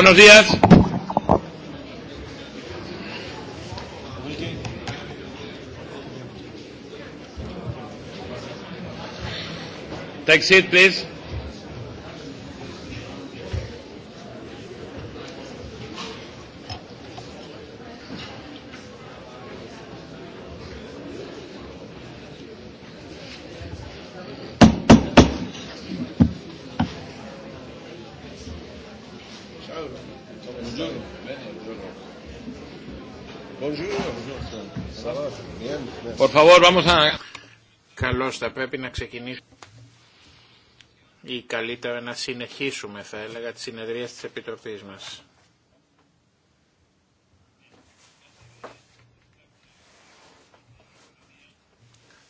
Buenos días. Take seat, please. favor, vamos a... Καλώς θα πρέπει να ξεκινήσουμε ή καλύτερα να συνεχίσουμε θα έλεγα τις συνεδρίες της Επιτροπής μας.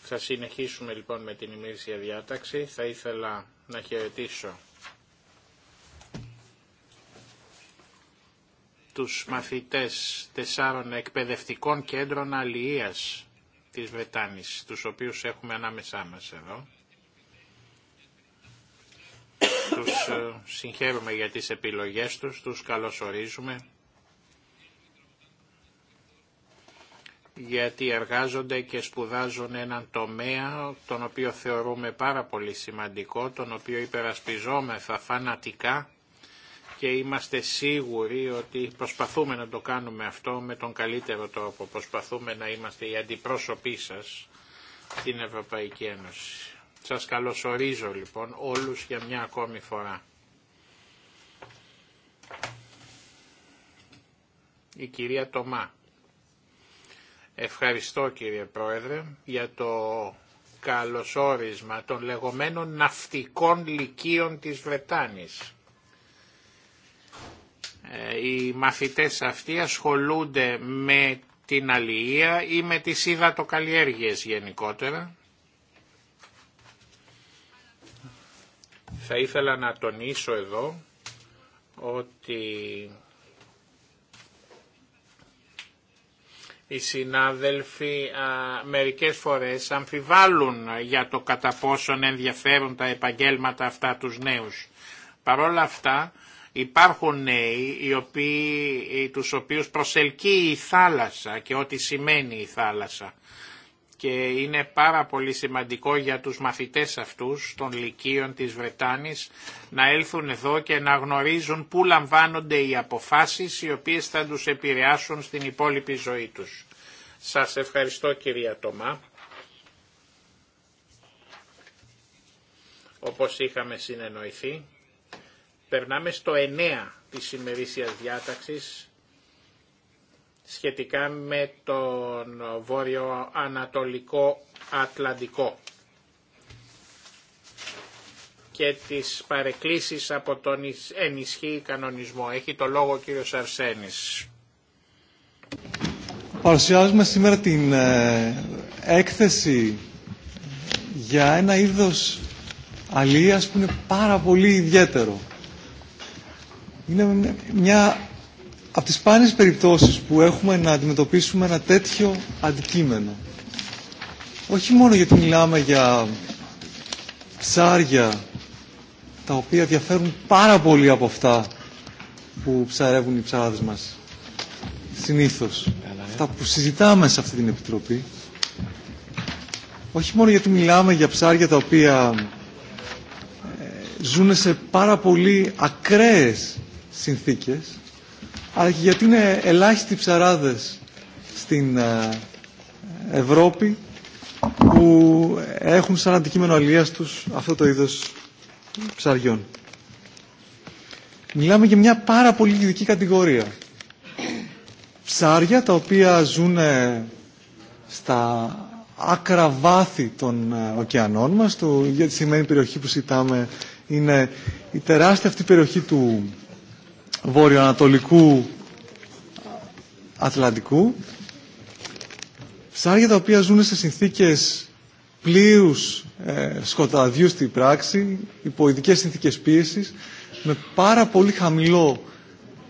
Θα συνεχίσουμε λοιπόν με την ημερήσια διάταξη. Θα ήθελα να χαιρετήσω τους μαθητές τεσσάρων εκπαιδευτικών κέντρων αλληλείας της οποίου τους οποίους έχουμε ανάμεσά μας εδώ. Τους ε, συγχαίρουμε για τις επιλογές τους, τους καλωσορίζουμε. γιατί εργάζονται και σπουδάζουν έναν τομέα τον οποίο θεωρούμε πάρα πολύ σημαντικό, τον οποίο υπερασπιζόμεθα φανατικά και είμαστε σίγουροι ότι προσπαθούμε να το κάνουμε αυτό με τον καλύτερο τρόπο. Προσπαθούμε να είμαστε οι αντιπρόσωποι σας στην Ευρωπαϊκή Ένωση. Σας καλωσορίζω λοιπόν όλους για μια ακόμη φορά. Η κυρία Τομά. Ευχαριστώ κύριε Πρόεδρε για το καλωσόρισμα των λεγόμενων ναυτικών λυκείων της Βρετάνης. Ε, οι μαθητές αυτοί ασχολούνται με την αλληλεία ή με τις υδατοκαλλιέργειες γενικότερα. Θα ήθελα να τονίσω εδώ ότι οι συνάδελφοι α, μερικές φορές αμφιβάλλουν για το κατά πόσον ενδιαφέρουν τα επαγγέλματα αυτά τους νέους. Παρόλα αυτά Υπάρχουν νέοι οι οποίοι, ε, τους οποίους προσελκύει η θάλασσα και ό,τι σημαίνει η θάλασσα. Και είναι πάρα πολύ σημαντικό για τους μαθητές αυτούς των λυκείων της Βρετάνης να έλθουν εδώ και να γνωρίζουν πού λαμβάνονται οι αποφάσεις οι οποίες θα τους επηρεάσουν στην υπόλοιπη ζωή τους. Σας ευχαριστώ κυρία Τομά. Όπως είχαμε συνεννοηθεί. Περνάμε στο 9 της ημερήσιας διάταξης σχετικά με τον Βόρειο Ανατολικό Ατλαντικό και τις παρεκκλήσεις από τον ενισχύει κανονισμό. Έχει το λόγο ο κύριος Αρσένης. Παρουσιάζουμε σήμερα την ε, έκθεση για ένα είδος αλίας που είναι πάρα πολύ ιδιαίτερο. Είναι μια από τις σπάνιες περιπτώσεις που έχουμε να αντιμετωπίσουμε ένα τέτοιο αντικείμενο. Όχι μόνο γιατί μιλάμε για ψάρια τα οποία διαφέρουν πάρα πολύ από αυτά που ψαρεύουν οι ψάράδες μας συνήθως. Αυτά ε. που συζητάμε σε αυτή την Επιτροπή. Όχι μόνο γιατί μιλάμε για ψάρια τα οποία ε, ζουν σε πάρα πολύ ακραίες συνθήκες αλλά και γιατί είναι ελάχιστοι ψαράδες στην ε, Ευρώπη που έχουν σαν αντικείμενο αλίας τους αυτό το είδος ψαριών. Μιλάμε για μια πάρα πολύ ειδική κατηγορία. Ψάρια τα οποία ζουν στα άκρα βάθη των ε, ωκεανών μας. Το, για τη σημαίνει περιοχή που συζητάμε είναι η τεράστια αυτή περιοχή του βόρειο-ανατολικού, Ατλαντικού ψάρια τα οποία ζουν σε συνθήκες πλοίους ε, σκοταδιού στην πράξη υπό συνθήκες πίεσης με πάρα πολύ χαμηλό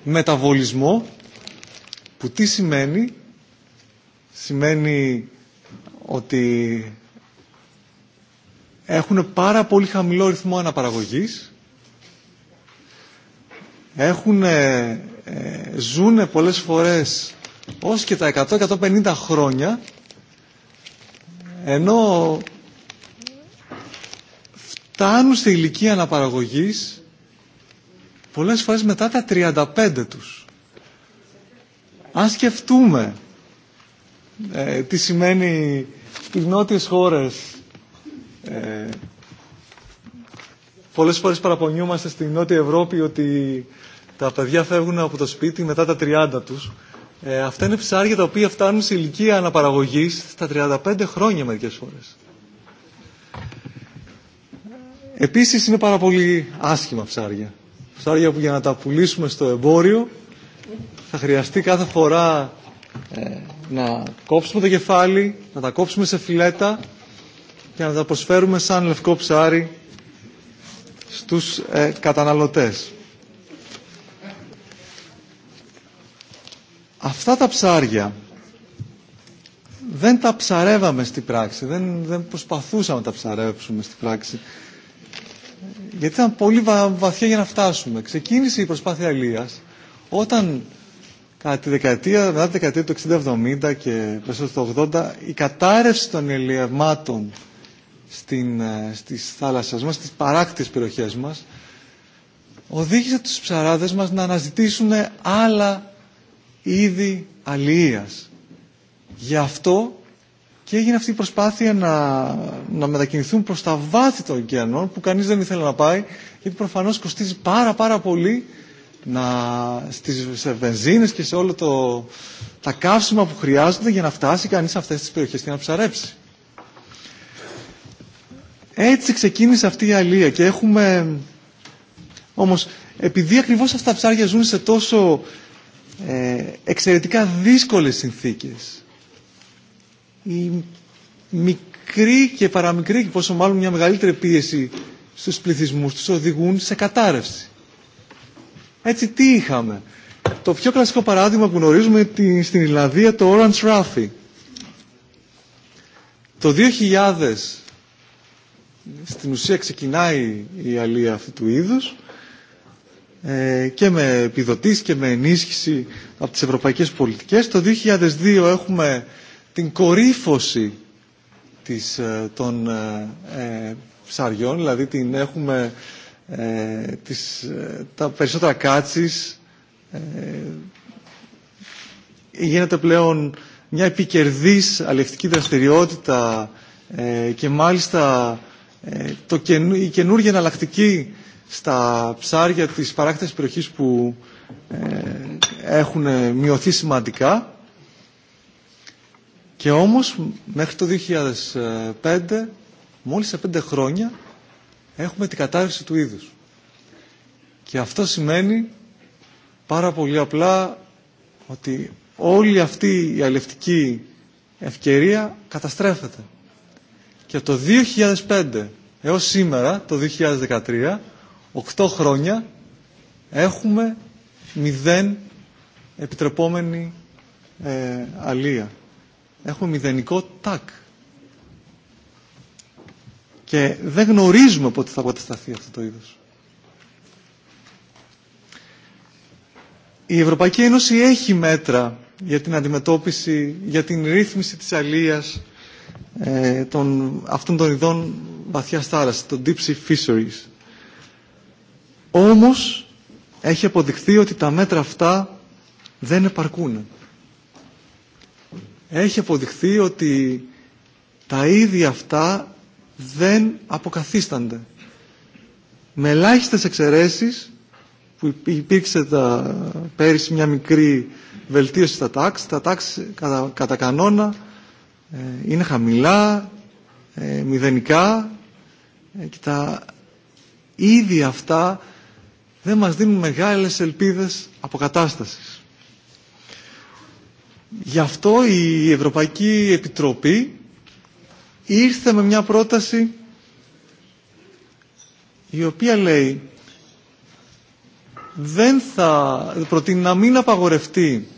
μεταβολισμό που τι σημαίνει σημαίνει ότι έχουν πάρα πολύ χαμηλό ρυθμό αναπαραγωγής έχουν, ε, ε, ζουν πολλές φορές ως και τα 100-150 χρόνια ενώ φτάνουν στη ηλικία αναπαραγωγής πολλές φορές μετά τα 35 τους. Αν σκεφτούμε ε, τι σημαίνει οι νότιες χώρες ε, Πολλέ φορέ παραπονιούμαστε στην Νότια Ευρώπη ότι τα παιδιά φεύγουν από το σπίτι μετά τα 30 του. Ε, αυτά είναι ψάρια τα οποία φτάνουν σε ηλικία αναπαραγωγή στα 35 χρόνια μερικέ φορέ. Επίση είναι πάρα πολύ άσχημα ψάρια. Ψάρια που για να τα πουλήσουμε στο εμπόριο θα χρειαστεί κάθε φορά ε, να κόψουμε το κεφάλι, να τα κόψουμε σε φιλέτα και να τα προσφέρουμε σαν λευκό ψάρι στους ε, καταναλωτές. Αυτά τα ψάρια δεν τα ψαρεύαμε στην πράξη, δεν, δεν προσπαθούσαμε να τα ψαρεύσουμε στην πράξη. Γιατί ήταν πολύ βαθιά για να φτάσουμε. Ξεκίνησε η προσπάθεια αλλία όταν κατά τη δεκαετία, μετά τη δεκαετία του 60-70 και μέσα το 80 η κατάρρευση των ελιευμάτων στην, ε, στις θάλασσες μας, στις παράκτης περιοχές μας, οδήγησε τους ψαράδες μας να αναζητήσουν άλλα είδη αλληλείας. Γι' αυτό και έγινε αυτή η προσπάθεια να, να μετακινηθούν προς τα βάθη των ωκεανών που κανείς δεν ήθελε να πάει γιατί προφανώς κοστίζει πάρα πάρα πολύ να, στις, σε βενζίνες και σε όλο το, τα καύσιμα που χρειάζονται για να φτάσει κανείς σε αυτές τις περιοχές και να ψαρέψει. Έτσι ξεκίνησε αυτή η αλία και έχουμε... Όμως, επειδή ακριβώς αυτά τα ψάρια ζουν σε τόσο ε, εξαιρετικά δύσκολες συνθήκες, η μικρή και παραμικρή και πόσο μάλλον μια μεγαλύτερη πίεση στους πληθυσμούς τους οδηγούν σε κατάρρευση. Έτσι τι είχαμε. Το πιο κλασικό παράδειγμα που γνωρίζουμε στην Ιλλανδία το Orange Raffi. Το 2000 στην ουσία ξεκινάει η αλία αυτού του είδους ε, και με επιδοτήσεις και με ενίσχυση από τις ευρωπαϊκές πολιτικές. Το 2002 έχουμε την κορύφωση της, ε, των ε, ε, ψαριών, δηλαδή την έχουμε τα περισσότερα κάτσεις, ε, γίνεται πλέον μια επικερδής αλληλευτική δραστηριότητα και μάλιστα ε, το, η καινούργια εναλλακτική στα ψάρια της παράκτητας περιοχής που ε, έχουν μειωθεί σημαντικά και όμως μέχρι το 2005 μόλις σε πέντε χρόνια έχουμε την κατάρρευση του είδους. Και αυτό σημαίνει πάρα πολύ απλά ότι όλη αυτή η αλληλευτική ευκαιρία καταστρέφεται. Και το 2005 έως σήμερα, το 2013, 8 χρόνια, έχουμε μηδέν επιτρεπόμενη ε, αλία. Έχουμε μηδενικό τάκ. Και δεν γνωρίζουμε πότε θα αποτεσταθεί αυτό το είδος. Η Ευρωπαϊκή Ένωση έχει μέτρα για την αντιμετώπιση, για την ρύθμιση της αλίας ε, των, αυτών των ειδών βαθιά θάλασσα, το deep sea fisheries. Όμως έχει αποδειχθεί ότι τα μέτρα αυτά δεν επαρκούν. Έχει αποδειχθεί ότι τα ίδια αυτά δεν αποκαθίστανται. Με ελάχιστε εξαιρέσεις που υπήρξε τα, πέρυσι μια μικρή βελτίωση στα τάξη, τα τάξη κατά, κανόνα ε, είναι χαμηλά, ε, μηδενικά και τα ήδη αυτά δεν μας δίνουν μεγάλες ελπίδες αποκατάστασης. Γι' αυτό η Ευρωπαϊκή Επιτροπή ήρθε με μια πρόταση η οποία λέει δεν θα προτείνει να μην απαγορευτεί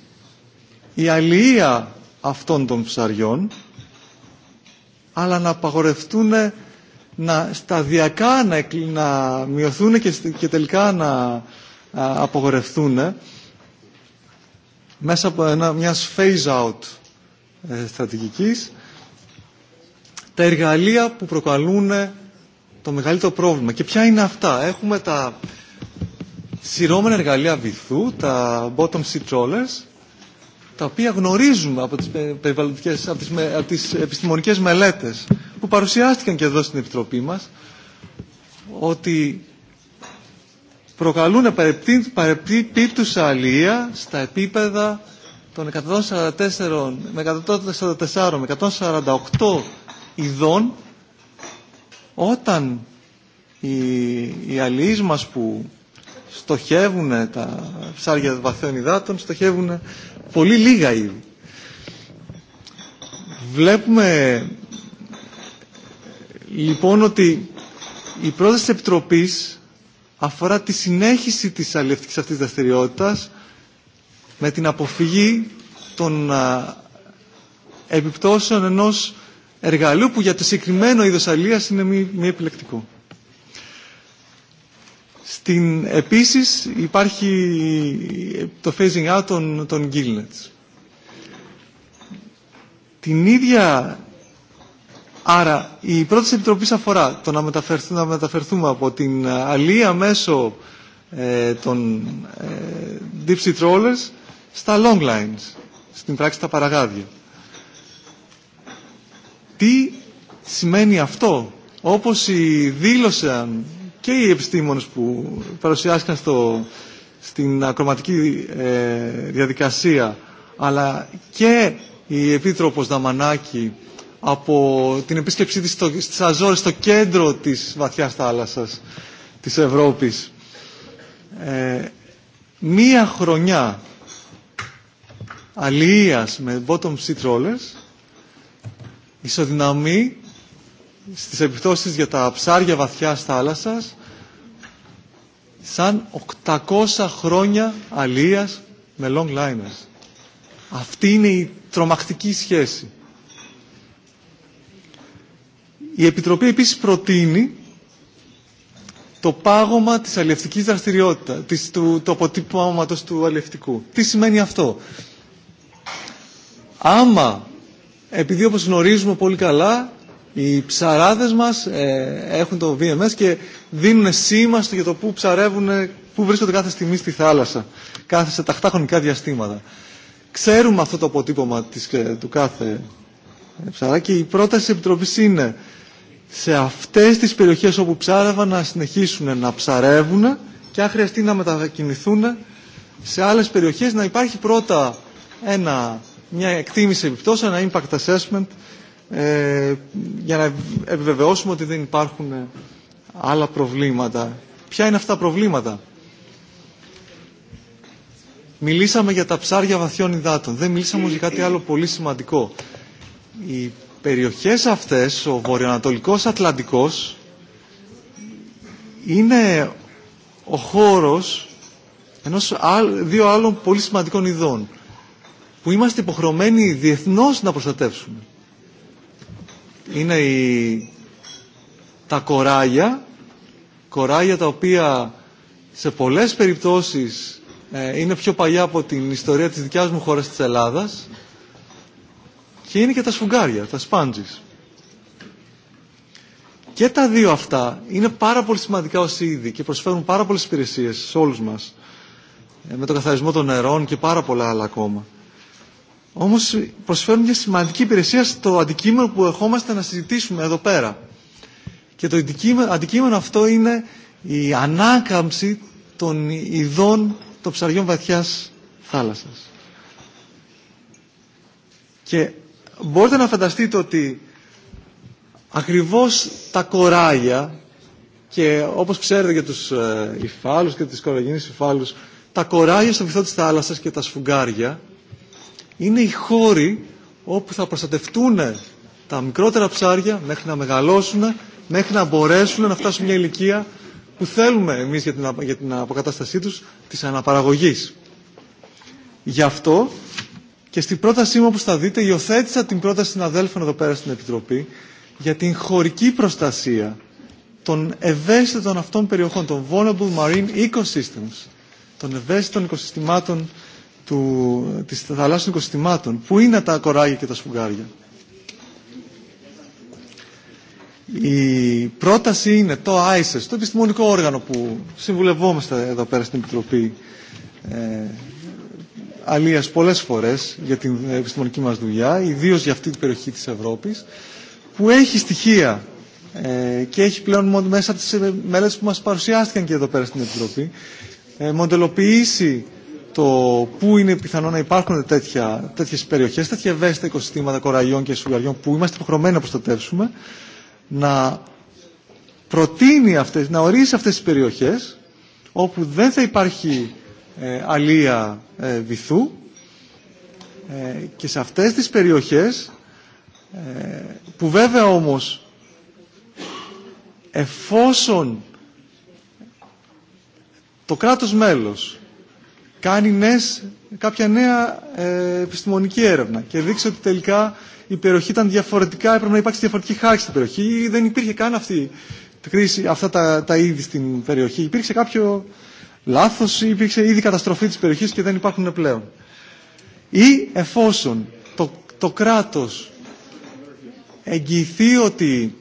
η αλληλεία αυτών των ψαριών αλλά να απαγορευτούν να σταδιακά να, να μειωθούν και, και τελικά να απογορευτούν μέσα από ένα, μιας phase-out ε, στρατηγικής τα εργαλεία που προκαλούν το μεγαλύτερο πρόβλημα. Και ποια είναι αυτά. Έχουμε τα σειρώμενα εργαλεία βυθού, τα bottom sea trawlers, τα οποία γνωρίζουμε από τις, ε, από τις, από τις επιστημονικές μελέτες που παρουσιάστηκαν και εδώ στην Επιτροπή μας ότι προκαλούν παρεπτύπτουσα αλληλεία στα επίπεδα των 144 με 144 148 ειδών όταν οι, οι αλληλείς μας που στοχεύουν τα ψάρια των βαθέων υδάτων στοχεύουν πολύ λίγα είδη. Βλέπουμε λοιπόν ότι η πρόταση της Επιτροπής αφορά τη συνέχιση της αλληλευτικής αυτής δραστηριότητα με την αποφυγή των επιπτώσεων ενός εργαλείου που για το συγκεκριμένο είδος αλίας είναι μη, μη επιλεκτικό. Στην, επίσης υπάρχει το phasing out των, των gillnets. Την ίδια Άρα η πρώτη επιτροπή αφορά το να, μεταφερθούμε, από την ε, αλία μέσω ε, των ε, deep sea trawlers στα long lines, στην πράξη τα παραγάδια. Τι σημαίνει αυτό, όπως δήλωσαν και οι επιστήμονες που παρουσιάστηκαν στο, στην ακροματική ε, διαδικασία, αλλά και η Επίτροπος Δαμανάκη από την επίσκεψή της στις Αζόρες, στο κέντρο της βαθιάς θάλασσας της Ευρώπης. Ε, μία χρονιά αλληλείας με bottom sea trawlers ισοδυναμεί στις επιπτώσεις για τα ψάρια βαθιάς θάλασσας σαν 800 χρόνια αλίας με long liners. Αυτή είναι η τρομακτική σχέση. Η Επιτροπή επίσης προτείνει το πάγωμα της αλληλευτικής δραστηριότητας, της, του, του του αλληλευτικού. Τι σημαίνει αυτό. Άμα, επειδή όπως γνωρίζουμε πολύ καλά, οι ψαράδες μας ε, έχουν το VMS και δίνουν σήμα για το πού ψαρεύουν, πού βρίσκονται κάθε στιγμή στη θάλασσα, κάθε σε τακτά χρονικά διαστήματα. Ξέρουμε αυτό το αποτύπωμα της, ε, του κάθε ε, ψαρά και η πρόταση της Επιτροπής είναι σε αυτές τις περιοχές όπου ψάρευαν να συνεχίσουν να ψαρεύουν και αν χρειαστεί να μετακινηθούν σε άλλες περιοχές να υπάρχει πρώτα ένα, μια εκτίμηση επιπτώσεων, ένα impact assessment ε, για να επιβεβαιώσουμε ότι δεν υπάρχουν άλλα προβλήματα. Ποια είναι αυτά τα προβλήματα. Μιλήσαμε για τα ψάρια βαθιών υδάτων. Δεν μιλήσαμε για κάτι άλλο πολύ σημαντικό. Η περιοχές αυτές, ο βορειοανατολικός Ατλαντικός, είναι ο χώρος ενός δύο άλλων πολύ σημαντικών ειδών που είμαστε υποχρεωμένοι διεθνώς να προστατεύσουμε. Είναι η... τα κοράγια, κοράγια τα οποία σε πολλές περιπτώσεις ε, είναι πιο παλιά από την ιστορία της δικιάς μου χώρας της Ελλάδας και είναι και τα σφουγγάρια, τα σπάντζις. Και τα δύο αυτά είναι πάρα πολύ σημαντικά ως είδη και προσφέρουν πάρα πολλές υπηρεσίες σε όλους μας ε, με τον καθαρισμό των νερών και πάρα πολλά άλλα ακόμα. Όμως προσφέρουν μια σημαντική υπηρεσία στο αντικείμενο που ερχόμαστε να συζητήσουμε εδώ πέρα. Και το αντικείμενο αυτό είναι η ανάκαμψη των ειδών των ψαριών βαθιάς θάλασσας. Και μπορείτε να φανταστείτε ότι ακριβώς τα κοράγια και όπως ξέρετε για τους ε, υφάλους και τις κοραγίνες υφάλους τα κοράγια στο βυθό της θάλασσας και τα σφουγγάρια είναι οι χώροι όπου θα προστατευτούν τα μικρότερα ψάρια μέχρι να μεγαλώσουν, μέχρι να μπορέσουν να φτάσουν μια ηλικία που θέλουμε εμείς για την, για την αποκατάστασή τους της αναπαραγωγής. Γι' αυτό και στην πρότασή μου, όπως θα δείτε, υιοθέτησα την πρόταση συναδέλφων εδώ πέρα στην Επιτροπή για την χωρική προστασία των ευαίσθητων αυτών περιοχών, των vulnerable marine ecosystems, των ευαίσθητων οικοσυστημάτων, του, της θαλάσσιων οικοσυστημάτων, που είναι τα κοράγια και τα σφουγγάρια. Η πρόταση είναι το ΆΙΣΕΣ, το επιστημονικό όργανο που συμβουλευόμαστε εδώ πέρα στην Επιτροπή ε, αλίας πολλές φορές για την επιστημονική μας δουλειά, ιδίω για αυτή την περιοχή της Ευρώπης, που έχει στοιχεία ε, και έχει πλέον μέσα από τις μελέτες που μας παρουσιάστηκαν και εδώ πέρα στην Επιτροπή, ε, μοντελοποιήσει το πού είναι πιθανό να υπάρχουν τέτοια, τέτοιες περιοχές, τέτοια ευαίσθητα οικοσυστήματα κοραϊών και σουγαριών που είμαστε υποχρεωμένοι να προστατεύσουμε, να προτείνει αυτές, να ορίσει αυτές τις περιοχές όπου δεν θα υπάρχει ε, αλία ε, βυθού ε, και σε αυτές τις περιοχές που βέβαια όμως εφόσον το κράτος μέλος κάνει νες, κάποια νέα επιστημονική έρευνα και δείξει ότι τελικά η περιοχή ήταν διαφορετικά, έπρεπε να υπάρξει διαφορετική χάρη στην περιοχή ή δεν υπήρχε καν αυτή η κρίση, αυτά τα, τα είδη στην περιοχή. Υπήρξε κάποιο Λάθο ή υπήρξε ήδη καταστροφή της περιοχής και δεν υπάρχουν πλέον. Ή εφόσον το, το κράτος εγγυηθεί ότι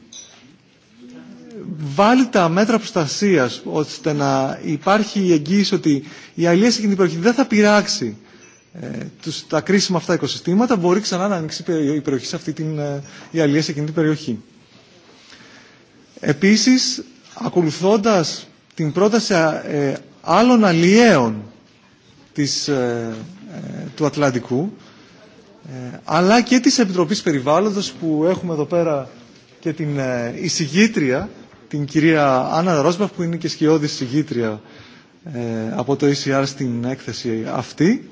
βάλει τα μέτρα προστασία ώστε να υπάρχει η εγγύηση ότι η αλληλεία σε εκείνη την περιοχή δεν θα πειράξει ε, τους, τα κρίσιμα αυτά οικοσυστήματα, μπορεί ξανά να ανοίξει η περιοχή σε αυτή την, ε, η αλληλεία σε εκείνη την περιοχή. Επίσης, ακολουθώντας την πρόταση ε, άλλων αλλιέων της, ε, ε, του Ατλαντικού ε, αλλά και της Επιτροπής Περιβάλλοντος που έχουμε εδώ πέρα και την εισηγήτρια την κυρία Άννα Ρόσμπαχ που είναι και σκιώδη εισηγήτρια από το ECR στην έκθεση αυτή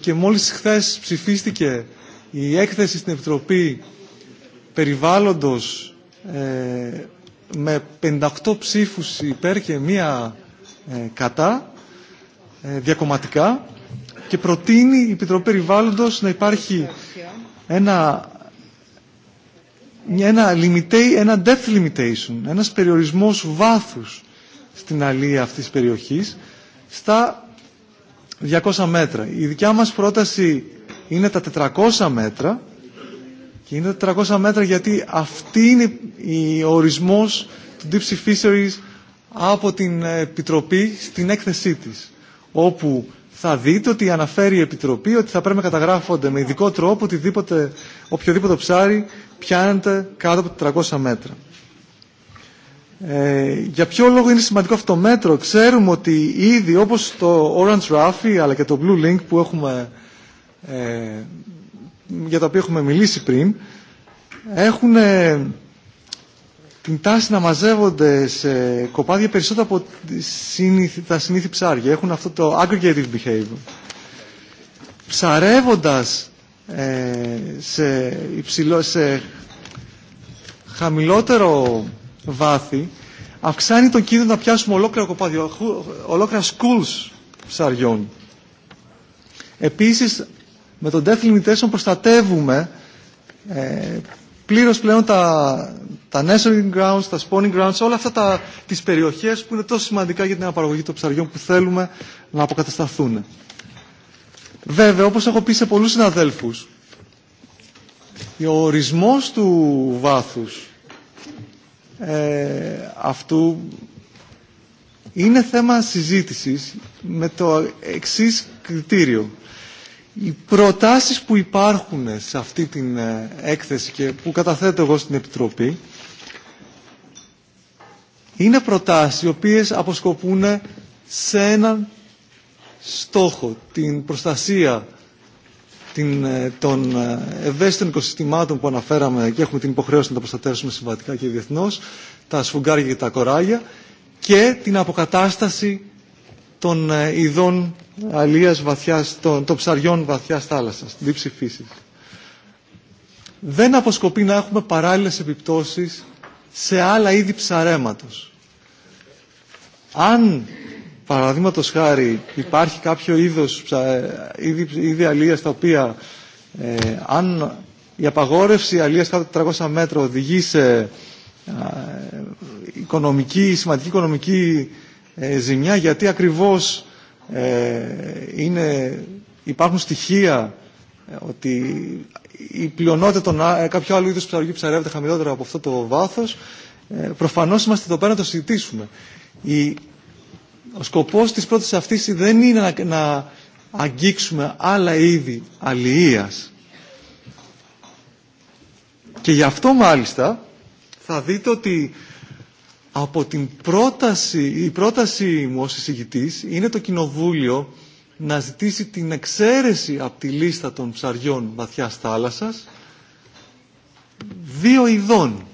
και μόλις χθε ψηφίστηκε η έκθεση στην Επιτροπή Περιβάλλοντος με 58 ψήφους υπέρ και μία ε, κατά ε, διακομματικά και προτείνει η Επιτροπή Περιβάλλοντος να υπάρχει ένα, ένα, limita ένα death limitation, ένας περιορισμός βάθους στην αλία αυτής της περιοχής στα 200 μέτρα. Η δικιά μας πρόταση είναι τα 400 μέτρα και είναι τα 400 μέτρα γιατί αυτή είναι η ορισμός του Deep Sea Fisheries από την Επιτροπή στην έκθεσή της, όπου θα δείτε ότι αναφέρει η Επιτροπή ότι θα πρέπει να καταγράφονται με ειδικό τρόπο οτιδήποτε, οποιοδήποτε ψάρι πιάνεται κάτω από 400 μέτρα. Ε, για ποιο λόγο είναι σημαντικό αυτό το μέτρο. Ξέρουμε ότι ήδη όπως το Orange Rafi, αλλά και το Blue Link που έχουμε, ε, για τα οποία έχουμε μιλήσει πριν έχουν την τάση να μαζεύονται σε κοπάδια περισσότερο από τα συνήθη ψάρια. Έχουν αυτό το aggregative behavior. Ψαρεύοντας ε, σε, χαμηλότερο βάθη, αυξάνει τον κίνδυνο να πιάσουμε ολόκληρα κοπάδια, ολόκληρα schools ψαριών. Επίσης, με τον death limitation προστατεύουμε ε, πλήρως πλέον τα, τα nesting grounds, τα spawning grounds, όλα αυτά τα, τις περιοχές που είναι τόσο σημαντικά για την αναπαραγωγή των ψαριών που θέλουμε να αποκατασταθούν. Βέβαια, όπως έχω πει σε πολλούς συναδέλφους, ο ορισμός του βάθους ε, αυτού είναι θέμα συζήτησης με το εξής κριτήριο. Οι προτάσεις που υπάρχουν σε αυτή την ε, έκθεση και που καταθέτω εγώ στην Επιτροπή είναι προτάσεις οι οποίες αποσκοπούν σε έναν στόχο, την προστασία την, ε, των ε, ευαίσθητων οικοσυστημάτων που αναφέραμε και έχουμε την υποχρέωση να τα προστατεύσουμε συμβατικά και διεθνώς, τα σφουγγάρια και τα κοράγια και την αποκατάσταση των ε, ειδών αλίας βαθιάς, των, των ψαριών βαθιάς θάλασσας, δίψη φύσης Δεν αποσκοπεί να έχουμε παράλληλες επιπτώσεις σε άλλα είδη ψαρέματος. Αν, παραδείγματο χάρη, υπάρχει κάποιο είδος, ε, είδη, είδη αλίας τα οποία, ε, αν η απαγόρευση αλίας κάτω από 400 μέτρα οδηγεί σε οικονομική, σημαντική οικονομική ε, ζημιά γιατί ακριβώς ε, είναι, υπάρχουν στοιχεία ε, ότι η πλειονότητα των κάποιο άλλο είδους ψαριού ψαρεύεται χαμηλότερα από αυτό το βάθος προφανώς είμαστε εδώ πέρα να το συζητήσουμε. Η, ο σκοπός της πρώτης αυτής δεν είναι να, να αγγίξουμε άλλα είδη αλληλείας. Και γι' αυτό μάλιστα θα δείτε ότι από την πρόταση, η πρόταση μου ως εισηγητής είναι το Κοινοβούλιο να ζητήσει την εξαίρεση από τη λίστα των ψαριών βαθιάς θάλασσας δύο ειδών,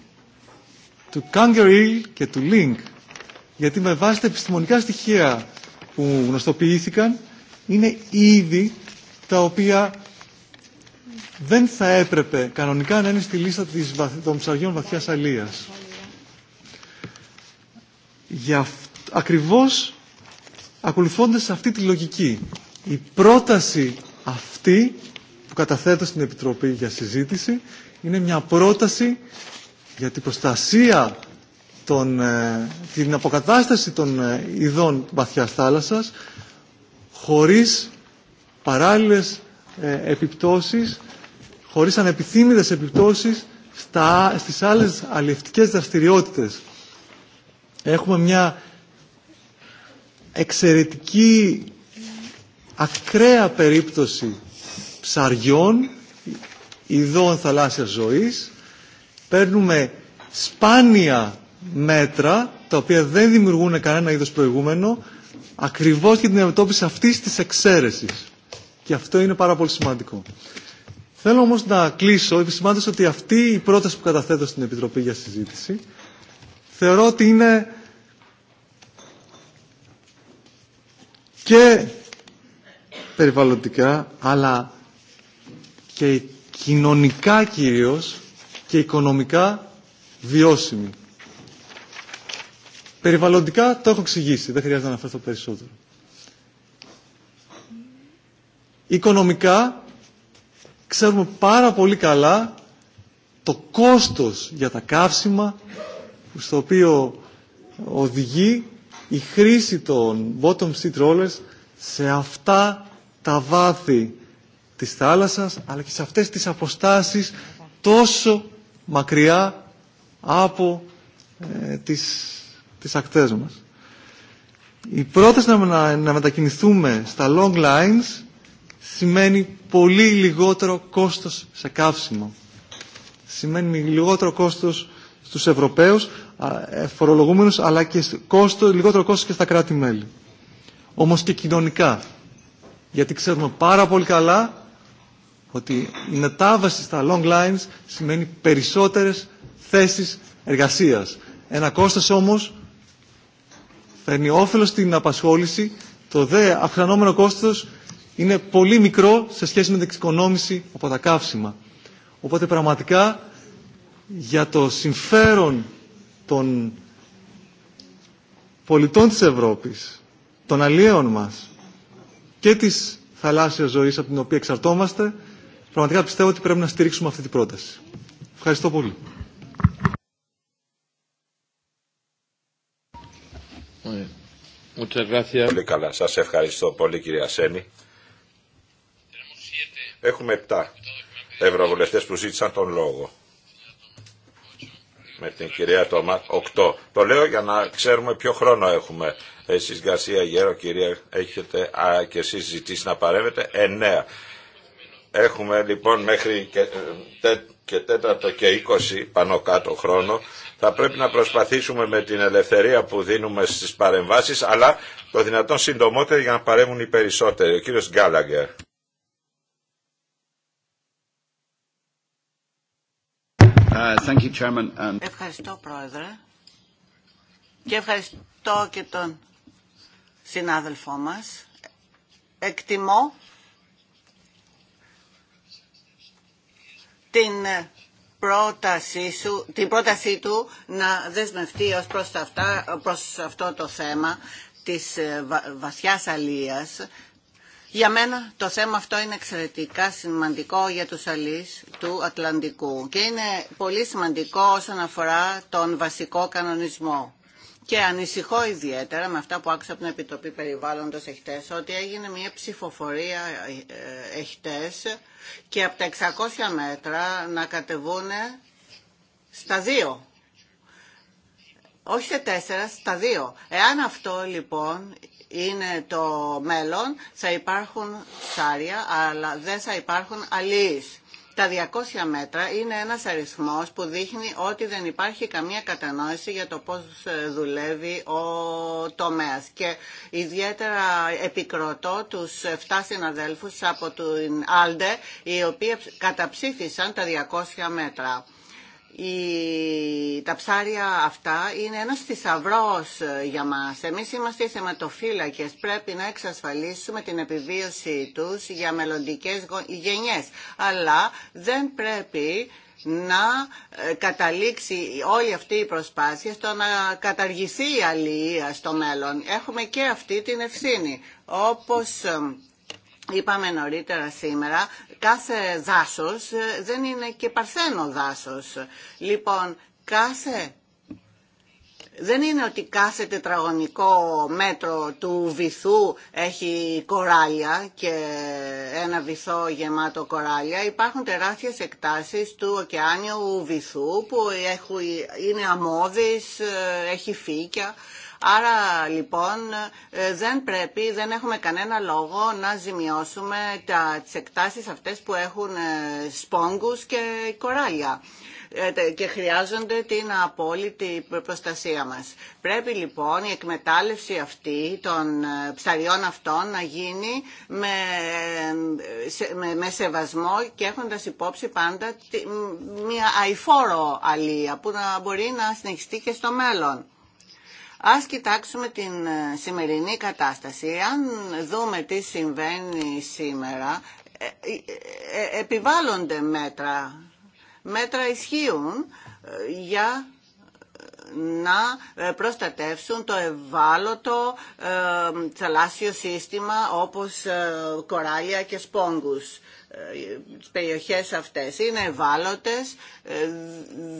του Kangaroo και του Link, γιατί με βάση τα επιστημονικά στοιχεία που γνωστοποιήθηκαν είναι είδη τα οποία δεν θα έπρεπε κανονικά να είναι στη λίστα των ψαριών βαθιάς αλίας για, ακριβώς ακολουθώντας αυτή τη λογική. Η πρόταση αυτή που καταθέτω στην Επιτροπή για συζήτηση είναι μια πρόταση για την προστασία ε, την αποκατάσταση των ε, ειδών βαθιάς θάλασσας χωρίς παράλληλες ε, επιπτώσεις, χωρίς ανεπιθύμητες επιπτώσεις στα, στις άλλες αλληλευτικές δραστηριότητες Έχουμε μια εξαιρετική ακραία περίπτωση ψαριών ειδών θαλάσσιας ζωής παίρνουμε σπάνια μέτρα τα οποία δεν δημιουργούν κανένα είδος προηγούμενο ακριβώς για την αντιμετώπιση αυτής της εξαίρεσης και αυτό είναι πάρα πολύ σημαντικό θέλω όμως να κλείσω επισημάντως ότι αυτή η πρόταση που καταθέτω στην Επιτροπή για συζήτηση θεωρώ ότι είναι και περιβαλλοντικά, αλλά και κοινωνικά κυρίως και οικονομικά βιώσιμη. Περιβαλλοντικά το έχω εξηγήσει, δεν χρειάζεται να το περισσότερο. Οικονομικά ξέρουμε πάρα πολύ καλά το κόστος για τα καύσιμα στο οποίο οδηγεί η χρήση των bottom seat rollers σε αυτά τα βάθη της θάλασσας αλλά και σε αυτές τις αποστάσεις τόσο μακριά από ε, τις, τις ακτές μας. Η πρόταση να, να, να μετακινηθούμε στα long lines σημαίνει πολύ λιγότερο κόστος σε καύσιμο. Σημαίνει λιγότερο κόστος στους Ευρωπαίους ε, φορολογούμενους αλλά και λιγότερο κόστος και στα κράτη-μέλη. Όμως και κοινωνικά. Γιατί ξέρουμε πάρα πολύ καλά ότι η μετάβαση στα long lines σημαίνει περισσότερες θέσεις εργασίας. Ένα κόστος όμως φέρνει όφελος στην απασχόληση. Το δε αυξανόμενο κόστος είναι πολύ μικρό σε σχέση με την εξοικονόμηση από τα καύσιμα. Οπότε πραγματικά για το συμφέρον των πολιτών της Ευρώπης, των αλλιέων μας και της θαλάσσιας ζωής από την οποία εξαρτώμαστε, πραγματικά πιστεύω ότι πρέπει να στηρίξουμε αυτή την πρόταση. Ευχαριστώ πολύ. Πολύ καλά. Σας ευχαριστώ πολύ κυρία Σένη. Έχουμε 7 ευρωβουλευτές που ζήτησαν τον λόγο με την κυρία Τόμα. 8. Το λέω για να ξέρουμε ποιο χρόνο έχουμε. Εσείς Γκαρσία Γέρο, κυρία, έχετε και εσείς ζητήσει να παρέμβετε. 9. Έχουμε λοιπόν μέχρι και, τε, και τέταρτο και 20 πάνω κάτω χρόνο. Θα πρέπει να προσπαθήσουμε με την ελευθερία που δίνουμε στις παρεμβάσεις, αλλά το δυνατόν συντομότερο για να παρέμουν οι περισσότεροι. Ο κύριος Γκάλαγκερ. Uh, ευχαριστώ, Πρόεδρε. Και ευχαριστώ και τον συνάδελφό μας. Εκτιμώ την ε, πρότασή, σου, την πρότασή του να δεσμευτεί ως προς, προς αυτό το θέμα της ε, βαθιάς αλίας για μένα το θέμα αυτό είναι εξαιρετικά σημαντικό για τους αλείς του Ατλαντικού και είναι πολύ σημαντικό όσον αφορά τον βασικό κανονισμό. Και ανησυχώ ιδιαίτερα με αυτά που άκουσα από την Επιτροπή Περιβάλλοντος εχθές ότι έγινε μια ψηφοφορία ε, εχθές και από τα 600 μέτρα να κατεβούν στα δύο. Όχι σε τέσσερα, στα δύο. Εάν αυτό λοιπόν είναι το μέλλον, θα υπάρχουν ψάρια, αλλά δεν θα υπάρχουν αλλοίς. Τα 200 μέτρα είναι ένας αριθμός που δείχνει ότι δεν υπάρχει καμία κατανόηση για το πώς ε, δουλεύει ο τομέας. Και ιδιαίτερα επικροτώ τους 7 συναδέλφους από την Άλντε, οι οποίοι καταψήφισαν τα 200 μέτρα η, τα ψάρια αυτά είναι ένας θησαυρό ε, για μας. Εμείς είμαστε οι θεματοφύλακες, πρέπει να εξασφαλίσουμε την επιβίωση τους για μελλοντικές γενιές. Αλλά δεν πρέπει να ε, καταλήξει όλη αυτή η προσπάθεια στο να καταργηθεί η αλληλεία στο μέλλον. Έχουμε και αυτή την ευθύνη. Όπως ε, Είπαμε νωρίτερα σήμερα, κάθε δάσος ε, δεν είναι και παρθένο δάσος. Λοιπόν, κάθε... Δεν είναι ότι κάθε τετραγωνικό μέτρο του βυθού έχει κοράλια και ένα βυθό γεμάτο κοράλια. Υπάρχουν τεράστιες εκτάσεις του ωκεάνιου βυθού που είναι αμμώδης, ε, έχει φύκια. Άρα λοιπόν ε, δεν πρέπει, δεν έχουμε κανένα λόγο να ζημιώσουμε τα, τις εκτάσεις αυτές που έχουν ε, σπόγγους και κοράλια ε, και χρειάζονται την απόλυτη προστασία μας. Πρέπει λοιπόν η εκμετάλλευση αυτή των ψαριών αυτών να γίνει με, με σεβασμό και έχοντας υπόψη πάντα μια αηφόρο αλία που να μπορεί να συνεχιστεί και στο μέλλον. Ας κοιτάξουμε την ε, σημερινή κατάσταση. Αν δούμε τι συμβαίνει σήμερα, ε, ε, επιβάλλονται μέτρα. Μέτρα ισχύουν για να προστατεύσουν το ευάλωτο θαλάσσιο σύστημα όπως κοράλια και σπόγκους τις περιοχές αυτές. Είναι ευάλωτες ε,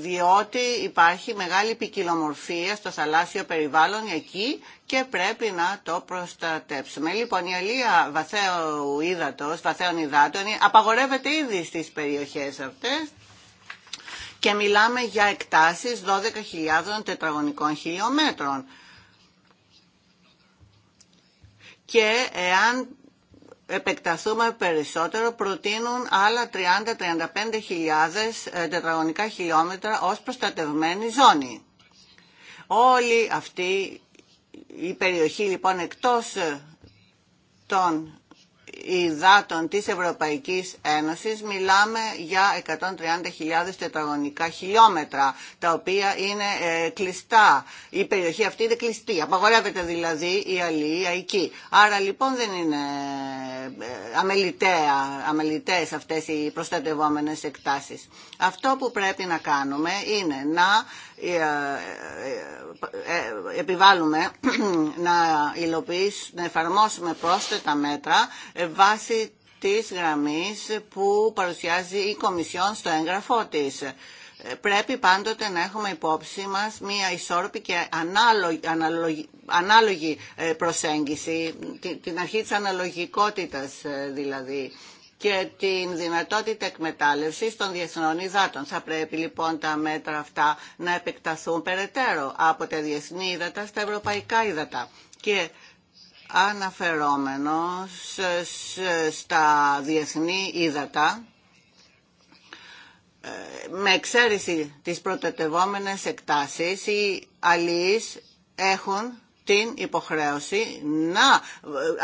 διότι υπάρχει μεγάλη ποικιλομορφία στο θαλάσσιο περιβάλλον εκεί και πρέπει να το προστατέψουμε. Λοιπόν, η αλία βαθαίου ύδατος, βαθαίων υδάτων απαγορεύεται ήδη στις περιοχές αυτές και μιλάμε για εκτάσεις 12.000 τετραγωνικών χιλιόμετρων. Και εάν επεκταθούμε περισσότερο, προτείνουν άλλα 30-35 ε, τετραγωνικά χιλιόμετρα ως προστατευμένη ζώνη. Όλη αυτή η περιοχή λοιπόν εκτός ε, των υδάτων της Ευρωπαϊκής Ένωσης μιλάμε για 130.000 τετραγωνικά χιλιόμετρα τα οποία είναι ε, κλειστά. Η περιοχή αυτή είναι κλειστή. Απαγορεύεται δηλαδή η αλληλεία εκεί. Άρα λοιπόν δεν είναι ε, αμεληταία, αμεληταίες αυτές οι προστατευόμενες εκτάσεις. Αυτό που πρέπει να κάνουμε είναι να ε, ε, επιβάλλουμε να υλοποιήσουμε, εφαρμόσουμε πρόσθετα μέτρα ε, βάσει της γραμμής που παρουσιάζει η Κομισιόν στο έγγραφό της. Ε, πρέπει πάντοτε να έχουμε υπόψη μας μία ισόρροπη και ανάλογη προσέγγιση, την αρχή της αναλογικότητας δηλαδή και την δυνατότητα εκμετάλλευση των διεθνών υδάτων. Θα πρέπει λοιπόν τα μέτρα αυτά να επεκταθούν περαιτέρω από τα διεθνή υδατά στα ευρωπαϊκά υδατά. Και αναφερόμενος στα διεθνή ύδατα, ε, με εξαίρεση τις προτετευόμενες εκτάσεις, οι αλληλείς έχουν την υποχρέωση να ε,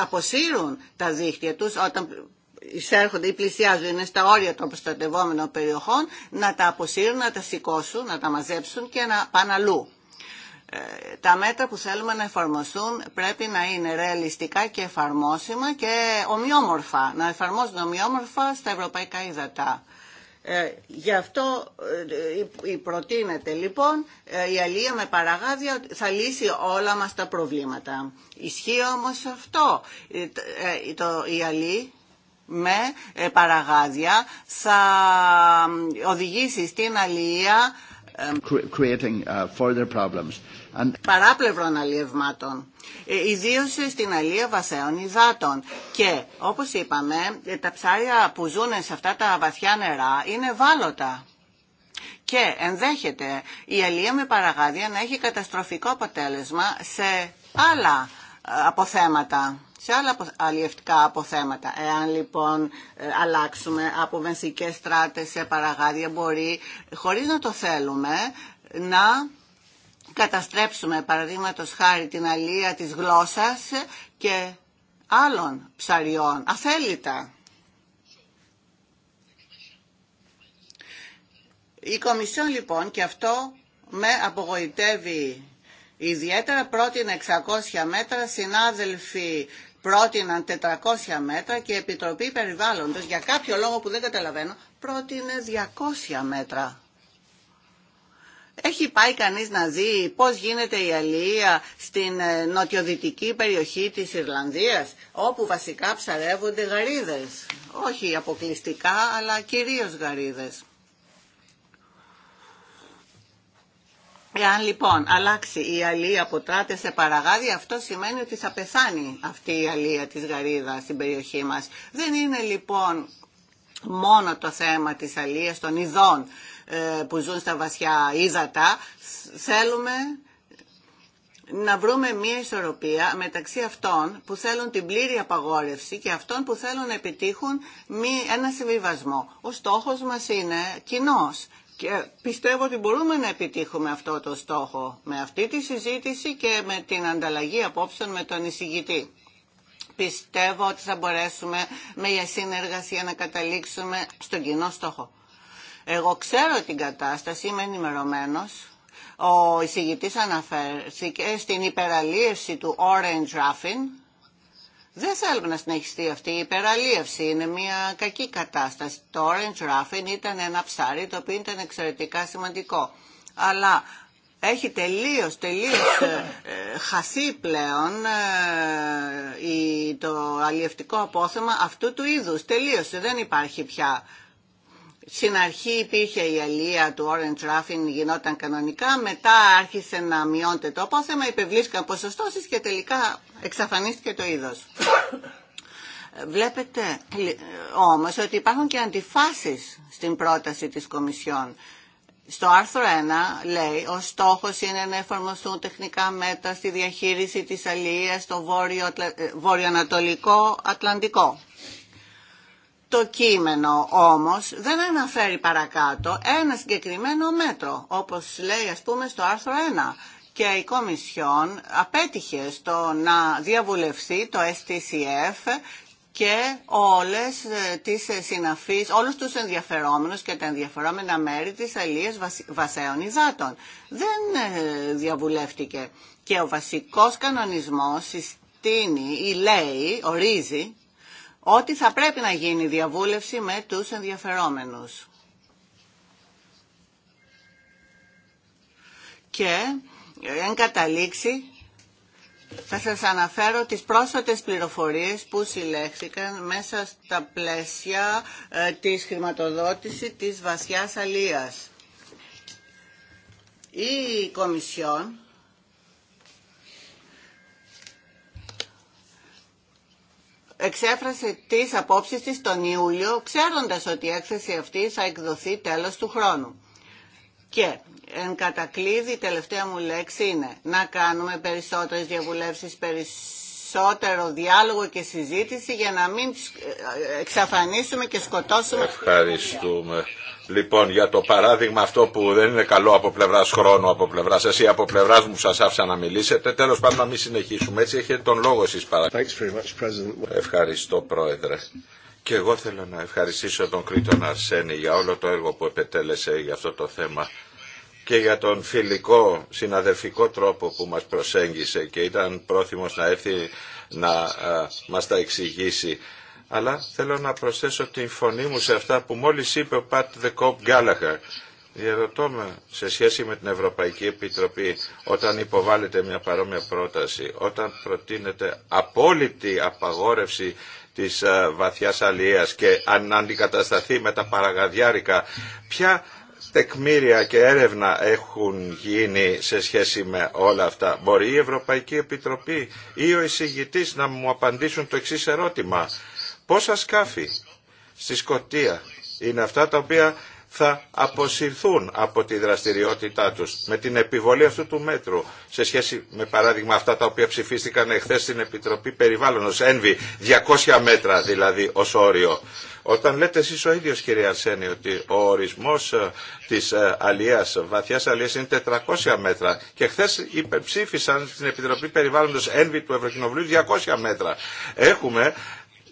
αποσύρουν τα δίχτυα τους όταν εισέρχονται ή πλησιάζουν, είναι στα όρια των προστατευόμενων περιοχών, να τα αποσύρουν, να τα σηκώσουν, να τα μαζέψουν και να πάνε αλλού. Ε, τα μέτρα που θέλουμε να εφαρμοστούν πρέπει να είναι ρεαλιστικά και εφαρμόσιμα και ομοιόμορφα, να εφαρμόζουν ομοιόμορφα στα ευρωπαϊκά υδατά. Ε, γι' αυτό ε, προτείνεται λοιπόν η αλία με παραγάδια θα λύσει όλα μας τα προβλήματα. Ισχύει όμως αυτό. Η αλή με ε, παραγάδια θα οδηγήσει στην αλληλεία ε, creating uh, further problems. And... παράπλευρων αλλιευμάτων, ε, ιδίω στην αλληλεία βασαίων υδάτων. Και όπως είπαμε, τα ψάρια που ζουν σε αυτά τα βαθιά νερά είναι βάλωτα. Και ενδέχεται η αλληλεία με παραγάδια να έχει καταστροφικό αποτέλεσμα σε άλλα αποθέματα, σε άλλα αλλιευτικά αποθέματα. Εάν λοιπόν ε, αλλάξουμε από μεσικές στράτες σε παραγάδια μπορεί, χωρίς να το θέλουμε, να καταστρέψουμε παραδείγματο χάρη την αλία της γλώσσας και άλλων ψαριών, αθέλητα. Η Κομισιόν λοιπόν και αυτό με απογοητεύει Ιδιαίτερα πρότεινε 600 μέτρα, συνάδελφοι πρότειναν 400 μέτρα και η Επιτροπή Περιβάλλοντος, για κάποιο λόγο που δεν καταλαβαίνω, πρότεινε 200 μέτρα. Έχει πάει κανείς να δει πώς γίνεται η αλληλεία στην ε, νοτιοδυτική περιοχή της Ιρλανδίας, όπου βασικά ψαρεύονται γαρίδες. Όχι αποκλειστικά, αλλά κυρίως γαρίδες. Εάν λοιπόν αλλάξει η αλία από τράτε σε παραγάδι, αυτό σημαίνει ότι θα πεθάνει αυτή η αλία της γαρίδας στην περιοχή μας. Δεν είναι λοιπόν μόνο το θέμα της αλίας των ειδών ε, που ζουν στα βασιά ύδατα. Θέλουμε να βρούμε μία ισορροπία μεταξύ αυτών που θέλουν την πλήρη απαγόρευση και αυτών που θέλουν να επιτύχουν ένα συμβιβασμό. Ο στόχος μας είναι κοινός και πιστεύω ότι μπορούμε να επιτύχουμε αυτό το στόχο με αυτή τη συζήτηση και με την ανταλλαγή απόψεων με τον εισηγητή. Πιστεύω ότι θα μπορέσουμε με συνεργασία να καταλήξουμε στον κοινό στόχο. Εγώ ξέρω την κατάσταση, είμαι ενημερωμένο. Ο εισηγητής αναφέρθηκε στην υπεραλίευση του Orange Raffin, δεν θέλουμε να συνεχιστεί αυτή η υπεραλίευση. Είναι μια κακή κατάσταση. Το orange ruffin ήταν ένα ψάρι το οποίο ήταν εξαιρετικά σημαντικό. Αλλά έχει τελείως, τελείως ε, ε, πλέον ε, το αλλιευτικό απόθεμα αυτού του είδους. Τελείωσε. δεν υπάρχει πια στην αρχή υπήρχε η αλία του Orange Raffin, γινόταν κανονικά, μετά άρχισε να μειώνεται το απόθεμα, υπευλήθηκαν ποσοστώσεις και τελικά εξαφανίστηκε το είδος. Βλέπετε όμως ότι υπάρχουν και αντιφάσεις στην πρόταση της Κομισιόν. Στο άρθρο 1 λέει ο στόχος είναι να εφαρμοστούν τεχνικά μέτρα στη διαχείριση της αλίας στο βορειο ε, Ατλαντικό. Το κείμενο όμως δεν αναφέρει παρακάτω ένα συγκεκριμένο μέτρο, όπως λέει ας πούμε στο άρθρο 1. Και η Κομισιόν απέτυχε στο να διαβουλευθεί το STCF και όλες ε, τις συναφείς, όλους τους ενδιαφερόμενους και τα ενδιαφερόμενα μέρη της αλίας βασέων υδάτων. Δεν ε, διαβουλεύτηκε. Και ο βασικός κανονισμός συστήνει ή λέει, ορίζει ότι θα πρέπει να γίνει διαβούλευση με τους ενδιαφερόμενους. Και εν καταλήξει θα σας αναφέρω τις πρόσφατες πληροφορίες που συλλέχθηκαν μέσα στα πλαίσια ε, της χρηματοδότησης της βασιάς αλίας. Η Κομισιόν εξέφρασε τις απόψεις της τον Ιούλιο, ξέροντας ότι η έκθεση αυτή θα εκδοθεί τέλος του χρόνου. Και εν κατακλείδη η τελευταία μου λέξη είναι να κάνουμε περισσότερες διαβουλεύσεις, περισσότερες περισσότερο διάλογο και συζήτηση για να μην ε, εξαφανίσουμε και σκοτώσουμε. Ευχαριστούμε. Λοιπόν, για το παράδειγμα αυτό που δεν είναι καλό από πλευρά χρόνου, από πλευρά σα ή από πλευρά μου που σα άφησα να μιλήσετε, τέλο πάντων να μην συνεχίσουμε. Έτσι έχετε τον λόγο εσεί παρακαλώ. Ευχαριστώ, Πρόεδρε. Και εγώ θέλω να ευχαριστήσω τον Κρήτον Αρσένη για όλο το έργο που επετέλεσε για αυτό το θέμα και για τον φιλικό συναδελφικό τρόπο που μας προσέγγισε και ήταν πρόθυμος να έρθει να μας τα εξηγήσει. Αλλά θέλω να προσθέσω την φωνή μου σε αυτά που μόλις είπε ο Πατ Δεκόπ Γκάλαχαρ. Διαρωτώ με σε σχέση με την Ευρωπαϊκή Επιτροπή όταν υποβάλλεται μια παρόμοια πρόταση, όταν προτείνεται απόλυτη απαγόρευση της βαθιάς αλληλεία και αν αντικατασταθεί με τα παραγαδιάρικα, ποια τεκμήρια και έρευνα έχουν γίνει σε σχέση με όλα αυτά. Μπορεί η Ευρωπαϊκή Επιτροπή ή ο εισηγητής να μου απαντήσουν το εξής ερώτημα. Πόσα σκάφη στη Σκοτία είναι αυτά τα οποία θα αποσυρθούν από τη δραστηριότητά τους με την επιβολή αυτού του μέτρου σε σχέση με παράδειγμα αυτά τα οποία ψηφίστηκαν εχθές στην Επιτροπή Περιβάλλοντος ΕΝΒΗ 200 μέτρα δηλαδή ως όριο όταν λέτε εσείς ο ίδιος κύριε Αρσένη ότι ο ορισμός ε, της ε, αλίας, βαθιάς αλίας είναι 400 μέτρα και χθε υπερψήφισαν στην Επιτροπή Περιβάλλοντος Ένβη του Ευρωκοινοβουλίου 200 μέτρα. Έχουμε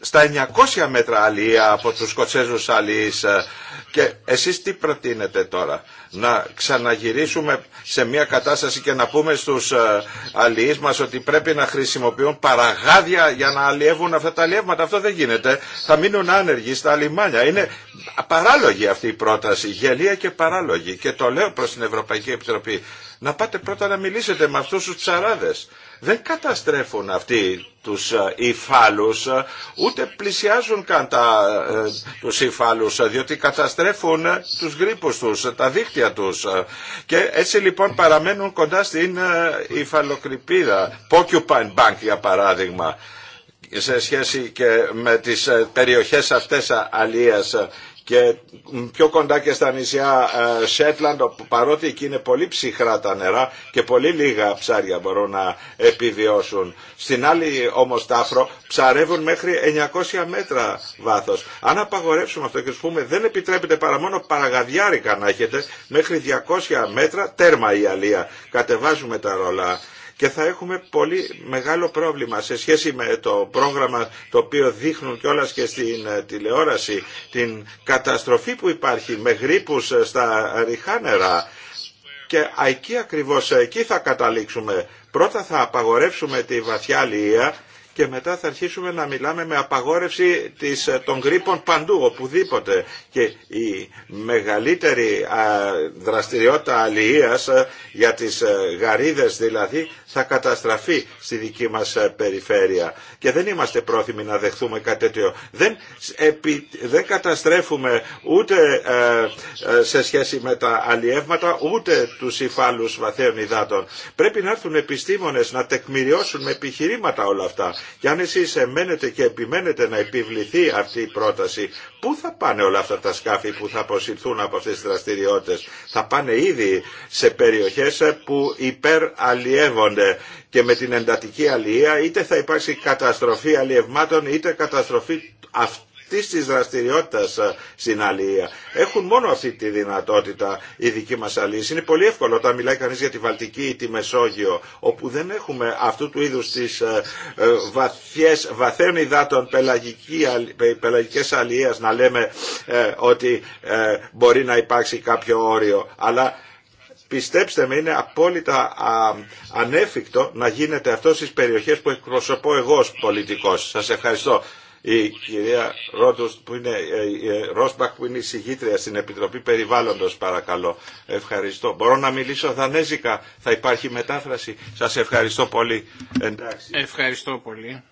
στα 900 μέτρα αλία από τους Σκοτσέζους αλίες ε, και εσείς τι προτείνετε τώρα να ξαναγυρίσουμε σε μια κατάσταση και να πούμε στους ε, αλληλείς μας ότι πρέπει να χρησιμοποιούν παραγάδια για να αλλιεύουν αυτά τα αλλιεύματα. Αυτό δεν γίνεται. Θα μείνουν άνεργοι στα λιμάνια. Είναι παράλογη αυτή η πρόταση. Γελία και παράλογη. Και το λέω προς την Ευρωπαϊκή Επιτροπή. Να πάτε πρώτα να μιλήσετε με αυτούς τους ψαράδες δεν καταστρέφουν αυτοί τους ε, υφάλους, ε, ούτε πλησιάζουν καν τα, ε, τους υφάλους, διότι καταστρέφουν τους γρίπους τους, τα δίχτυα τους. Και έτσι λοιπόν παραμένουν κοντά στην υφαλοκρηπίδα, Porcupine Μπάνκ για παράδειγμα σε σχέση και με τις περιοχές αυτές αλίας και πιο κοντά και στα νησιά Σέτλαντ, ε, παρότι εκεί είναι πολύ ψυχρά τα νερά και πολύ λίγα ψάρια μπορούν να επιβιώσουν. Στην άλλη όμως τάφρο ψαρεύουν μέχρι 900 μέτρα βάθος. Αν απαγορεύσουμε αυτό και σου πούμε δεν επιτρέπεται παρά μόνο παραγαδιάρικα να έχετε μέχρι 200 μέτρα τέρμα η αλία. Κατεβάζουμε τα ρολά και θα έχουμε πολύ μεγάλο πρόβλημα σε σχέση με το πρόγραμμα το οποίο δείχνουν κιόλα και στην ε, τηλεόραση την καταστροφή που υπάρχει με γρήπους ε, στα Ριχάνερα Και εκεί ακριβώς ε, εκεί θα καταλήξουμε. Πρώτα θα απαγορεύσουμε τη βαθιά λία και μετά θα αρχίσουμε να μιλάμε με απαγόρευση της, ε, των γρήπων παντού, οπουδήποτε. Και η μεγαλύτερη δραστηριότητα αλληλείας ε, για τις ε, γαρίδες δηλαδή θα καταστραφεί στη δική μας περιφέρεια. Και δεν είμαστε πρόθυμοι να δεχθούμε κάτι τέτοιο. Δεν, καταστρέφουμε ούτε σε σχέση με τα αλλιεύματα, ούτε τους υφάλους βαθέων υδάτων. Πρέπει να έρθουν επιστήμονες να τεκμηριώσουν με επιχειρήματα όλα αυτά και αν εσείς εμένετε και επιμένετε να επιβληθεί αυτή η πρόταση, πού θα πάνε όλα αυτά τα σκάφη που θα αποσυρθούν από αυτές τις δραστηριότητες. Θα πάνε ήδη σε περιοχές που υπεραλλιεύονται και με την εντατική αλληλεία είτε θα υπάρξει καταστροφή αλλιευμάτων είτε καταστροφή Τη της δραστηριότητας ε, στην αλληλεία. Έχουν μόνο αυτή τη δυνατότητα οι δικοί μα αλληλεί. Είναι πολύ εύκολο όταν μιλάει κανεί για τη Βαλτική ή τη Μεσόγειο, όπου δεν έχουμε αυτού του είδου τις ε, ε, βαθιές, βαθέων υδάτων πελαγικές αλληλείας να λέμε ότι μπορεί να υπάρξει κάποιο όριο. Αλλά Πιστέψτε με, είναι απόλυτα ανέφικτο να γίνεται αυτό στις περιοχές που εκπροσωπώ εγώ ως πολιτικός. Σας ευχαριστώ η κυρία Ρόντος, που είναι, ε, ε, Ρόσμπακ που είναι η συγγήτρια στην Επιτροπή Περιβάλλοντος παρακαλώ. Ευχαριστώ. Μπορώ να μιλήσω δανέζικα. Θα υπάρχει μετάφραση. Σας ευχαριστώ πολύ. Εντάξει. Ευχαριστώ πολύ.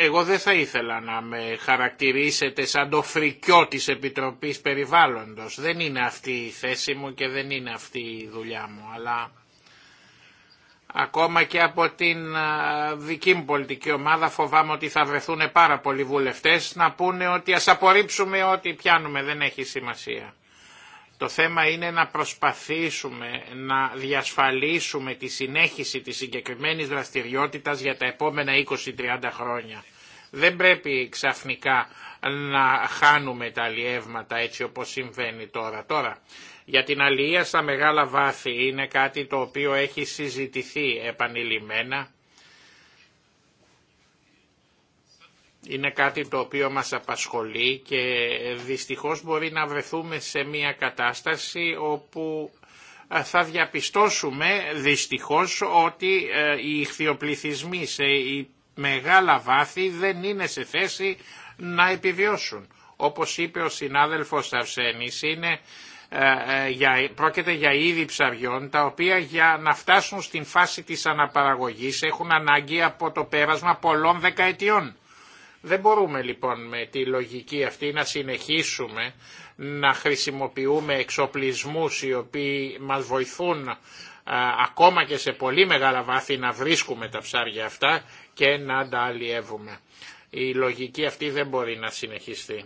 Εγώ δεν θα ήθελα να με χαρακτηρίσετε σαν το φρικιό της Επιτροπής Περιβάλλοντος. Δεν είναι αυτή η θέση μου και δεν είναι αυτή η δουλειά μου, αλλά ακόμα και από την δική μου πολιτική ομάδα φοβάμαι ότι θα βρεθούν πάρα πολλοί βουλευτές να πούνε ότι ας απορρίψουμε ό,τι πιάνουμε, δεν έχει σημασία. Το θέμα είναι να προσπαθήσουμε να διασφαλίσουμε τη συνέχιση της συγκεκριμένης δραστηριότητας για τα επόμενα 20-30 χρόνια. Δεν πρέπει ξαφνικά να χάνουμε τα αλλιεύματα έτσι όπως συμβαίνει τώρα. Τώρα, για την αλληλεία στα μεγάλα βάθη είναι κάτι το οποίο έχει συζητηθεί επανειλημμένα είναι κάτι το οποίο μας απασχολεί και δυστυχώς μπορεί να βρεθούμε σε μια κατάσταση όπου ε, θα διαπιστώσουμε δυστυχώς ότι ε, οι ηχθειοπληθυσμοί σε μεγάλα βάθη δεν είναι σε θέση να επιβιώσουν. Όπως είπε ο συνάδελφος Αρσένης, είναι, ε, για, πρόκειται για είδη ψαριών τα οποία για να φτάσουν στην φάση της αναπαραγωγής έχουν ανάγκη από το πέρασμα πολλών δεκαετιών. Δεν μπορούμε λοιπόν με τη λογική αυτή να συνεχίσουμε να χρησιμοποιούμε εξοπλισμούς οι οποίοι μας βοηθούν ακόμα και σε πολύ μεγάλα βάθη να βρίσκουμε τα ψάρια αυτά και να τα αλλιεύουμε. Η λογική αυτή δεν μπορεί να συνεχιστεί.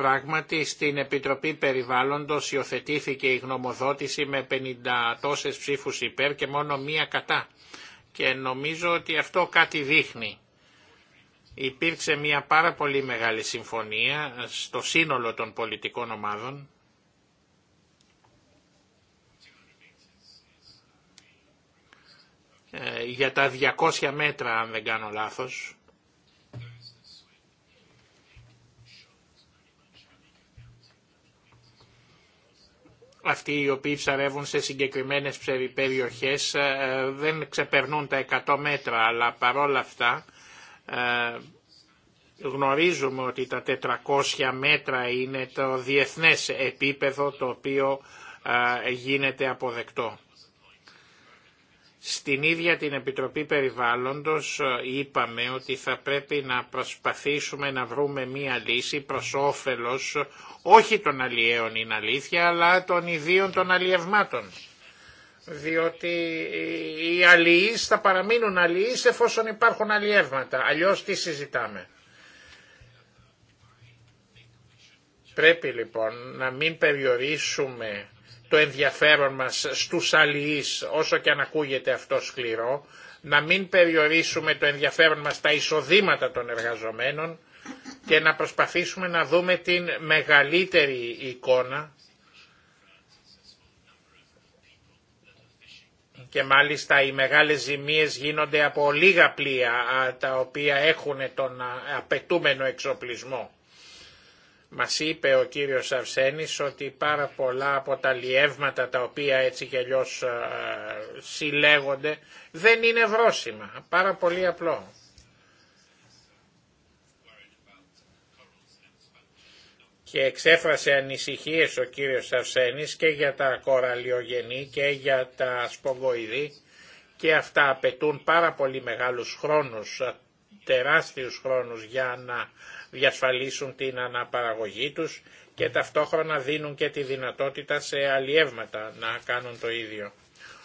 Πράγματι στην Επιτροπή Περιβάλλοντος υιοθετήθηκε η γνωμοδότηση με 50 τόσες ψήφους υπέρ και μόνο μία κατά. Και νομίζω ότι αυτό κάτι δείχνει. Υπήρξε μια πάρα πολύ μεγάλη συμφωνία στο σύνολο των πολιτικών ομάδων. Ε, για τα 200 μέτρα αν δεν κάνω λάθος αυτοί οι οποίοι ψαρεύουν σε συγκεκριμένες περιοχές ε, δεν ξεπερνούν τα 100 μέτρα, αλλά παρόλα αυτά ε, γνωρίζουμε ότι τα 400 μέτρα είναι το διεθνές επίπεδο το οποίο ε, γίνεται αποδεκτό. Στην ίδια την Επιτροπή Περιβάλλοντος ε, είπαμε ότι θα πρέπει να προσπαθήσουμε να βρούμε μία λύση προς όφελος όχι των αλλιέων είναι αλήθεια αλλά των ιδίων των αλλιευμάτων. Διότι οι αλλιείς θα παραμείνουν αλλιείς εφόσον υπάρχουν αλλιεύματα. Αλλιώς τι συζητάμε. Πρέπει λοιπόν να μην περιορίσουμε το ενδιαφέρον μας στους αλληλείς, όσο και αν ακούγεται αυτό σκληρό, να μην περιορίσουμε το ενδιαφέρον μας στα εισοδήματα των εργαζομένων και να προσπαθήσουμε να δούμε την μεγαλύτερη εικόνα και μάλιστα οι μεγάλες ζημίες γίνονται από λίγα πλοία τα οποία έχουν τον απαιτούμενο εξοπλισμό. Μας είπε ο κύριος Αρσένης ότι πάρα πολλά από τα λιεύματα τα οποία έτσι και αλλιώς ε, συλλέγονται δεν είναι βρόσιμα. Πάρα πολύ απλό. και εξέφρασε ανησυχίες ο κύριος Αρσένης και για τα κοραλιογενή και για τα σπογγοειδή και αυτά απαιτούν πάρα πολύ μεγάλους χρόνους, ε, τεράστιους χρόνους για να διασφαλίσουν την αναπαραγωγή τους και ταυτόχρονα δίνουν και τη δυνατότητα σε αλλιεύματα να κάνουν το ίδιο.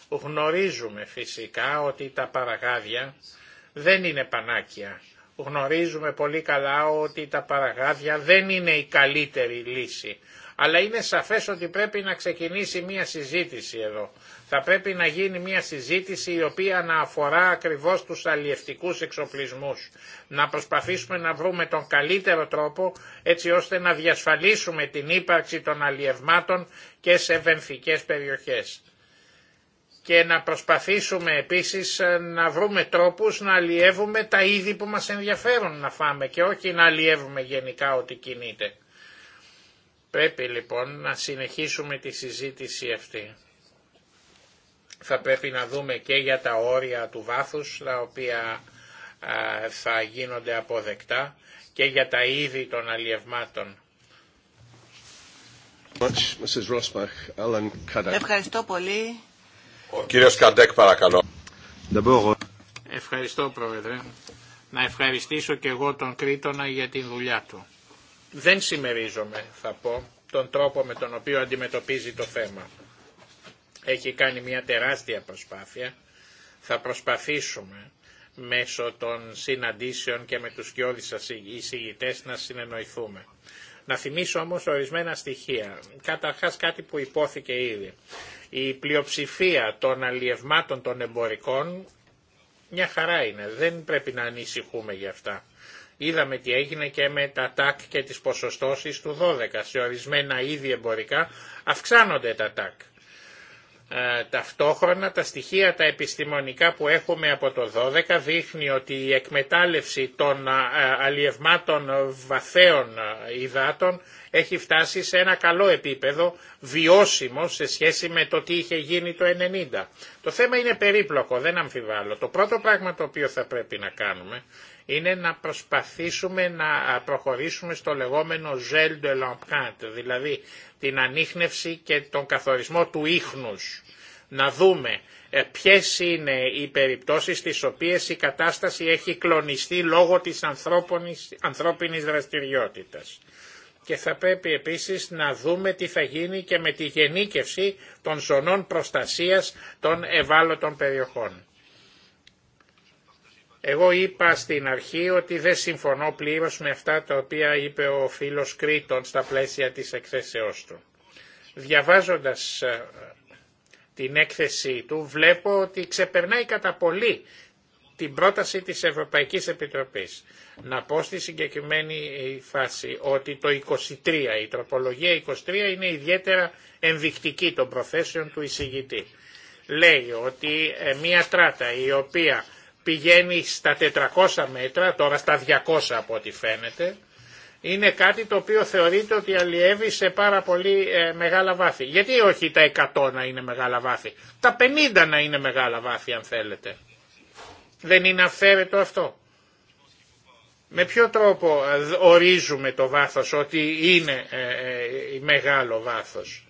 Γνωρίζουμε φυσικά ότι τα παραγάδια δεν είναι πανάκια. Γνωρίζουμε πολύ καλά ότι τα παραγάδια δεν είναι η καλύτερη λύση. Αλλά είναι σαφές ότι πρέπει να ξεκινήσει μια συζήτηση εδώ. Θα πρέπει να γίνει μια συζήτηση η οποία να αφορά ακριβώς τους αλλιευτικούς εξοπλισμούς. Να προσπαθήσουμε να βρούμε τον καλύτερο τρόπο έτσι ώστε να διασφαλίσουμε την ύπαρξη των αλλιευμάτων και σε βενθικές περιοχές. Και να προσπαθήσουμε επίσης ε, να βρούμε τρόπους να αλλιεύουμε τα είδη που μας ενδιαφέρουν να φάμε και όχι να αλλιεύουμε γενικά ό,τι κινείται. Πρέπει λοιπόν να συνεχίσουμε τη συζήτηση αυτή. Θα πρέπει να δούμε και για τα όρια του βάθους, τα οποία θα γίνονται αποδεκτά και για τα είδη των αλλιευμάτων. Ευχαριστώ πολύ. Ο κύριος Καντέκ παρακαλώ. Euh, Ευχαριστώ Πρόεδρε. Να ευχαριστήσω και εγώ τον Κρήτονα για την δουλειά του. Δεν συμμερίζομαι, θα πω, τον τρόπο με τον οποίο αντιμετωπίζει το θέμα έχει κάνει μια τεράστια προσπάθεια. Θα προσπαθήσουμε μέσω των συναντήσεων και με τους κοιόδης εισηγητές να συνεννοηθούμε. Να θυμίσω όμως ορισμένα στοιχεία. Καταρχάς κάτι που υπόθηκε ήδη. Η πλειοψηφία των αλλιευμάτων των εμπορικών μια χαρά είναι. Δεν πρέπει να ανησυχούμε για αυτά. Είδαμε τι έγινε και με τα τάκ και τις ποσοστώσεις του 12. Σε ορισμένα είδη εμπορικά αυξάνονται τα τάκ. Ε, ταυτόχρονα τα στοιχεία τα επιστημονικά που έχουμε από το 12 δείχνει ότι η εκμετάλλευση των ε, αλλιευμάτων βαθέων ε, υδάτων έχει φτάσει σε ένα καλό επίπεδο βιώσιμο σε σχέση με το τι είχε γίνει το 90. Το θέμα είναι περίπλοκο, δεν αμφιβάλλω. Το πρώτο πράγμα το οποίο θα πρέπει να κάνουμε είναι να προσπαθήσουμε να προχωρήσουμε στο λεγόμενο gel de l'empreinte, δηλαδή την ανείχνευση και τον καθορισμό του ίχνους. Να δούμε ε, ποιες είναι οι περιπτώσεις στις οποίες η κατάσταση έχει κλονιστεί λόγω της ανθρώπινης δραστηριότητας. Και θα πρέπει επίσης να δούμε τι θα γίνει και με τη γενίκευση των ζωνών προστασίας των ευάλωτων περιοχών. Εγώ είπα στην αρχή ότι δεν συμφωνώ πλήρως με αυτά τα οποία είπε ο φίλος Κρήτον στα πλαίσια της εκθέσεώς του. Διαβάζοντας ε, την έκθεση του βλέπω ότι ξεπερνάει κατά πολύ την πρόταση της Ευρωπαϊκής Επιτροπής. Να πω στη συγκεκριμένη φάση ότι το 23, η τροπολογία 23 είναι ιδιαίτερα ενδεικτική των προθέσεων του εισηγητή. Λέει ότι ε, μια τράτα η οποία πηγαίνει στα 400 μέτρα, τώρα στα 200 από ό,τι φαίνεται, είναι κάτι το οποίο θεωρείται ότι αλλιεύει σε πάρα πολύ ε, μεγάλα βάθη. Γιατί όχι τα 100 να είναι μεγάλα βάθη, τα 50 να είναι μεγάλα βάθη αν θέλετε. Δεν είναι αφαίρετο αυτό. Με ποιο τρόπο ε, ορίζουμε το βάθος ότι είναι ε, μεγάλο βάθος.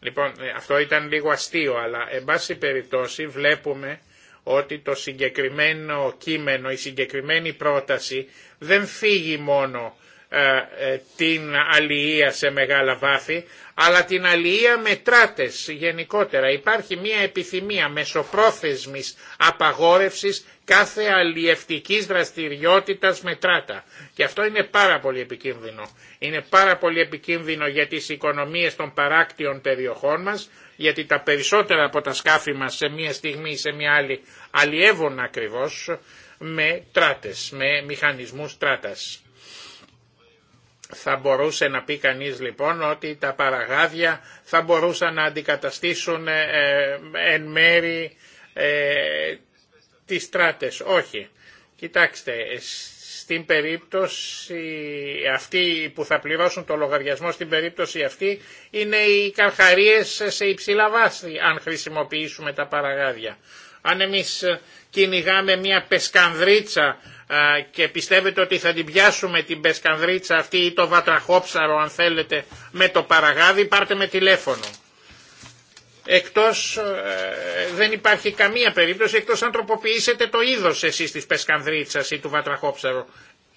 Λοιπόν, αυτό ήταν λίγο αστείο, αλλά εν πάση περιπτώσει βλέπουμε ότι το συγκεκριμένο κείμενο, η συγκεκριμένη πρόταση δεν φύγει μόνο ε, ε, την αλληλεία σε μεγάλα βάθη, αλλά την αλληλεία με τράτες γενικότερα. Υπάρχει μια επιθυμία μεσοπρόθεσμης απαγόρευσης κάθε αλλιευτικής δραστηριότητας με τράτα. Και αυτό είναι πάρα πολύ επικίνδυνο. Είναι πάρα πολύ επικίνδυνο για τις οικονομίες των παράκτιων περιοχών μας, γιατί τα περισσότερα από τα σκάφη μας σε μία στιγμή ή σε μία άλλη αλλιεύουν ακριβώς με τράτες, με μηχανισμούς τράτας. Θα μπορούσε να πει κανείς λοιπόν ότι τα παραγάδια θα μπορούσαν να αντικαταστήσουν ε, ε εν μέρη ε, τις τράτες. Όχι. Κοιτάξτε, στην περίπτωση αυτή που θα πληρώσουν το λογαριασμό στην περίπτωση αυτή είναι οι καρχαρίες σε υψηλά βάση αν χρησιμοποιήσουμε τα παραγάδια. Αν εμείς κυνηγάμε μια πεσκανδρίτσα και πιστεύετε ότι θα την πιάσουμε την πεσκανδρίτσα αυτή ή το βατραχόψαρο αν θέλετε με το παραγάδι πάρτε με τηλέφωνο εκτός, ε, δεν υπάρχει καμία περίπτωση εκτός αν τροποποιήσετε το είδος εσείς της πεσκανδρίτσας ή του βατραχόψαρου.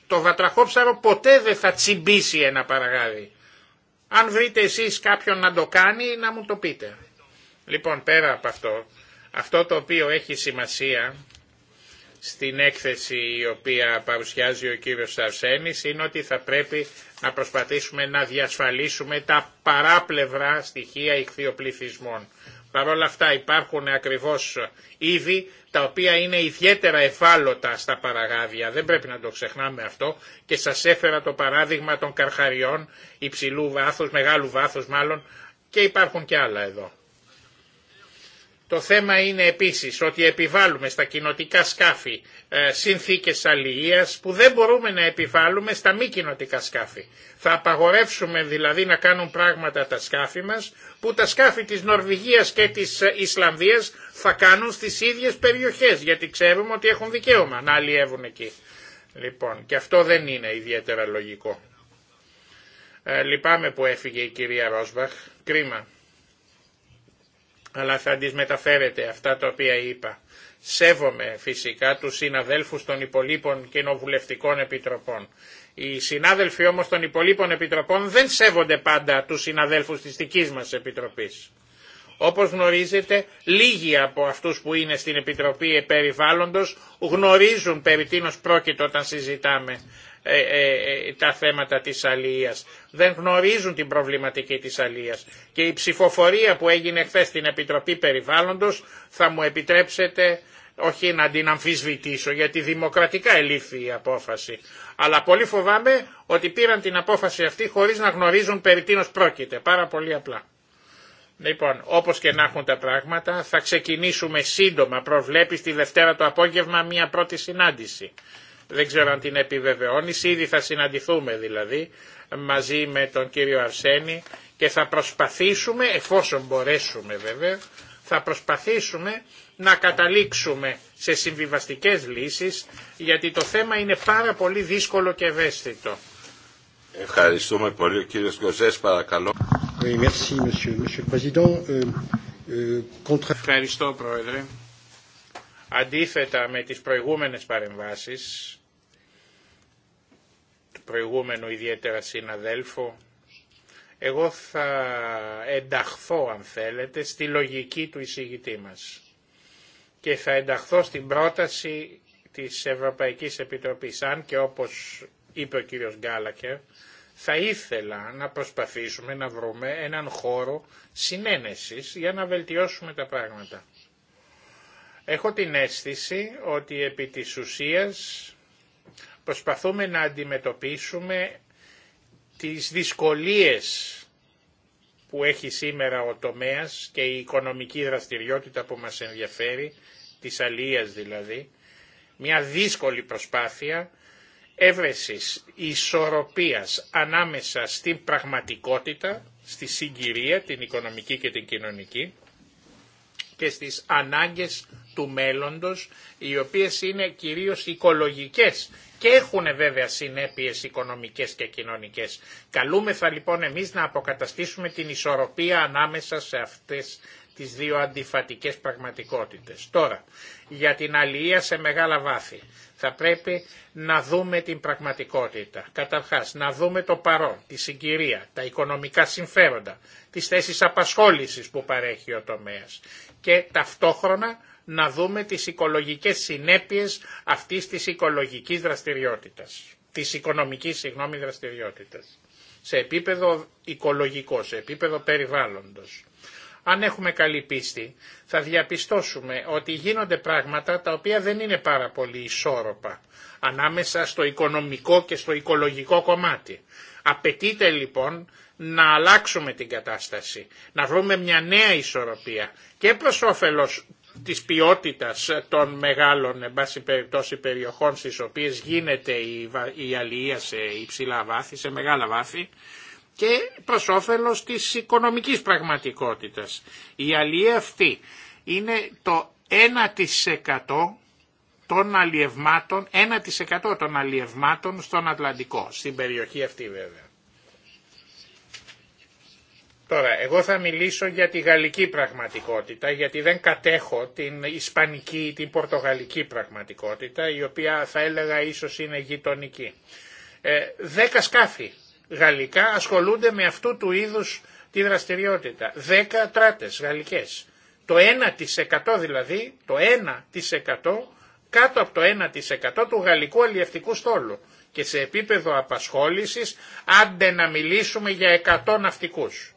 Το βατραχόψαρο ποτέ δεν θα τσιμπήσει ένα παραγάδι. Αν βρείτε εσείς κάποιον να το κάνει να μου το πείτε. Λοιπόν πέρα από αυτό, αυτό το οποίο έχει σημασία στην έκθεση η οποία παρουσιάζει ο κύριος Αρσένης είναι ότι θα πρέπει να προσπαθήσουμε να διασφαλίσουμε τα παράπλευρα στοιχεία ηχθειοπληθυσμών. Παρ' όλα αυτά υπάρχουν ακριβώς είδη τα οποία είναι ιδιαίτερα ευάλωτα στα παραγάδια. Δεν πρέπει να το ξεχνάμε αυτό και σας έφερα το παράδειγμα των καρχαριών υψηλού βάθους, μεγάλου βάθους μάλλον και υπάρχουν και άλλα εδώ. Το θέμα είναι επίσης ότι επιβάλλουμε στα κοινοτικά σκάφη ε, συνθήκες αλληλείας που δεν μπορούμε να επιβάλλουμε στα μη κοινοτικά σκάφη. Θα απαγορεύσουμε δηλαδή να κάνουν πράγματα τα σκάφη μας που τα σκάφη της Νορβηγίας και της ε, Ισλανδίας θα κάνουν στις ίδιες περιοχές γιατί ξέρουμε ότι έχουν δικαίωμα να αλλιεύουν εκεί. Λοιπόν, και αυτό δεν είναι ιδιαίτερα λογικό. Ε, λυπάμαι που έφυγε η κυρία Ρόσβαχ. Κρίμα αλλά θα τις μεταφέρετε αυτά τα οποία είπα. Σέβομαι φυσικά τους συναδέλφους των υπολείπων κοινοβουλευτικών επιτροπών. Οι συνάδελφοι όμως των υπολείπων επιτροπών δεν σέβονται πάντα τους συναδέλφους της δικής μας επιτροπής. Όπως γνωρίζετε, λίγοι από αυτούς που είναι στην Επιτροπή Περιβάλλοντος γνωρίζουν περί τίνος πρόκειται όταν συζητάμε. Ε, ε, ε, τα θέματα της αλίας. Δεν γνωρίζουν την προβληματική της αλίας. Και η ψηφοφορία που έγινε χθε στην Επιτροπή Περιβάλλοντος θα μου επιτρέψετε όχι να την αμφισβητήσω γιατί δημοκρατικά ελήφθη η απόφαση. Αλλά πολύ φοβάμαι ότι πήραν την απόφαση αυτή χωρίς να γνωρίζουν περί τίνος πρόκειται. Πάρα πολύ απλά. Λοιπόν, όπως και να έχουν τα πράγματα, θα ξεκινήσουμε σύντομα, προβλέπει τη Δευτέρα το απόγευμα, μια πρώτη συνάντηση δεν ξέρω αν την επιβεβαιώνει, ήδη θα συναντηθούμε δηλαδή μαζί με τον κύριο Αρσένη και θα προσπαθήσουμε, εφόσον μπορέσουμε βέβαια, θα προσπαθήσουμε να καταλήξουμε σε συμβιβαστικές λύσεις, γιατί το θέμα είναι πάρα πολύ δύσκολο και ευαίσθητο. Ευχαριστούμε πολύ. Ο κύριος Γκοζές, παρακαλώ. Euh, euh, Ευχαριστώ, Πρόεδρε. Αντίθετα με τις προηγούμενες παρεμβάσεις, προηγούμενο ιδιαίτερα συναδέλφο, εγώ θα ενταχθώ αν θέλετε στη λογική του εισηγητή μας και θα ενταχθώ στην πρόταση της Ευρωπαϊκής Επιτροπής, αν και όπως είπε ο κύριος Γκάλακερ, θα ήθελα να προσπαθήσουμε να βρούμε έναν χώρο συνένεσης για να βελτιώσουμε τα πράγματα. Έχω την αίσθηση ότι επί της ουσίας Προσπαθούμε να αντιμετωπίσουμε τις δυσκολίες που έχει σήμερα ο τομέας και η οικονομική δραστηριότητα που μας ενδιαφέρει, της αλίας δηλαδή, μια δύσκολη προσπάθεια έβρεσης ισορροπίας ανάμεσα στην πραγματικότητα, στη συγκυρία, την οικονομική και την κοινωνική και στις ανάγκες του μέλλοντος, οι οποίες είναι κυρίως οικολογικές και έχουν βέβαια συνέπειες οικονομικές και κοινωνικές. Καλούμεθα λοιπόν εμείς να αποκαταστήσουμε την ισορροπία ανάμεσα σε αυτές τις δύο αντιφατικές πραγματικότητες. Τώρα, για την αλληλεία σε μεγάλα βάθη, θα πρέπει να δούμε την πραγματικότητα. Καταρχάς, να δούμε το παρόν, τη συγκυρία, τα οικονομικά συμφέροντα, τις θέσεις απασχόλησης που παρέχει ο τομέας και ταυτόχρονα να δούμε τις οικολογικές συνέπειες αυτής της οικολογικής δραστηριότητας, της οικονομικής συγγνώμη δραστηριότητας, σε επίπεδο οικολογικό, σε επίπεδο περιβάλλοντος. Αν έχουμε καλή πίστη θα διαπιστώσουμε ότι γίνονται πράγματα τα οποία δεν είναι πάρα πολύ ισόρροπα ανάμεσα στο οικονομικό και στο οικολογικό κομμάτι. Απαιτείται λοιπόν να αλλάξουμε την κατάσταση, να βρούμε μια νέα ισορροπία και προς όφελος της ποιότητας των μεγάλων εν περιπτώσει περιοχών στις οποίες γίνεται η αλληλεία σε υψηλά βάθη, σε μεγάλα βάθη και προς όφελος της οικονομικής πραγματικότητας. Η αλληλεία αυτή είναι το 1% των αλλιευμάτων, 1% των αλλιευμάτων στον Ατλαντικό, στην περιοχή αυτή βέβαια. Τώρα, εγώ θα μιλήσω για τη γαλλική πραγματικότητα, γιατί δεν κατέχω την ισπανική ή την πορτογαλική πραγματικότητα, η οποία θα έλεγα ίσως είναι γειτονική. Ε, δέκα σκάφη γαλλικά ασχολούνται με αυτού του είδους τη δραστηριότητα. Δέκα τράτες γαλλικές. Το 1% δηλαδή, το 1% κάτω από το 1% του γαλλικού αλλιευτικού στόλου. Και σε επίπεδο απασχόλησης, άντε να μιλήσουμε για 100 ναυτικούς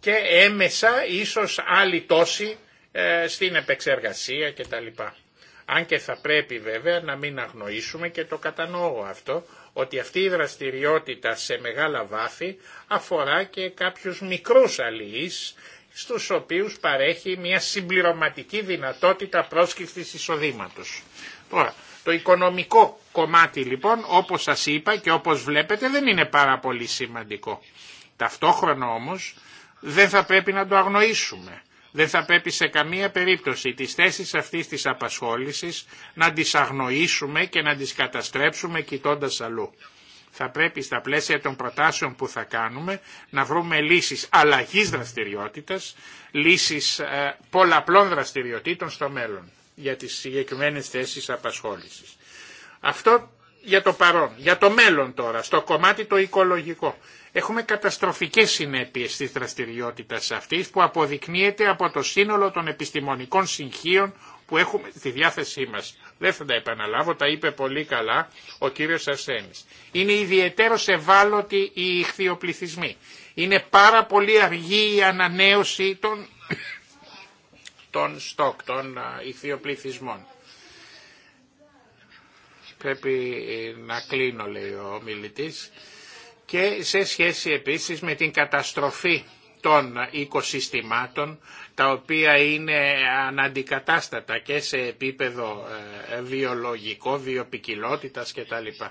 και έμεσα ίσως άλλη τόση ε, στην επεξεργασία κτλ. Αν και θα πρέπει βέβαια να μην αγνοήσουμε και το κατανοώ αυτό, ότι αυτή η δραστηριότητα σε μεγάλα βάθη αφορά και κάποιους μικρούς αλληλείς, στους οποίους παρέχει μια συμπληρωματική δυνατότητα πρόσκλησης εισοδήματος. Τώρα, το οικονομικό κομμάτι λοιπόν, όπως σας είπα και όπως βλέπετε, δεν είναι πάρα πολύ σημαντικό. Ταυτόχρονα όμως, δεν θα πρέπει να το αγνοήσουμε. Δεν θα πρέπει σε καμία περίπτωση τις θέσεις αυτής της απασχόλησης να τις αγνοήσουμε και να τις καταστρέψουμε κοιτώντα αλλού. Θα πρέπει στα πλαίσια των προτάσεων που θα κάνουμε να βρούμε λύσεις αλλαγής δραστηριότητας, λύσεις ε, πολλαπλών δραστηριοτήτων στο μέλλον για τις συγκεκριμένες θέσεις απασχόλησης. Αυτό για το παρόν, για το μέλλον τώρα, στο κομμάτι το οικολογικό. Έχουμε καταστροφικές συνέπειες της δραστηριότητας αυτής που αποδεικνύεται από το σύνολο των επιστημονικών συγχείων που έχουμε στη διάθεσή μας. Δεν θα τα επαναλάβω, τα είπε πολύ καλά ο κύριος Αρσένης. Είναι ιδιαίτερο ευάλωτοι οι ηχθειοπληθυσμοί. Είναι πάρα πολύ αργή η ανανέωση των, των στόκ, των ηχθειοπληθυσμών πρέπει ε, να κλείνω λέει ο μιλητής και σε σχέση επίσης με την καταστροφή των οικοσυστημάτων τα οποία είναι αναντικατάστατα και σε επίπεδο ε, βιολογικό, βιοπικιλότητας κτλ.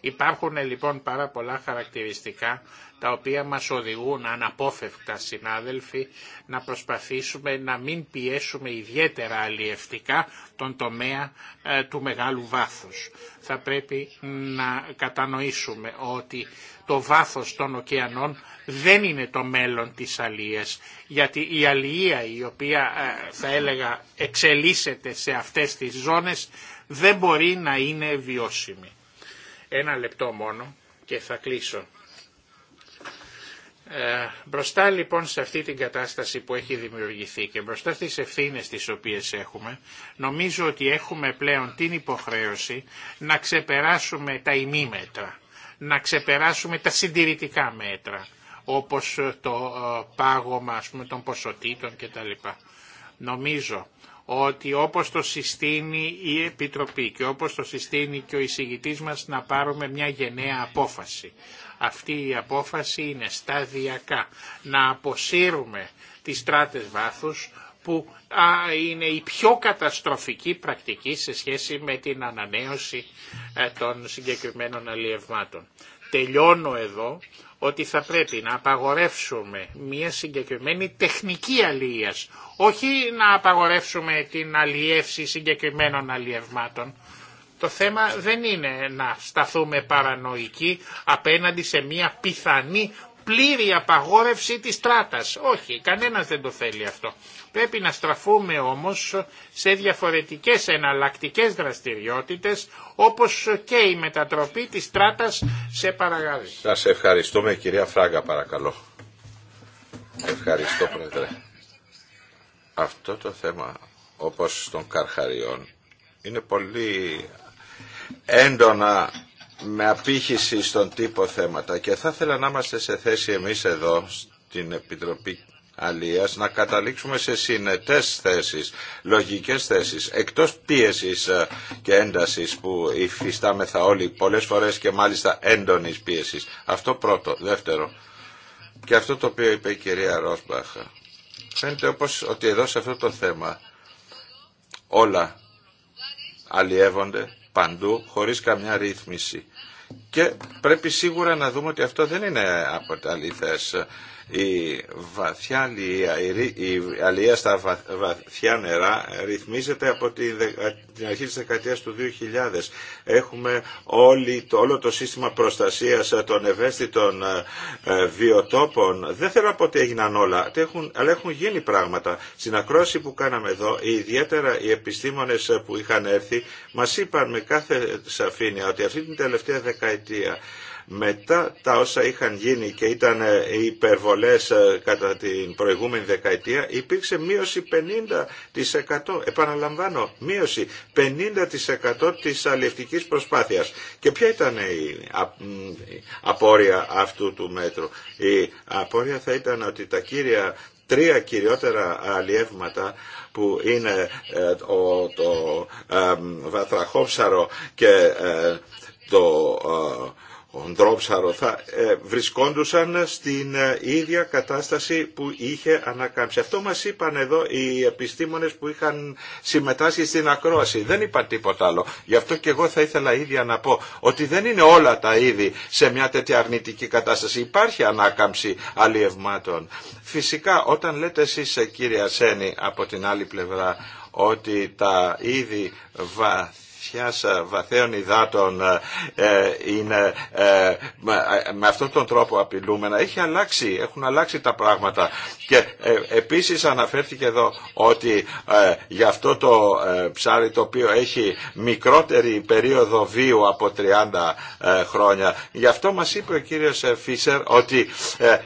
Υπάρχουν λοιπόν πάρα πολλά χαρακτηριστικά τα οποία μας οδηγούν αναπόφευκτα συνάδελφοι να προσπαθήσουμε να μην πιέσουμε ιδιαίτερα αλλιευτικά τον τομέα ε, του μεγάλου βάθους. Θα πρέπει να κατανοήσουμε ότι το βάθος των ωκεανών δεν είναι το μέλλον της αλίας, γιατί η αλία η οποία ε, θα έλεγα εξελίσσεται σε αυτές τις ζώνες δεν μπορεί να είναι βιώσιμη. Ένα λεπτό μόνο και θα κλείσω. Ε, μπροστά λοιπόν σε αυτή την κατάσταση που έχει δημιουργηθεί και μπροστά στις ευθύνες τις οποίες έχουμε, νομίζω ότι έχουμε πλέον την υποχρέωση να ξεπεράσουμε τα ημίμετρα, να ξεπεράσουμε τα συντηρητικά μέτρα όπως ε, το ε, πάγωμα ας πούμε, των ποσοτήτων κτλ. Νομίζω ότι όπως το συστήνει η Επιτροπή και όπως το συστήνει και ο εισηγητής μας να πάρουμε μια γενναία απόφαση. Αυτή η απόφαση είναι σταδιακά να αποσύρουμε τις στράτες βάθους που α, είναι η πιο καταστροφική πρακτική σε σχέση με την ανανέωση ε, των συγκεκριμένων αλλιευμάτων. Τελειώνω εδώ ότι θα πρέπει να απαγορεύσουμε μια συγκεκριμένη τεχνική αλληλείας, όχι να απαγορεύσουμε την αλλιεύση συγκεκριμένων αλλιευμάτων. Το θέμα δεν είναι να σταθούμε παρανοϊκοί απέναντι σε μια πιθανή πλήρη απαγόρευση της τράτας. Όχι, κανένας δεν το θέλει αυτό. Πρέπει να στραφούμε όμως σε διαφορετικές εναλλακτικές δραστηριότητες όπως και η μετατροπή της τράτας σε παραγάδι. Σας ευχαριστούμε κυρία Φράγκα παρακαλώ. Ευχαριστώ πρόεδρε. Αυτό το θέμα όπως των καρχαριών είναι πολύ έντονα με απήχηση στον τύπο θέματα και θα ήθελα να είμαστε σε θέση εμείς εδώ στην Επιτροπή Αλίας να καταλήξουμε σε συνετές θέσεις, λογικές θέσεις, εκτός πίεσης ε, και έντασης που υφιστάμεθα όλοι πολλές φορές και μάλιστα έντονης πίεσης. Αυτό πρώτο. Δεύτερο. Και αυτό το οποίο είπε η κυρία Ρόσμπαχ. Φαίνεται όπως ότι εδώ σε αυτό το θέμα όλα αλλιεύονται παντού χωρίς καμιά ρύθμιση και πρέπει σίγουρα να δούμε ότι αυτό δεν είναι από τα αλήθες. Η βαθιά η στα βαθιά νερά ρυθμίζεται από την αρχή της δεκαετίας του 2000. Έχουμε όλη, όλο το σύστημα προστασίας των ευαίσθητων ε, ε, βιοτόπων. Δεν θέλω να πω ότι έγιναν όλα, αλλά έχουν γίνει πράγματα. Στην ακρόαση που κάναμε εδώ, ιδιαίτερα οι επιστήμονες που είχαν έρθει, μας είπαν με κάθε σαφήνεια ότι αυτή την τελευταία δεκαετία μετά τα όσα είχαν γίνει και ήταν οι ε, υπερβολές ε, κατά την προηγούμενη δεκαετία υπήρξε μείωση 50%. Επαναλαμβάνω, μείωση 50% της αλληλευτικής προσπάθειας. Και ποια ήταν η απόρρια αυτού του μέτρου. Η απόρρια θα ήταν ότι τα κύρια τρία κυριότερα αλλιεύματα που είναι ε, το, το βατραχόψαρο και το Ντρόψαρο θα ε, βρισκόντουσαν στην ε, ίδια κατάσταση που είχε ανακάμψει. Αυτό μας είπαν εδώ οι επιστήμονες που είχαν συμμετάσχει στην ακρόαση. Δεν είπα τίποτα άλλο. Γι' αυτό και εγώ θα ήθελα ίδια να πω ότι δεν είναι όλα τα είδη σε μια τέτοια αρνητική κατάσταση. Υπάρχει ανάκαμψη αλλιευμάτων. Φυσικά όταν λέτε εσείς ε, κύριε Ασένη από την άλλη πλευρά ότι τα είδη βαθ βαθιάς, ε, βαθαίων υδάτων ε, ε, είναι με αυτόν τον τρόπο απειλούμενα. Έχει αλλάξει, έχουν αλλάξει τα πράγματα. Και επίσης αναφέρθηκε εδώ ότι για αυτό το ψάρι το οποίο έχει μικρότερη περίοδο βίου από 30 χρόνια. Γι' αυτό μας είπε ο κύριος Φίσερ ότι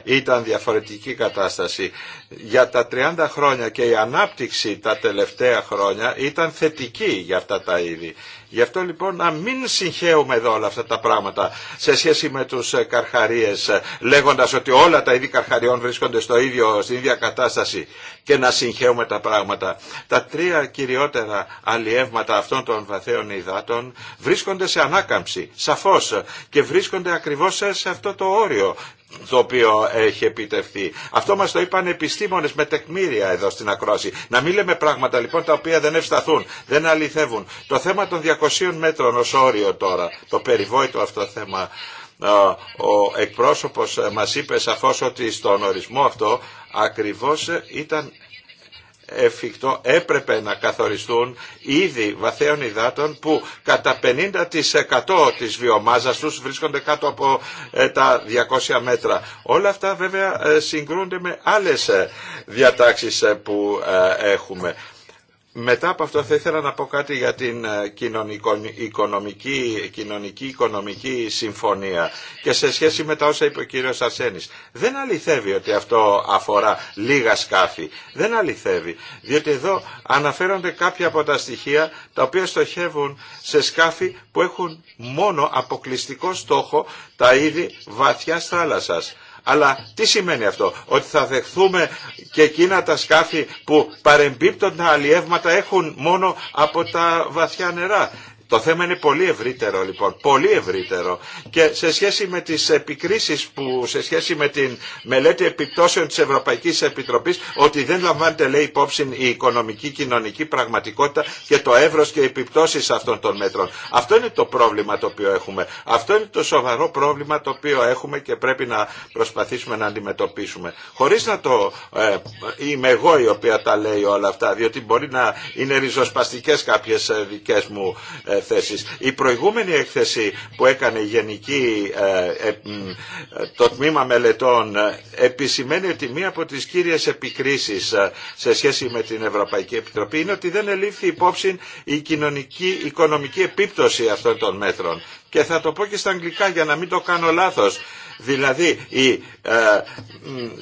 ήταν διαφορετική κατάσταση. Για τα 30 χρόνια και η ανάπτυξη τα τελευταία χρόνια ήταν θετική για αυτά τα είδη. Γι' αυτό λοιπόν να μην συγχαίουμε εδώ όλα αυτά τα πράγματα σε σχέση με τους ε, καρχαρίες ε, λέγοντας ότι όλα τα είδη καρχαριών βρίσκονται στο ίδιο, στην ίδια κατάσταση και να συγχαίουμε τα πράγματα. Τα τρία κυριότερα αλλιεύματα αυτών των βαθαίων υδάτων βρίσκονται σε ανάκαμψη, σαφώς, και βρίσκονται ακριβώς σε αυτό το όριο το οποίο έχει επιτευχθεί. Αυτό μας το είπαν επιστήμονες με τεκμήρια εδώ στην Ακρόαση. Να μην λέμε πράγματα λοιπόν τα οποία δεν ευσταθούν, δεν αληθεύουν. Το θέμα των 200 μέτρων ως όριο τώρα, το περιβόητο αυτό θέμα, ε, ο εκπρόσωπος μας είπε σαφώς ότι στον ορισμό αυτό ακριβώς ήταν εφικτό έπρεπε να καθοριστούν ήδη βαθαίων υδάτων που κατά 50% της βιομάζας τους βρίσκονται κάτω από ε, τα 200 μέτρα. Όλα αυτά βέβαια ε, συγκρούνται με άλλες ε, διατάξεις που έχουμε. Μετά από αυτό θα ήθελα να πω κάτι για την ε, κοινωνική, κοινωνική οικονομική συμφωνία και σε σχέση με τα όσα είπε ο κύριος Αρσένης. Δεν αληθεύει ότι αυτό αφορά λίγα σκάφη. Δεν αληθεύει. Διότι εδώ αναφέρονται κάποια από τα στοιχεία τα οποία στοχεύουν σε σκάφη που έχουν μόνο αποκλειστικό στόχο τα είδη βαθιάς θάλασσας. Αλλά τι σημαίνει αυτό, ότι θα δεχθούμε και εκείνα τα σκάφη που παρεμπίπτοντα αλλιεύματα έχουν μόνο από τα βαθιά νερά. Το θέμα είναι πολύ ευρύτερο λοιπόν, πολύ ευρύτερο και σε σχέση με τις επικρίσεις που σε σχέση με την μελέτη επιπτώσεων της Ευρωπαϊκής Επιτροπής ότι δεν λαμβάνεται λέει υπόψη η οικονομική κοινωνική πραγματικότητα και το εύρος και οι επιπτώσεις αυτών των μέτρων. Αυτό είναι το πρόβλημα το οποίο έχουμε. Αυτό είναι το σοβαρό πρόβλημα το οποίο έχουμε και πρέπει να προσπαθήσουμε να αντιμετωπίσουμε. Χωρίς να το ε, είμαι εγώ η οποία τα λέει όλα αυτά, διότι μπορεί να είναι ριζοσπαστικές κάποιες ε, δικές μου ε, η προηγούμενη έκθεση που έκανε η Γενική ε, ε, το Τμήμα Μελετών ε, επισημαίνει ότι μία από τις κύριες επικρίσεις σε σχέση με την Ευρωπαϊκή Επιτροπή είναι ότι δεν ελήφθη υπόψη η κοινωνική, οικονομική επίπτωση αυτών των μέτρων. Και θα το πω και στα αγγλικά για να μην το κάνω λάθος. Δηλαδή η ε,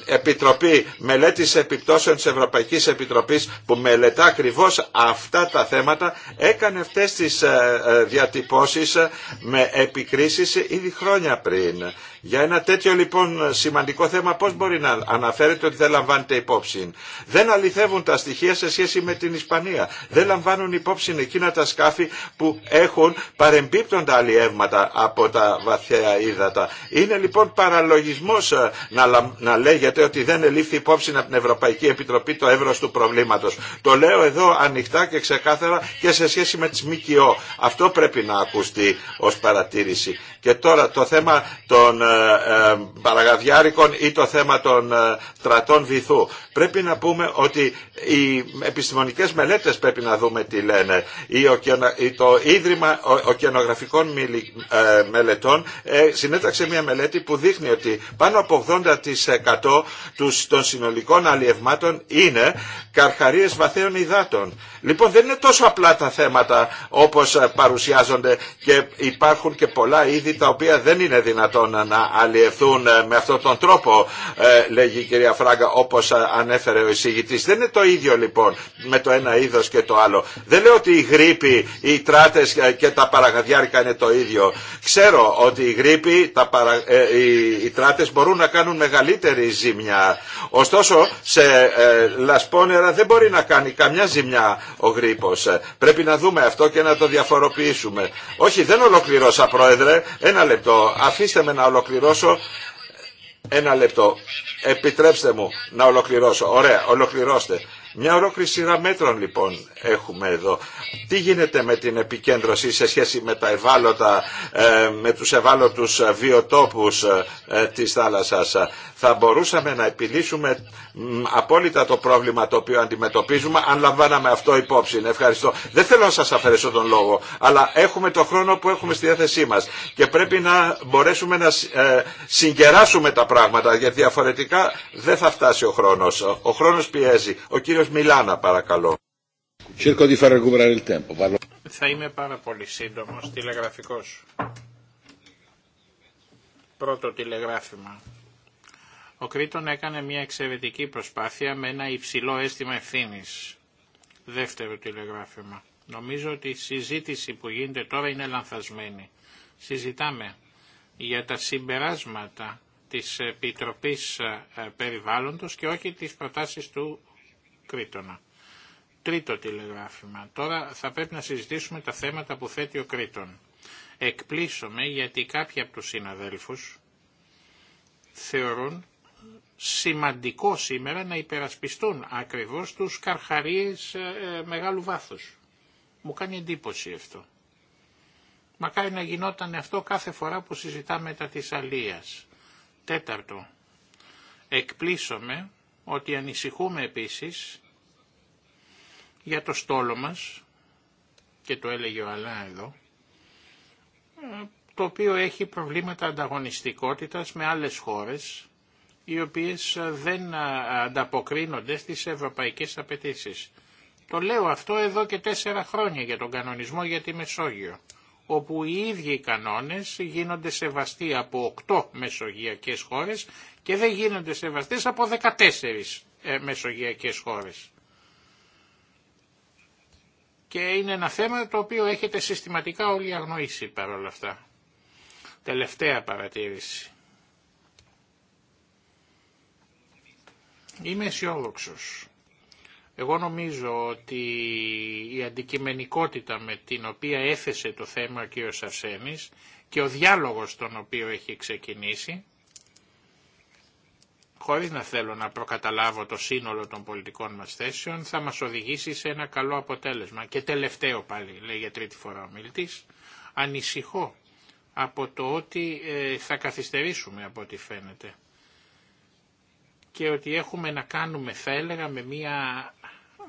Επιτροπή Μελέτης Επιπτώσεων της Ευρωπαϊκής Επιτροπής που μελετά ακριβώς αυτά τα θέματα έκανε αυτές τις ε, ε, διατυπώσεις με επικρίσεις ήδη χρόνια πριν για ένα τέτοιο λοιπόν σημαντικό θέμα πώς μπορεί να αναφέρεται ότι δεν λαμβάνεται υπόψη. Δεν αληθεύουν τα στοιχεία σε σχέση με την Ισπανία. Δεν λαμβάνουν υπόψη εκείνα τα σκάφη που έχουν παρεμπίπτοντα αλλιεύματα από τα βαθιά ύδατα. Είναι λοιπόν παραλογισμός ε, να, να λέγεται ότι δεν ελήφθη υπόψη από την Ευρωπαϊκή Επιτροπή το εύρος του προβλήματος. Το λέω εδώ ανοιχτά και ξεκάθαρα και σε σχέση με τις ΜΚΟ. Αυτό πρέπει να ακουστεί ως παρατήρηση. Και τώρα το θέμα των ε, ε, παραγαδιάρικων ή το θέμα των ε, τρατών βυθού. Πρέπει να πούμε ότι οι επιστημονικές μελέτες πρέπει να δούμε τι λένε. Το Ίδρυμα Οκεανογραφικών Μελετών συνέταξε μια μελέτη που δείχνει ότι πάνω από 80% των συνολικών αλλιευμάτων είναι καρχαρίες βαθέων υδάτων. Λοιπόν δεν είναι τόσο απλά τα θέματα όπως παρουσιάζονται και υπάρχουν και πολλά είδη τα οποία δεν είναι δυνατόν να να αλλιευθούν ε, με αυτόν τον τρόπο, ε, λέγει η κυρία Φράγκα, όπως ε, ανέφερε ο εισηγητής. Δεν είναι το ίδιο λοιπόν με το ένα είδος και το άλλο. Δεν λέω ότι η γρήπη, οι τράτες και τα παραγαδιάρικα είναι το ίδιο. Ξέρω ότι η γρήπη, τα παρα... οι τράτες μπορούν να κάνουν μεγαλύτερη ζημιά. Ωστόσο, σε λασπόνερα δεν μπορεί να κάνει καμιά ζημιά ο γρήπος. Πρέπει να δούμε αυτό και να το διαφοροποιήσουμε. Όχι, δεν ολοκληρώσα, Πρόεδρε. Ένα λεπτό. Αφήστε με να ολοκληρώσω ολοκληρώσω ένα λεπτό. Επιτρέψτε μου να ολοκληρώσω. Ωραία, ολοκληρώστε. Μια ολόκληρη σειρά μέτρων λοιπόν έχουμε εδώ. Τι γίνεται με την επικέντρωση σε σχέση με τα ευάλωτα, ε, με τους ευάλωτους βιοτόπους ε, της θάλασσας. Θα μπορούσαμε να επιλύσουμε απόλυτα το πρόβλημα το οποίο αντιμετωπίζουμε αν λαμβάναμε αυτό υπόψη. Ευχαριστώ. Δεν θέλω να σας αφαιρέσω τον λόγο, αλλά έχουμε το χρόνο που έχουμε στη διάθεσή μας και πρέπει να μπορέσουμε να ε, συγκεράσουμε τα πράγματα γιατί διαφορετικά δεν θα φτάσει ο χρόνος. Ο χρόνος πιέζει. Ο κύριος Μιλάνα παρακαλώ. Θα είμαι πάρα πολύ σύντομο, τηλεγραφικό. Πρώτο τηλεγράφημα. Ο Κρήτον έκανε μια εξαιρετική προσπάθεια με ένα υψηλό αίσθημα ευθύνη. Δεύτερο τηλεγράφημα. Νομίζω ότι η συζήτηση που γίνεται τώρα είναι λανθασμένη. Συζητάμε για τα συμπεράσματα της Επιτροπής ε, Περιβάλλοντος και όχι τις προτάσεις του Κρήτονα. Τρίτο τηλεγράφημα. Τώρα θα πρέπει να συζητήσουμε τα θέματα που θέτει ο Κρήτον. Εκπλήσωμαι γιατί κάποιοι από τους συναδέλφους θεωρούν σημαντικό σήμερα να υπερασπιστούν ακριβώς τους καρχαρίες ε, μεγάλου βάθους. Μου κάνει εντύπωση αυτό. Μακάρι να γινόταν αυτό κάθε φορά που συζητάμε τα της αλίας. Τέταρτο. Εκπλήσωμαι ότι ανησυχούμε επίσης για το στόλο μας, και το έλεγε ο Αλά εδώ, το οποίο έχει προβλήματα ανταγωνιστικότητας με άλλες χώρες, οι οποίες δεν ανταποκρίνονται στις ευρωπαϊκές απαιτήσεις. Το λέω αυτό εδώ και τέσσερα χρόνια για τον κανονισμό για τη Μεσόγειο όπου οι ίδιοι οι κανόνες γίνονται σεβαστοί από 8 μεσογειακές χώρες και δεν γίνονται σεβαστές από 14 ε, μεσογειακές χώρες. Και είναι ένα θέμα το οποίο έχετε συστηματικά όλοι αγνοήσει παρόλα αυτά. Τελευταία παρατήρηση. Είμαι αισιόδοξο. Εγώ νομίζω ότι η αντικειμενικότητα με την οποία έθεσε το θέμα και ο Σαρσένης και ο διάλογος τον οποίο έχει ξεκινήσει, χωρίς να θέλω να προκαταλάβω το σύνολο των πολιτικών μας θέσεων, θα μας οδηγήσει σε ένα καλό αποτέλεσμα. Και τελευταίο πάλι, λέει για τρίτη φορά ο Μιλτής, ανησυχώ από το ότι ε, θα καθυστερήσουμε από ό,τι φαίνεται και ότι έχουμε να κάνουμε θα έλεγα με μια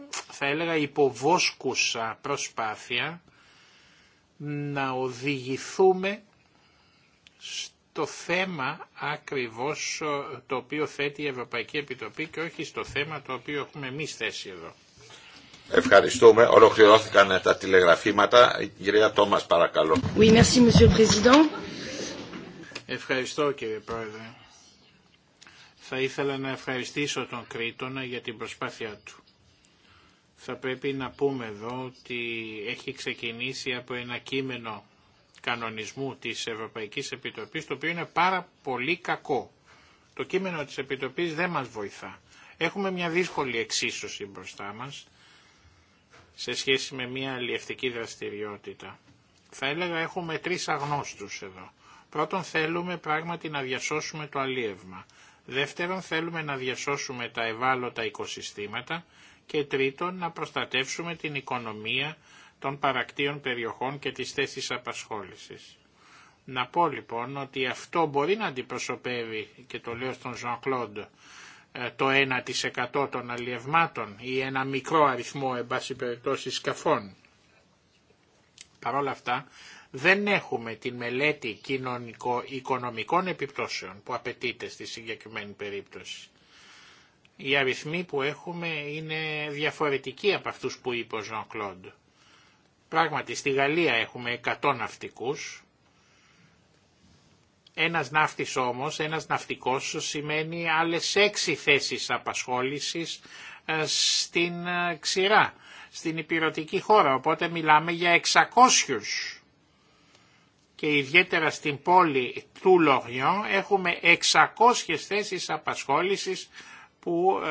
θα έλεγα υποβόσκουσα προσπάθεια να οδηγηθούμε στο θέμα ακριβώς ε, το οποίο θέτει η Ευρωπαϊκή Επιτροπή και όχι στο θέμα το οποίο έχουμε εμεί θέσει εδώ. Ευχαριστούμε. Ολοκληρώθηκαν τα τηλεγραφήματα. κυρία Τόμας παρακαλώ. Oui, merci, Ευχαριστώ κύριε Πρόεδρε. Θα ήθελα να ευχαριστήσω τον Κρήτονα για την προσπάθειά του. Θα πρέπει να πούμε εδώ ότι έχει ξεκινήσει από ένα κείμενο κανονισμού της Ευρωπαϊκής Επιτροπής, το οποίο είναι πάρα πολύ κακό. Το κείμενο της Επιτροπής δεν μας βοηθά. Έχουμε μια δύσκολη εξίσωση μπροστά μας σε σχέση με μια αλλιευτική δραστηριότητα. Θα έλεγα έχουμε τρεις αγνώστους εδώ. Πρώτον θέλουμε πράγματι να διασώσουμε το αλίευμα. Δεύτερον θέλουμε να διασώσουμε τα ευάλωτα οικοσυστήματα και τρίτον να προστατεύσουμε την οικονομία των παρακτήων περιοχών και τις θέσεις απασχόλησης. Να πω λοιπόν ότι αυτό μπορεί να αντιπροσωπεύει, και το λέω στον Ζαν Κλόντ, ε, το 1% των αλλιευμάτων ή ένα μικρό αριθμό, εν πάση περιπτώσει, σκαφών. Παρ' όλα αυτά, δεν έχουμε την μελέτη κοινωνικο-οικονομικών επιπτώσεων που απαιτείται στη συγκεκριμένη περίπτωση. Οι αριθμοί που έχουμε είναι διαφορετικοί από αυτούς που είπε ο Ζων Κλοντ. Πράγματι, στη Γαλλία έχουμε 100 ναυτικούς. Ένας ναύτης όμως, ένας ναυτικός σημαίνει άλλες 6 θέσεις απασχόλησης ε, στην ε, ξηρά, στην υπηρετική χώρα. Οπότε μιλάμε για 600 και ιδιαίτερα στην πόλη του Λοριόν έχουμε 600 θέσεις απασχόλησης που ε,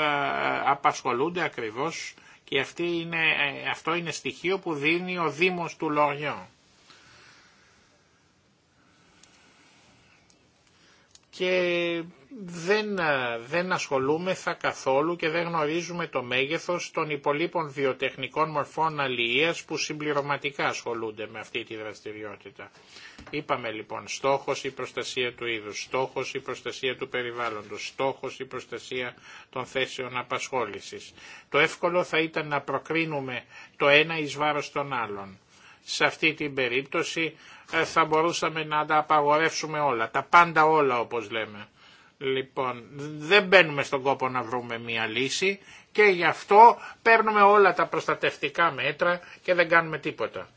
απασχολούνται ακριβώς και αυτή είναι, ε, αυτό είναι στοιχείο που δίνει ο Δήμος του Λοριό. Και δεν, ε, δεν ασχολούμεθα καθόλου και δεν γνωρίζουμε το μέγεθος των υπολείπων βιοτεχνικών μορφών αλληλείας που συμπληρωματικά ασχολούνται με αυτή τη δραστηριότητα. Είπαμε λοιπόν στόχος η προστασία του είδους, στόχος η προστασία του περιβάλλοντος, στόχος η προστασία των θέσεων απασχόλησης. Το εύκολο θα ήταν να προκρίνουμε το ένα εις βάρος των άλλων. Σε αυτή την περίπτωση ε, θα μπορούσαμε να τα απαγορεύσουμε όλα, τα πάντα όλα όπως λέμε. Λοιπόν, δεν μπαίνουμε στον κόπο να βρούμε μία λύση και γι' αυτό παίρνουμε όλα τα προστατευτικά μέτρα και δεν κάνουμε τίποτα.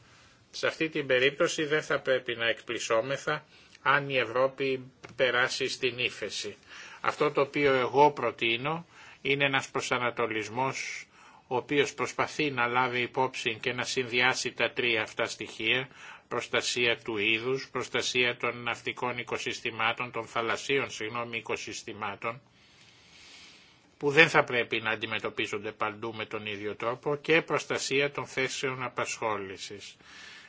Σε αυτή την περίπτωση δεν θα πρέπει να εκπλησόμεθα αν η Ευρώπη περάσει στην ύφεση. Αυτό το οποίο εγώ προτείνω είναι ένας προσανατολισμός ο οποίος προσπαθεί να λάβει υπόψη και να συνδυάσει τα τρία αυτά στοιχεία, προστασία του είδους, προστασία των ναυτικών οικοσυστημάτων, των θαλασσίων συγγνώμη, οικοσυστημάτων, που δεν θα πρέπει να αντιμετωπίζονται παντού με τον ίδιο τρόπο και προστασία των θέσεων απασχόλησης.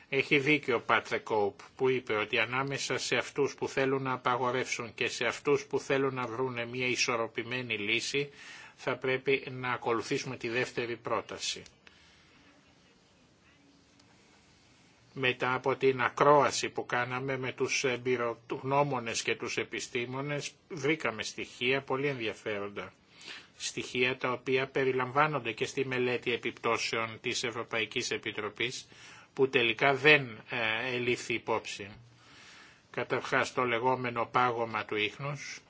Έχει δίκιο ο Πάτρε Κόουπ που είπε ότι ανάμεσα σε αυτούς που θέλουν να απαγορεύσουν και σε αυτούς που θέλουν να βρουν μια ισορροπημένη λύση θα πρέπει να ακολουθήσουμε τη δεύτερη πρόταση. Μετά από την ακρόαση που κάναμε με τους εμπειρογνώμονες και τους επιστήμονες, βρήκαμε στοιχεία πολύ ενδιαφέροντα. Στοιχεία τα οποία περιλαμβάνονται και στη μελέτη επιπτώσεων της Ευρωπαϊκής Επιτροπής, που τελικά δεν ε, ελήφθη υπόψη. Καταρχάς το λεγόμενο πάγωμα του ίχνους,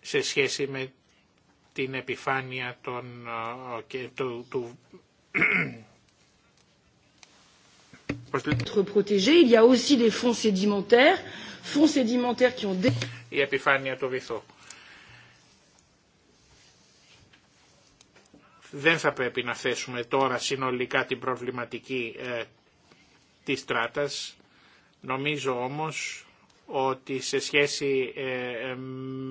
σε σχέση με την επιφάνεια των, του, η επιφάνεια του βυθού. Δεν θα πρέπει να θέσουμε τώρα συνολικά την προβληματική ε, της στράτας. Νομίζω όμως ότι σε σχέση ε,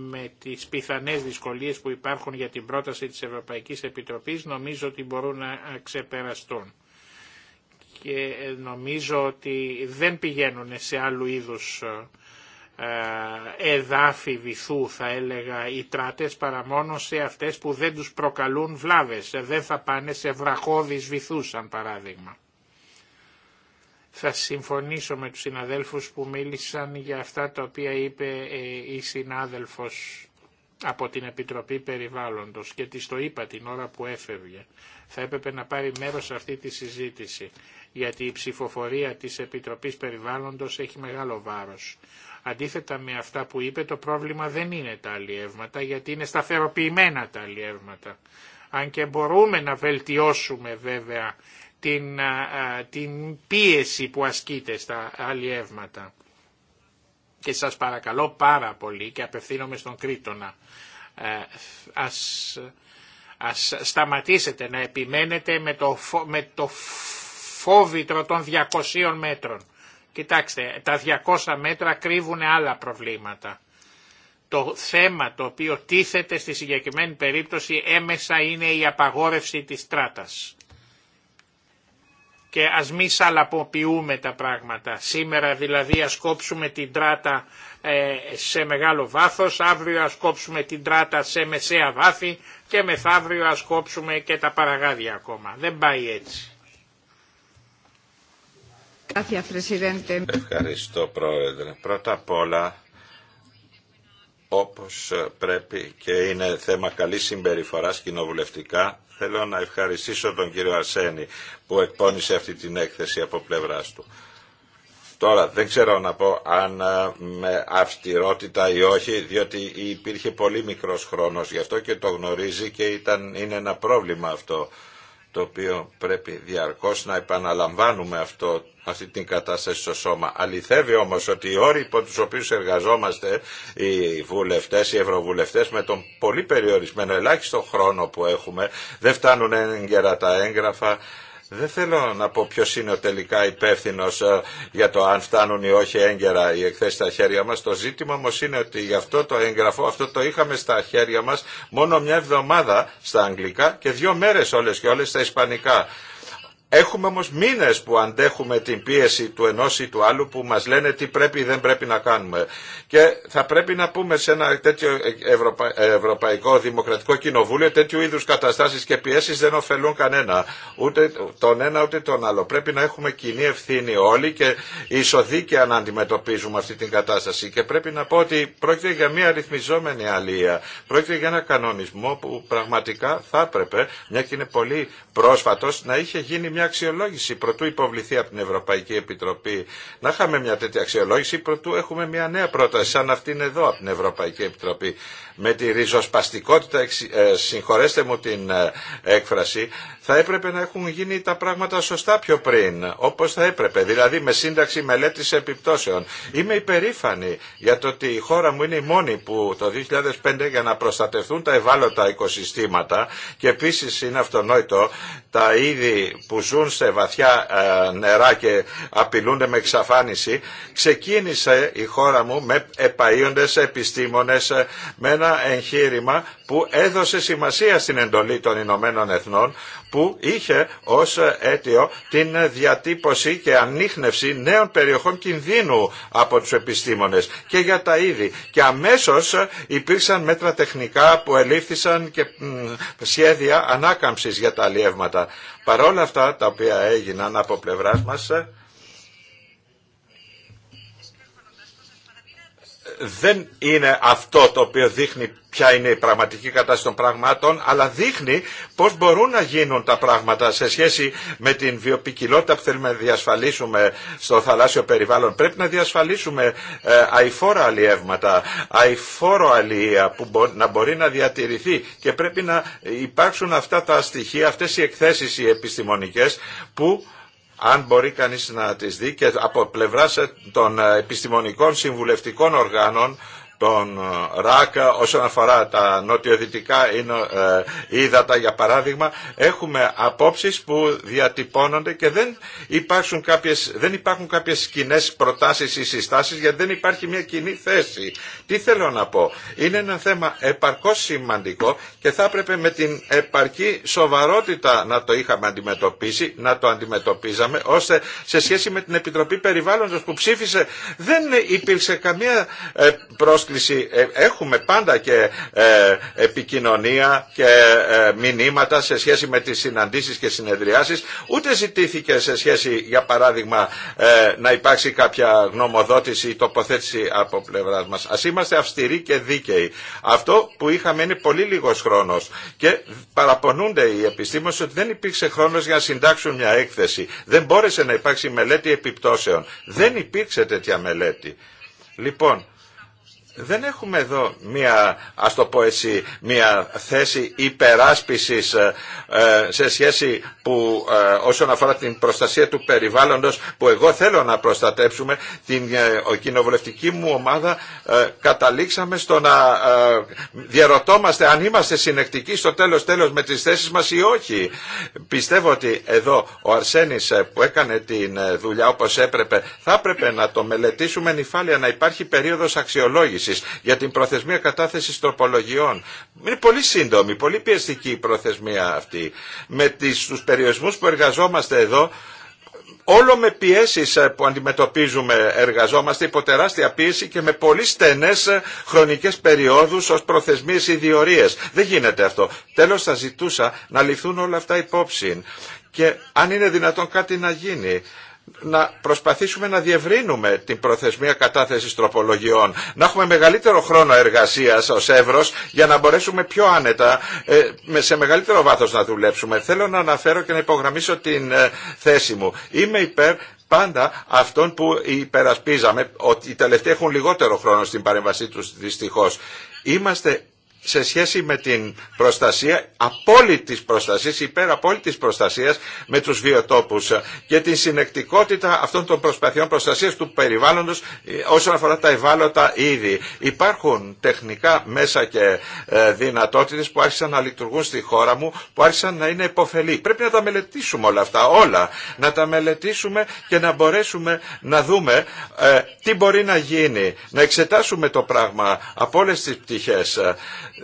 με τις πιθανές δυσκολίες που υπάρχουν για την πρόταση της Ευρωπαϊκής Επιτροπής νομίζω ότι μπορούν να ξεπεραστούν. Και ε, νομίζω ότι δεν πηγαίνουν σε άλλου είδους ε, εδάφη βυθού θα έλεγα οι τράτες παρά μόνο σε αυτές που δεν τους προκαλούν βλάβες. Δεν θα πάνε σε βραχώδεις βυθούς σαν παράδειγμα. Θα συμφωνήσω με τους συναδέλφους που μίλησαν για αυτά τα οποία είπε ε, η συνάδελφος από την Επιτροπή Περιβάλλοντος και της το είπα την ώρα που έφευγε. Θα έπρεπε να πάρει μέρος σε αυτή τη συζήτηση, γιατί η ψηφοφορία της Επιτροπής Περιβάλλοντος έχει μεγάλο βάρος. Αντίθετα με αυτά που είπε, το πρόβλημα δεν είναι τα αλλιεύματα, γιατί είναι σταθεροποιημένα τα αλλιεύματα. Αν και μπορούμε να βελτιώσουμε βέβαια την, πίεση που ασκείται στα αλλιεύματα. Και σας παρακαλώ πάρα πολύ και απευθύνομαι στον Κρήτονα. Ας, ας σταματήσετε να επιμένετε με το, φόβητρο των 200 μέτρων. Κοιτάξτε, τα 200 μέτρα κρύβουν άλλα προβλήματα. Το θέμα το οποίο τίθεται στη συγκεκριμένη περίπτωση έμεσα είναι η απαγόρευση της τράτας και ας μη σαλαποποιούμε τα πράγματα. Σήμερα δηλαδή ας κόψουμε την τράτα ε, σε μεγάλο βάθος, αύριο ας κόψουμε την τράτα σε μεσαία βάθη και μεθαύριο ας κόψουμε και τα παραγάδια ακόμα. Δεν πάει έτσι. Ευχαριστώ Πρόεδρε. Πρώτα απ' όλα όπως πρέπει και είναι θέμα καλής συμπεριφοράς κοινοβουλευτικά Θέλω να ευχαριστήσω τον κύριο Αρσένη που εκπώνησε αυτή την έκθεση από πλευράς του. Τώρα δεν ξέρω να πω αν ε, με αυστηρότητα ή όχι, διότι υπήρχε πολύ μικρός χρόνος γι' αυτό και το γνωρίζει και ήταν, είναι ένα πρόβλημα αυτό το οποίο πρέπει διαρκώς να επαναλαμβάνουμε αυτό αυτή την κατάσταση στο σώμα. Αληθεύει όμως ότι οι όροι υπό τους οποίους εργαζόμαστε οι βουλευτές, οι ευρωβουλευτές με τον πολύ περιορισμένο ελάχιστο χρόνο που έχουμε δεν φτάνουν έγκαιρα τα έγγραφα δεν θέλω να πω ποιο είναι ο τελικά υπεύθυνο ε, για το αν φτάνουν ή όχι έγκαιρα οι εκθέσει στα χέρια μα. Το ζήτημα όμω είναι ότι γι' αυτό το έγγραφο, αυτό το είχαμε στα χέρια μα μόνο μια εβδομάδα στα αγγλικά και δύο μέρε όλε και όλε στα ισπανικά. Έχουμε όμως μήνες που αντέχουμε την πίεση του ενός ή του άλλου που μας λένε τι πρέπει ή δεν πρέπει να κάνουμε. Και θα πρέπει να πούμε σε ένα τέτοιο Ευρωπαϊκό Δημοκρατικό Κοινοβούλιο τέτοιου είδους καταστάσεις και πιέσεις δεν ωφελούν κανένα. Ούτε τον ένα ούτε τον άλλο. Πρέπει να έχουμε κοινή ευθύνη όλοι και ισοδίκαια να αντιμετωπίζουμε αυτή την κατάσταση. Και πρέπει να πω ότι πρόκειται για μια ρυθμιζόμενη αλία. Πρόκειται για ένα κανονισμό που πραγματικά θα έπρεπε, μια και είναι πολύ πρόσφατος, να είχε γίνει μια μια αξιολόγηση Προτού υποβληθεί από την Ευρωπαϊκή Επιτροπή. Να είχαμε μια τέτοια αξιολόγηση προτού έχουμε μια νέα πρόταση σαν αυτήν εδώ από την Ευρωπαϊκή Επιτροπή. Με τη ριζοσπαστικότητα, ε, συγχωρέστε μου την ε, έκφραση, θα έπρεπε να έχουν γίνει τα πράγματα σωστά πιο πριν, όπως θα έπρεπε, δηλαδή με σύνταξη μελέτης επιπτώσεων. Είμαι υπερήφανη για το ότι η χώρα μου είναι η μόνη που το 2005 για να προστατευτούν τα ευάλωτα οικοσυστήματα και επίσης είναι αυτονόητο τα είδη που ζουν σε βαθιά ε, νερά και απειλούνται με εξαφάνιση, ξεκίνησε η χώρα μου με επαΐοντες επιστήμονες ε, με ένα εγχείρημα που έδωσε σημασία στην εντολή των Ηνωμένων Εθνών που είχε ως αίτιο την διατύπωση και ανείχνευση νέων περιοχών κινδύνου από τους επιστήμονες και για τα είδη. Και αμέσως υπήρξαν μέτρα τεχνικά που ελήφθησαν και σχέδια ανάκαμψης για τα αλλιεύματα. Παρόλα αυτά τα οποία έγιναν από πλευράς μας δεν είναι αυτό το οποίο δείχνει ποια είναι η πραγματική κατάσταση των πραγμάτων, αλλά δείχνει πώς μπορούν να γίνουν τα πράγματα σε σχέση με την βιοπικιλότητα που θέλουμε να διασφαλίσουμε στο θαλάσσιο περιβάλλον. Πρέπει να διασφαλίσουμε ε, αιφόρα αλλιεύματα, αηφόρο αλλιεία που να μπορεί να διατηρηθεί και πρέπει να υπάρξουν αυτά τα στοιχεία, αυτές οι εκθέσεις οι επιστημονικές που αν μπορεί κανείς να τις δει και από πλευράς ε, των ε, επιστημονικών συμβουλευτικών οργάνων τον ε, ΡΑΚ όσον αφορά τα νοτιοδυτικά ε, ύδατα για παράδειγμα έχουμε απόψεις που διατυπώνονται και δεν υπάρχουν κάποιες, δεν υπάρχουν κάποιες κοινέ προτάσεις ή συστάσεις γιατί δεν υπάρχει μια κοινή θέση. Τι θέλω να πω. Είναι ένα θέμα επαρκώς σημαντικό και θα έπρεπε με την επαρκή σοβαρότητα να το είχαμε αντιμετωπίσει, να το αντιμετωπίζαμε ώστε σε σχέση με την Επιτροπή Περιβάλλοντος που ψήφισε δεν υπήρξε καμία ε, πρόσκληση ε, έχουμε πάντα και ε, επικοινωνία και ε, μηνύματα σε σχέση με τις συναντήσεις και συνεδριάσεις. Ούτε ζητήθηκε σε σχέση, για παράδειγμα, να υπάρξει κάποια γνωμοδότηση ή τοποθέτηση από πλευρά μας. Ας είμαστε αυστηροί και δίκαιοι. Αυτό που είχαμε είναι πολύ λίγος χρόνος και παραπονούνται οι επιστήμονες ότι δεν υπήρξε χρόνος για να συντάξουν μια έκθεση. Δεν μπόρεσε να υπάρξει μελέτη επιπτώσεων. Δεν υπήρξε τέτοια μελέτη. Λοιπόν, δεν έχουμε εδώ μία, ας το μία θέση υπεράσπισης ε, ε, σε σχέση που ε, όσον αφορά την προστασία του περιβάλλοντος που εγώ θέλω να προστατέψουμε την κοινοβουλευτική μου ομάδα καταλήξαμε στο να διαρωτόμαστε αν είμαστε συνεκτικοί στο τέλος τέλος με τις θέσεις μας ή όχι. Πιστεύω ότι εδώ ο Αρσένης που έκανε την δουλειά όπως έπρεπε θα έπρεπε να το μελετήσουμε νυφάλια να υπάρχει περίοδος αξιολόγηση για την προθεσμία κατάθεσης τροπολογιών. Είναι πολύ σύντομη, πολύ πιεστική η προθεσμία αυτή. Με του περιορισμού που εργαζόμαστε εδώ, όλο με πιέσει ε, που αντιμετωπίζουμε εργαζόμαστε υπό τεράστια πίεση και με πολύ στενές ε, χρονικές περιόδους ως προθεσμίες ή διορίε. Δεν γίνεται αυτό. Τέλος θα ζητούσα να ληφθούν όλα αυτά υπόψη και αν είναι δυνατόν κάτι να γίνει να προσπαθήσουμε να διευρύνουμε την προθεσμία κατάθεσης τροπολογιών, να έχουμε μεγαλύτερο χρόνο εργασίας ως Εύρος για να μπορέσουμε πιο άνετα, ε, σε μεγαλύτερο βάθος να δουλέψουμε. Θέλω να αναφέρω και να υπογραμμίσω την ε, θέση μου. Είμαι υπέρ πάντα αυτών που υπερασπίζαμε, ότι οι τελευταίοι έχουν λιγότερο χρόνο στην παρέμβασή τους δυστυχώς. Είμαστε σε σχέση με την προστασία απόλυτης προστασίας, υπέρ απόλυτης προστασίας με τους βιοτόπους και την συνεκτικότητα αυτών των προσπαθειών προστασίας του περιβάλλοντος ε, όσον αφορά τα ευάλωτα είδη. Υπάρχουν τεχνικά μέσα και ε, δυνατότητες που άρχισαν να λειτουργούν στη χώρα μου, που άρχισαν να είναι υποφελή. Πρέπει να τα μελετήσουμε όλα αυτά, όλα. Να τα μελετήσουμε και να μπορέσουμε να δούμε ε, τι μπορεί να γίνει. Να εξετάσουμε το πράγμα από όλε τι πτυχέ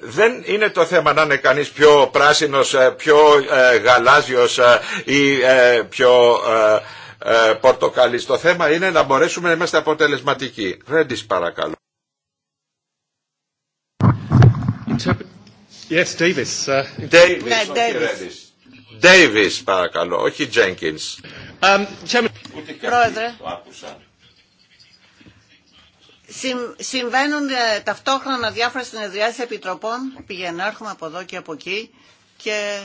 δεν είναι το θέμα να είναι κανείς πιο πράσινος, ε, πιο ε, γαλάζιος ε, ή πιο πορτοκαλής. Το θέμα είναι να μπορέσουμε να είμαστε αποτελεσματικοί. Ρέντις παρακαλώ. Yes, Davis. Uh, Davis, Ντέιβις. Davis. Davis παρακαλώ, όχι Jenkins. Um, Πρόεδρε. Συμβαίνουν ε, ταυτόχρονα διάφορα συνεδριάσεις επιτροπών, πηγαίνουμε από εδώ και από εκεί και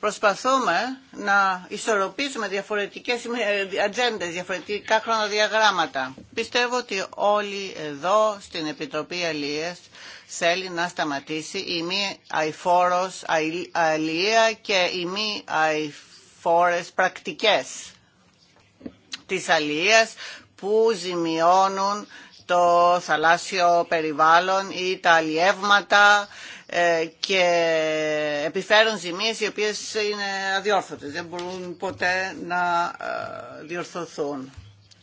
προσπαθούμε να ισορροπήσουμε διαφορετικές ε, ατζέντε, διαφορετικά χρονοδιαγράμματα. Πιστεύω ότι όλοι εδώ στην Επιτροπή Αλίες θέλει να σταματήσει η μη αηφόρος αλία και οι μη αηφόρες πρακτικές της αλίας που ζημιώνουν το θαλάσσιο περιβάλλον ή τα αλλιεύματα ε, και επιφέρουν ζημίες οι οποίες είναι αδιόρθωτες, δεν μπορούν ποτέ να ε, διορθωθούν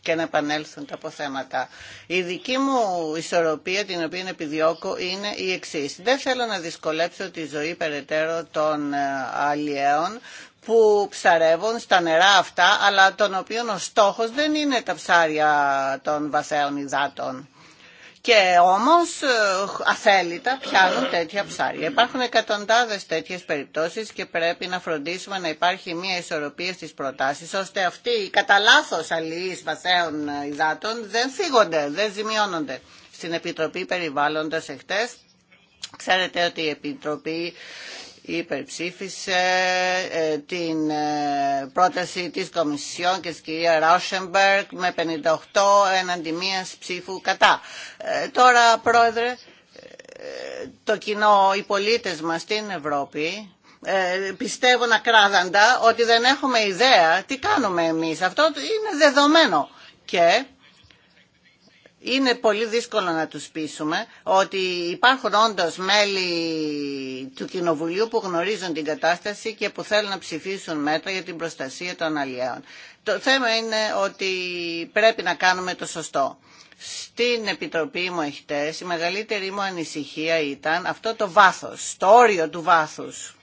και να επανέλθουν τα αποθέματα. Η δική μου ισορροπία την οποία επιδιώκω είναι η εξή. Δεν θέλω να δυσκολέψω τη ζωή περαιτέρω των ε, αλλιέων που ψαρεύουν στα νερά αυτά, αλλά των οποίων ο στόχος δεν είναι τα ψάρια των βαθέων υδάτων. Και όμως ε, αθέλητα πιάνουν τέτοια ψάρια. Υπάρχουν εκατοντάδες τέτοιες περιπτώσεις και πρέπει να φροντίσουμε να υπάρχει μια ισορροπία στις προτάσεις, ώστε αυτοί οι κατά λάθο αλληλείς βαθέων υδάτων δεν φύγονται, δεν ζημιώνονται. Στην Επιτροπή Περιβάλλοντος εχθές Ξέρετε ότι η Επιτροπή υπερψήφισε ε, την ε, πρόταση της Κομισιόν και της κυρία Ράουσενμπεργκ με 58 εναντί μια ψήφου κατά. Ε, τώρα, Πρόεδρε, το κοινό, οι πολίτες μας στην Ευρώπη πιστεύουν ακράδαντα ότι δεν έχουμε ιδέα τι κάνουμε εμείς. Αυτό είναι δεδομένο. Και είναι πολύ δύσκολο να τους πείσουμε ότι υπάρχουν όντως μέλη του Κοινοβουλίου που γνωρίζουν την κατάσταση και που θέλουν να ψηφίσουν μέτρα για την προστασία των αλλιέων. Το θέμα είναι ότι πρέπει να κάνουμε το σωστό. Στην Επιτροπή μου εχθές η μεγαλύτερη μου ανησυχία ήταν αυτό το βάθος, το όριο του βάθους.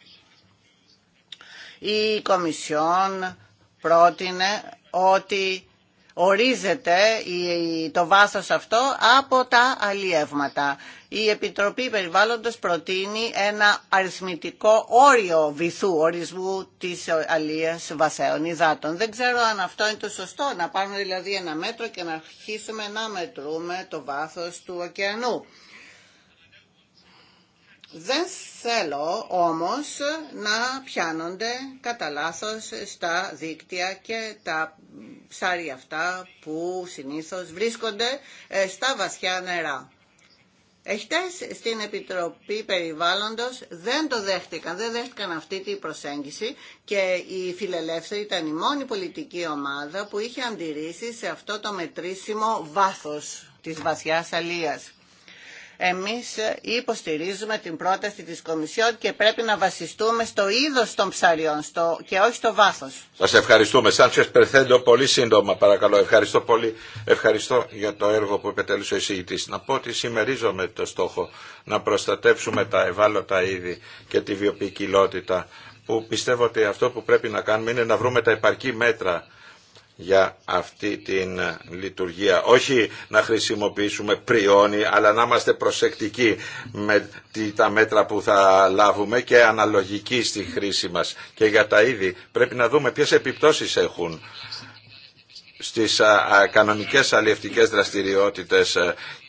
Η Κομισιόν πρότεινε ότι ορίζεται το βάθος αυτό από τα αλλιεύματα. Η Επιτροπή Περιβάλλοντος προτείνει ένα αριθμητικό όριο βυθού ορισμού της αλίας βασέων υδάτων. Δεν ξέρω αν αυτό είναι το σωστό, να πάρουμε δηλαδή ένα μέτρο και να αρχίσουμε να μετρούμε το βάθος του ωκεανού. Δεν θέλω όμως να πιάνονται κατά λάθο στα δίκτυα και τα ψάρια αυτά που συνήθως βρίσκονται ε, στα βασιά νερά. Εχθές στην Επιτροπή Περιβάλλοντος δεν το δέχτηκαν, δεν δέχτηκαν αυτή την προσέγγιση και η Φιλελεύθερη ήταν η μόνη πολιτική ομάδα που είχε αντιρρήσει σε αυτό το μετρήσιμο βάθος της βασιάς αλίας. Εμείς υποστηρίζουμε την πρόταση της Κομισιόν και πρέπει να βασιστούμε στο είδος των ψαριών στο... και όχι στο βάθος. Σας ευχαριστούμε. Σάντσες Περθέντο, πολύ σύντομα παρακαλώ. Ευχαριστώ πολύ. Ευχαριστώ για το έργο που επιτέλεσε ο εισηγητής. Να πω ότι συμμερίζομαι το στόχο να προστατεύσουμε τα ευάλωτα είδη και τη βιοποικιλότητα που πιστεύω ότι αυτό που πρέπει να κάνουμε είναι να βρούμε τα επαρκή μέτρα για αυτή την λειτουργία. Όχι να χρησιμοποιήσουμε πριόνι, αλλά να είμαστε προσεκτικοί με τα μέτρα που θα λάβουμε και αναλογικοί στη χρήση μας. Και για τα είδη πρέπει να δούμε ποιες επιπτώσεις έχουν στις κανονικές αλλιευτικές δραστηριότητες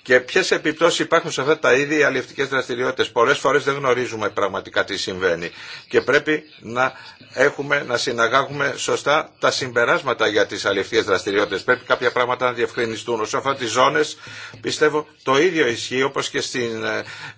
και ποιε επιπτώσει υπάρχουν σε αυτά τα ίδια οι αλληλευτικέ δραστηριότητε. Πολλέ φορέ δεν γνωρίζουμε πραγματικά τι συμβαίνει και πρέπει να έχουμε, να συναγάγουμε σωστά τα συμπεράσματα για τι αλληλευτικέ δραστηριότητε. Πρέπει κάποια πράγματα να διευκρινιστούν. Σε αφορά τι ζώνε, πιστεύω το ίδιο ισχύει όπω και στην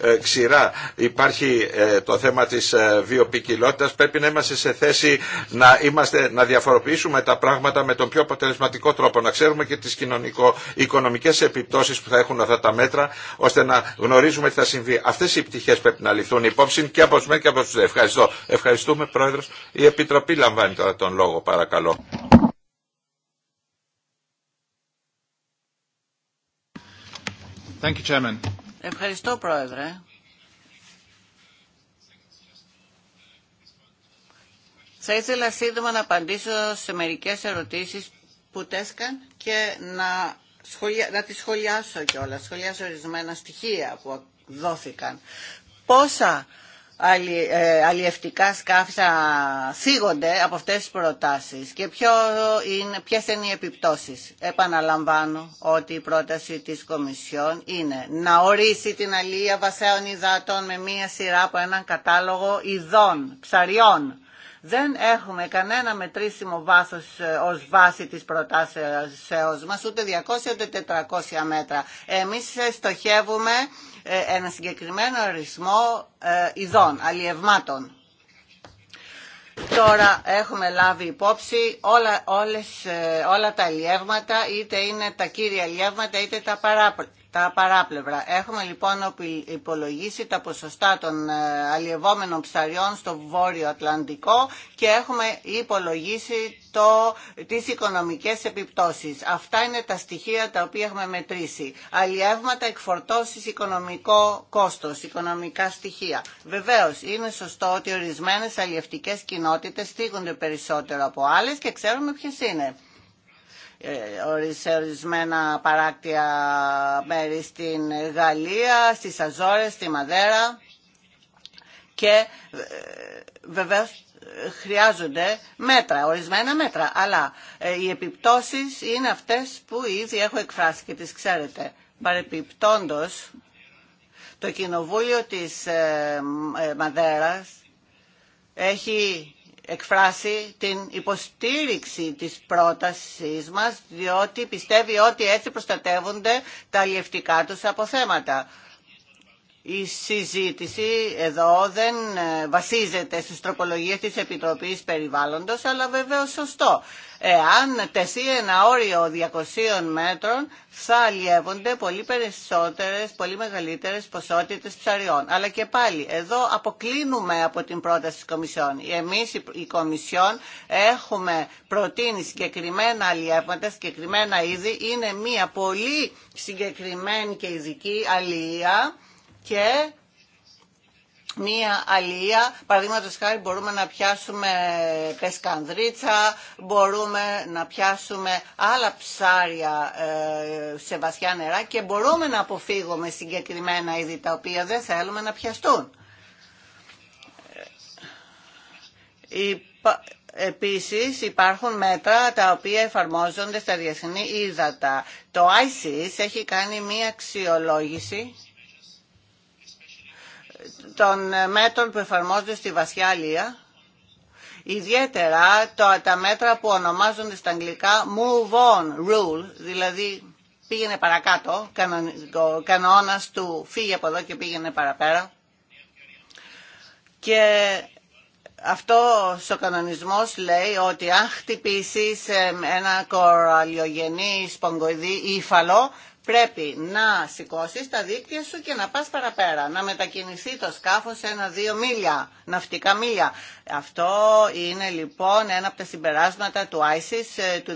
ε, ε ξηρά. Υπάρχει ε, το θέμα τη ε, βιοπικιλότητα. Πρέπει να είμαστε σε θέση να, είμαστε, να διαφοροποιήσουμε τα πράγματα με τον πιο αποτελεσματικό τρόπο. Να ξέρουμε και τι κοινωνικο-οικονομικέ επιπτώσει που θα έχουν τα μέτρα ώστε να γνωρίζουμε τι θα συμβεί. Αυτές οι πτυχέ πρέπει να ληφθούν υπόψη και από τους και από του. Ευχαριστώ. Ευχαριστούμε Πρόεδρο. Η Επιτροπή λαμβάνει τώρα τον λόγο παρακαλώ. Thank you, Ευχαριστώ Πρόεδρε. Θα ήθελα σύντομα να απαντήσω σε μερικές ερωτήσεις που τέσκαν και να να τη σχολιάσω κιόλα, σχολιάσω ορισμένα στοιχεία που δόθηκαν. Πόσα ε, αλλιευτικά σκάφη θα θίγονται από αυτές τις προτάσεις και ποιο είναι, ποιες είναι οι επιπτώσεις. Επαναλαμβάνω ότι η πρόταση της Κομισιόν είναι να ορίσει την αλληλεία βασέων υδάτων με μία σειρά από έναν κατάλογο ειδών, ψαριών, δεν έχουμε κανένα μετρήσιμο βάθος ε, ως βάση της προτάσεως μας, ούτε 200 ούτε 400 μέτρα. Εμείς ε, στοχεύουμε ε, ένα συγκεκριμένο αριθμό ειδών, αλλιευμάτων. Τώρα έχουμε λάβει υπόψη όλα, όλες, όλα τα αλλιεύματα, είτε είναι τα κύρια αλλιεύματα, είτε τα παράπλευρα τα παράπλευρα. Έχουμε λοιπόν υπολογίσει τα ποσοστά των ε, αλλιευόμενων ψαριών στο Βόρειο Ατλαντικό και έχουμε υπολογίσει το, τις οικονομικές επιπτώσεις. Αυτά είναι τα στοιχεία τα οποία έχουμε μετρήσει. Αλλιεύματα, εκφορτώσεις, οικονομικό κόστος, οικονομικά στοιχεία. Βεβαίως, είναι σωστό ότι ορισμένες αλλιευτικές κοινότητες στήγονται περισσότερο από άλλες και ξέρουμε ποιες είναι. Ε, σε ορισμένα παράκτια μέρη στην Γαλλία, στις Αζόρες, στη Μαδέρα και ε, βεβαίω χρειάζονται μέτρα, ορισμένα μέτρα. Αλλά ε, οι επιπτώσεις είναι αυτές που ήδη έχω εκφράσει και τις ξέρετε. Παρεπιπτόντος, το Κοινοβούλιο της Μαδέρας έχει εκφράσει την υποστήριξη της πρότασής μας, διότι πιστεύει ότι έτσι προστατεύονται τα αλλιευτικά τους αποθέματα. Η συζήτηση εδώ δεν ε, βασίζεται στις τροπολογίες της Επιτροπής Περιβάλλοντος, αλλά βεβαίως σωστό. Εάν τεθεί ένα όριο 200 μέτρων, θα αλλιεύονται πολύ περισσότερες, πολύ μεγαλύτερες ποσότητες ψαριών. Αλλά και πάλι, εδώ αποκλίνουμε από την πρόταση της Κομισιόν. Εμείς, η Κομισιόν, έχουμε προτείνει συγκεκριμένα αλλιεύματα, συγκεκριμένα είδη. Είναι μια πολύ συγκεκριμένη και ειδική αλληλεία και μία αλία. Παραδείγματο χάρη μπορούμε να πιάσουμε πεσκανδρίτσα, μπορούμε να πιάσουμε άλλα ψάρια ε, σε βαθιά νερά και μπορούμε να αποφύγουμε συγκεκριμένα είδη τα οποία δεν θέλουμε να πιαστούν. Ε, επίσης υπάρχουν μέτρα τα οποία εφαρμόζονται στα διεθνή ύδατα. Το ISIS έχει κάνει μία αξιολόγηση των ε, μέτρων που εφαρμόζονται στη Βασιά Αλία, ιδιαίτερα το, τα μέτρα που ονομάζονται στα αγγλικά move on rule, δηλαδή πήγαινε παρακάτω, ο κανόνας του φύγε από εδώ και πήγαινε παραπέρα. Και αυτό ο κανονισμός λέει ότι αν χτυπήσει ε, ένα κοραλιογενή σπονγκοειδή ύφαλο, πρέπει να σηκώσει τα δίκτυα σου και να πας παραπέρα, να μετακινηθεί το σκάφος ένα-δύο μίλια, ναυτικά μίλια. Αυτό είναι λοιπόν ένα από τα συμπεράσματα του ISIS ε, του 2012,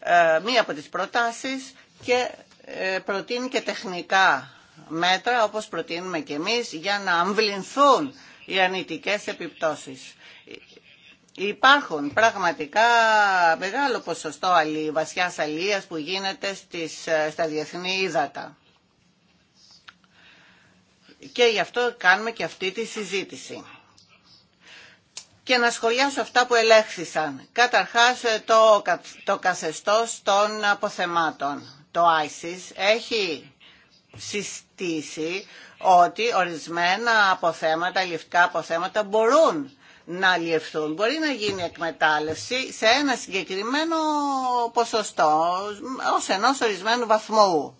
ε, μία από τις προτάσεις και προτείνει και τεχνικά μέτρα όπως προτείνουμε και εμείς για να αμβλυνθούν οι ανητικές επιπτώσεις. Υπάρχουν πραγματικά μεγάλο ποσοστό αλή, βασιάς αλίας που γίνεται στις, στα διεθνή ύδατα. Και γι' αυτό κάνουμε και αυτή τη συζήτηση. Και να σχολιάσω αυτά που ελέγχθησαν. Καταρχάς το, το καθεστώς των αποθεμάτων. Το ISIS έχει συστήσει ότι ορισμένα αποθέματα, ληφτικά αποθέματα μπορούν να λιευθούν. Μπορεί να γίνει εκμετάλλευση σε ένα συγκεκριμένο ποσοστό, ως ενός ορισμένου βαθμού.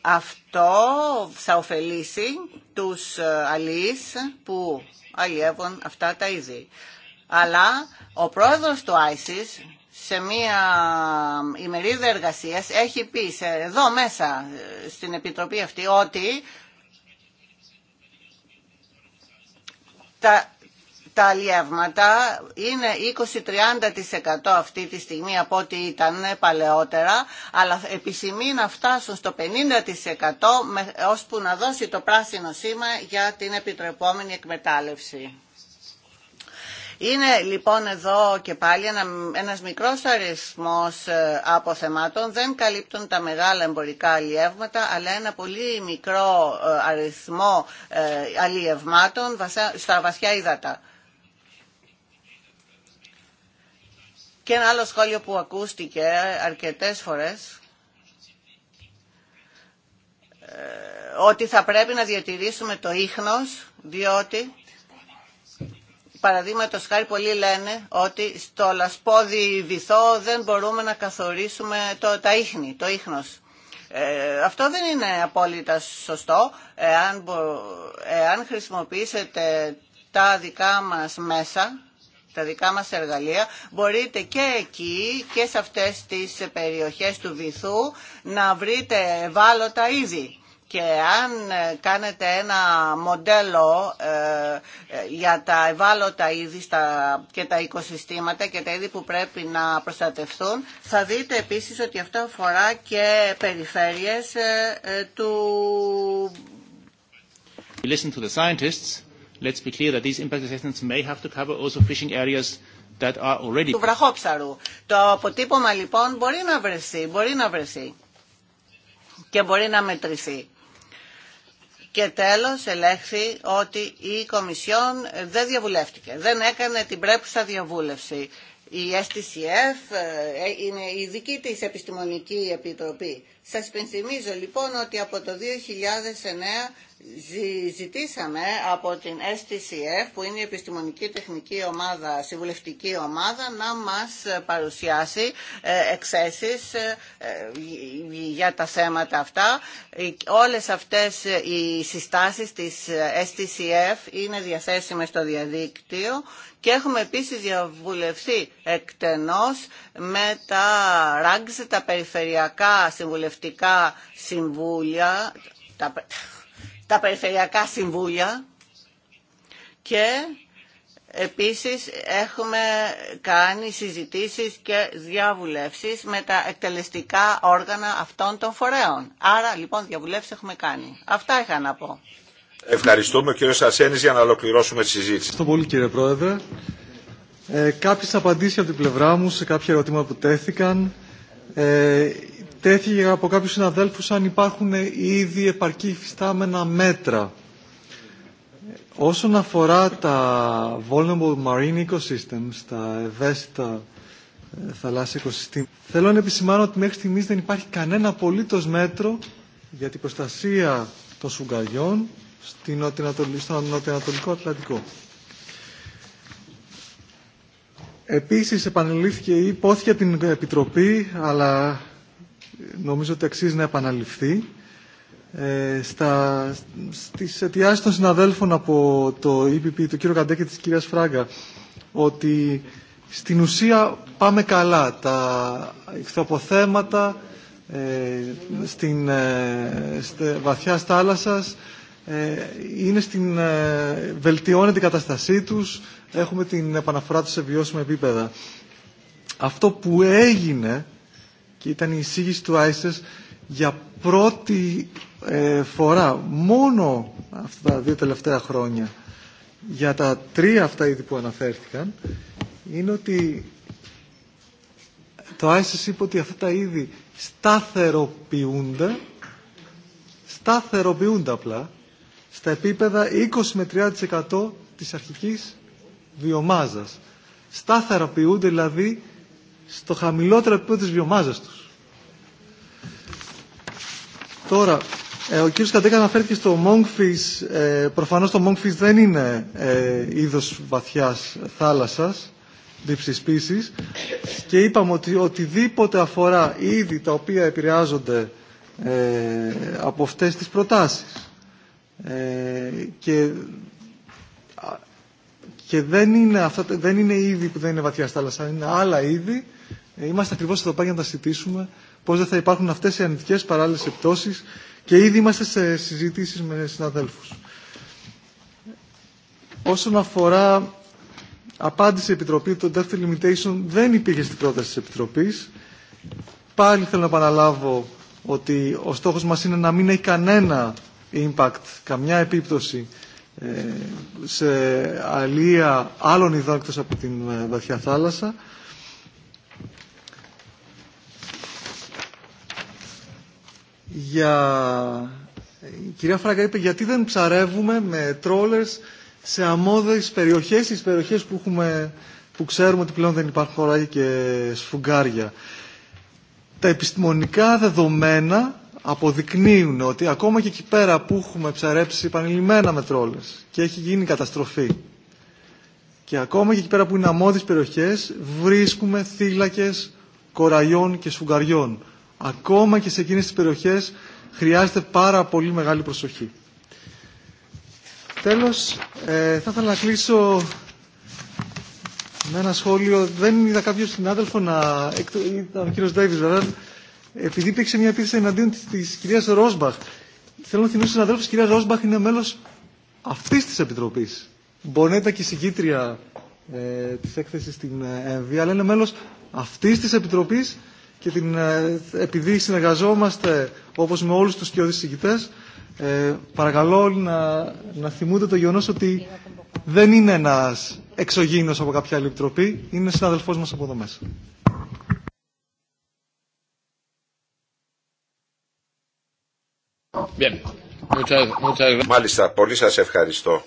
Αυτό θα ωφελήσει τους αλείς που αλλιεύουν αυτά τα είδη. Αλλά ο πρόεδρος του ISIS σε μία ημερίδα εργασίας έχει πει σε, εδώ μέσα στην Επιτροπή αυτή ότι τα, τα αλλιεύματα είναι 20-30% αυτή τη στιγμή από ό,τι ήταν παλαιότερα, αλλά επισημεί να φτάσουν στο 50% ώσπου να δώσει το πράσινο σήμα για την επιτρεπόμενη εκμετάλλευση. Είναι λοιπόν εδώ και πάλι ένα, ένας μικρός αριθμός ε, αποθεμάτων, δεν καλύπτουν τα μεγάλα εμπορικά αλλιεύματα, αλλά ένα πολύ μικρό ε, αριθμό ε, αλλιευμάτων στα βασιά ύδατα. Και ένα άλλο σχόλιο που ακούστηκε αρκετές φορές, ότι θα πρέπει να διατηρήσουμε το ίχνος, διότι Παραδείγματο χάρη πολλοί λένε ότι στο λασπόδι βυθό δεν μπορούμε να καθορίσουμε το, τα ίχνη, το ίχνος. Ε, αυτό δεν είναι απόλυτα σωστό εάν, χρησιμοποιήσετε τα δικά μας μέσα, τα δικά μας εργαλεία, μπορείτε και εκεί και σε αυτές τις περιοχές του βυθού να βρείτε τα είδη και αν ε, κάνετε ένα μοντέλο ε, για τα ευάλωτα είδη και τα οικοσυστήματα και τα είδη που πρέπει να προστατευθούν, θα δείτε επίσης ότι αυτό αφορά και περιφέρειες ε, του... Listen to the βραχόψαρου. Το αποτύπωμα λοιπόν μπορεί να βρεθεί, μπορεί να βρεθεί και μπορεί να μετρηθεί. Και τέλος ελέγχθη ότι η Κομισιόν δεν διαβουλεύτηκε, δεν έκανε την πρέπουσα διαβούλευση. Η STCF ε, ε, είναι η δική της επιστημονική επιτροπή σας πενθυμίζω λοιπόν ότι από το 2009 ζητήσαμε από την STCF που είναι η επιστημονική τεχνική ομάδα, συμβουλευτική ομάδα να μας παρουσιάσει ε, εξέσεις ε, ε, για τα θέματα αυτά. Όλες αυτές οι συστάσεις της STCF είναι διαθέσιμες στο διαδίκτυο και έχουμε επίσης διαβουλευθεί εκτενώς με τα RAGS, τα περιφερειακά συμβουλευτικά κοινοβουλευτικά συμβούλια, τα, τα περιφερειακά συμβούλια και Επίσης έχουμε κάνει συζητήσεις και διαβουλεύσεις με τα εκτελεστικά όργανα αυτών των φορέων. Άρα λοιπόν διαβουλεύσεις έχουμε κάνει. Αυτά είχα να πω. Ευχαριστούμε κύριο Σαρσένης για να ολοκληρώσουμε τη συζήτηση. Ευχαριστώ πολύ κύριε Πρόεδρε. Ε, κάποιες απαντήσεις από την πλευρά μου σε κάποια ερωτήματα που τέθηκαν. Ε, τέθηκε από κάποιους συναδέλφους αν υπάρχουν ήδη επαρκή υφιστάμενα μέτρα. Όσον αφορά τα vulnerable marine ecosystems, τα ευαίσθητα ε, θαλάσσια οικοσυστήματα, θέλω να επισημάνω ότι μέχρι στιγμής δεν υπάρχει κανένα απολύτως μέτρο για την προστασία των σουγκαριών στον νοτιοανατολικό Ατλαντικό. Επίσης επανελήφθηκε ή υπόθηκε την Επιτροπή αλλά νομίζω ότι αξίζει να επαναληφθεί. Ε, στα, στις αιτιάσεις των συναδέλφων από το EPP, του κύριο Καντέκη και της κυρίας Φράγκα, ότι στην ουσία πάμε καλά. Τα ηχθοποθέματα ε, στην, ε, στε, βαθιά ε, είναι στην, ε, βελτιώνεται η καταστασή τους, έχουμε την επαναφορά τους σε βιώσιμα επίπεδα. Αυτό που έγινε και ήταν η εισήγηση του ISIS για πρώτη ε, φορά μόνο αυτά τα δύο τελευταία χρόνια για τα τρία αυτά είδη που αναφέρθηκαν είναι ότι το ISIS είπε ότι αυτά τα είδη σταθεροποιούνται σταθεροποιούνται απλά στα επίπεδα 20 με 30% της αρχικής βιομάζας. Σταθεροποιούνται δηλαδή στο χαμηλότερο επίπεδο της βιομάζας τους. Τώρα, ε, ο κύριος Κατέκα αναφέρθηκε στο Monkfish. Ε, προφανώς το Monkfish δεν είναι ε, είδος βαθιάς θάλασσας, δίψης πίσης. Και είπαμε ότι οτιδήποτε αφορά είδη τα οποία επηρεάζονται ε, από αυτές τις προτάσεις. Ε, και και δεν είναι, αυτά, δεν είναι είδη που δεν είναι βαθιά θάλασσα, είναι άλλα είδη. Ε, είμαστε ακριβώ εδώ πέρα για να τα συζητήσουμε πώ δεν θα υπάρχουν αυτέ οι αρνητικέ παράλληλε επιπτώσει και ήδη είμαστε σε συζητήσει με συναδέλφου. Όσον αφορά απάντηση Επιτροπή, το Death Limitation δεν υπήρχε στην πρόταση τη επιτροπή. Πάλι θέλω να επαναλάβω ότι ο στόχος μας είναι να μην έχει κανένα impact, καμιά επίπτωση σε αλία άλλων ειδών από την ε, βαθιά θάλασσα. Για... Η κυρία Φράγκα είπε γιατί δεν ψαρεύουμε με τρόλες σε αμμώδες περιοχές, στις περιοχές που, έχουμε, που ξέρουμε ότι πλέον δεν υπάρχουν χωράκια και σφουγγάρια. Τα επιστημονικά δεδομένα αποδεικνύουν ότι ακόμα και εκεί πέρα που έχουμε ψαρέψει επανειλημμένα με τρόλες και έχει γίνει καταστροφή και ακόμα και εκεί πέρα που είναι αμμώδεις περιοχές βρίσκουμε θύλακες κοραϊών και σφουγγαριών. Ακόμα και σε εκείνες τις περιοχές χρειάζεται πάρα πολύ μεγάλη προσοχή. Τέλος, ε, θα ήθελα να κλείσω με ένα σχόλιο. Δεν είδα κάποιο συνάδελφο να... Ήταν ο κύριος Ντέιβις βέβαια επειδή υπήρξε μια επίθεση εναντίον τη κυρία Ρόσμπαχ, θέλω να θυμίσω στου αδέλφου, η κυρία Ρόσμπαχ είναι μέλο αυτή τη επιτροπή. Μπορεί να ήταν και η συγκήτρια ε, τη έκθεση στην ε, ΕΜΒ, αλλά είναι μέλο αυτή τη επιτροπή και την, ε, επειδή συνεργαζόμαστε όπω με όλου του κοιόδη συγκητέ, ε, παρακαλώ όλοι να, να θυμούνται το γεγονό ότι δεν είναι ένα εξωγήινο από κάποια άλλη επιτροπή, είναι συναδελφό μα από εδώ μέσα. Bien. Muchas, muchas... Μάλιστα, πολύ σας ευχαριστώ.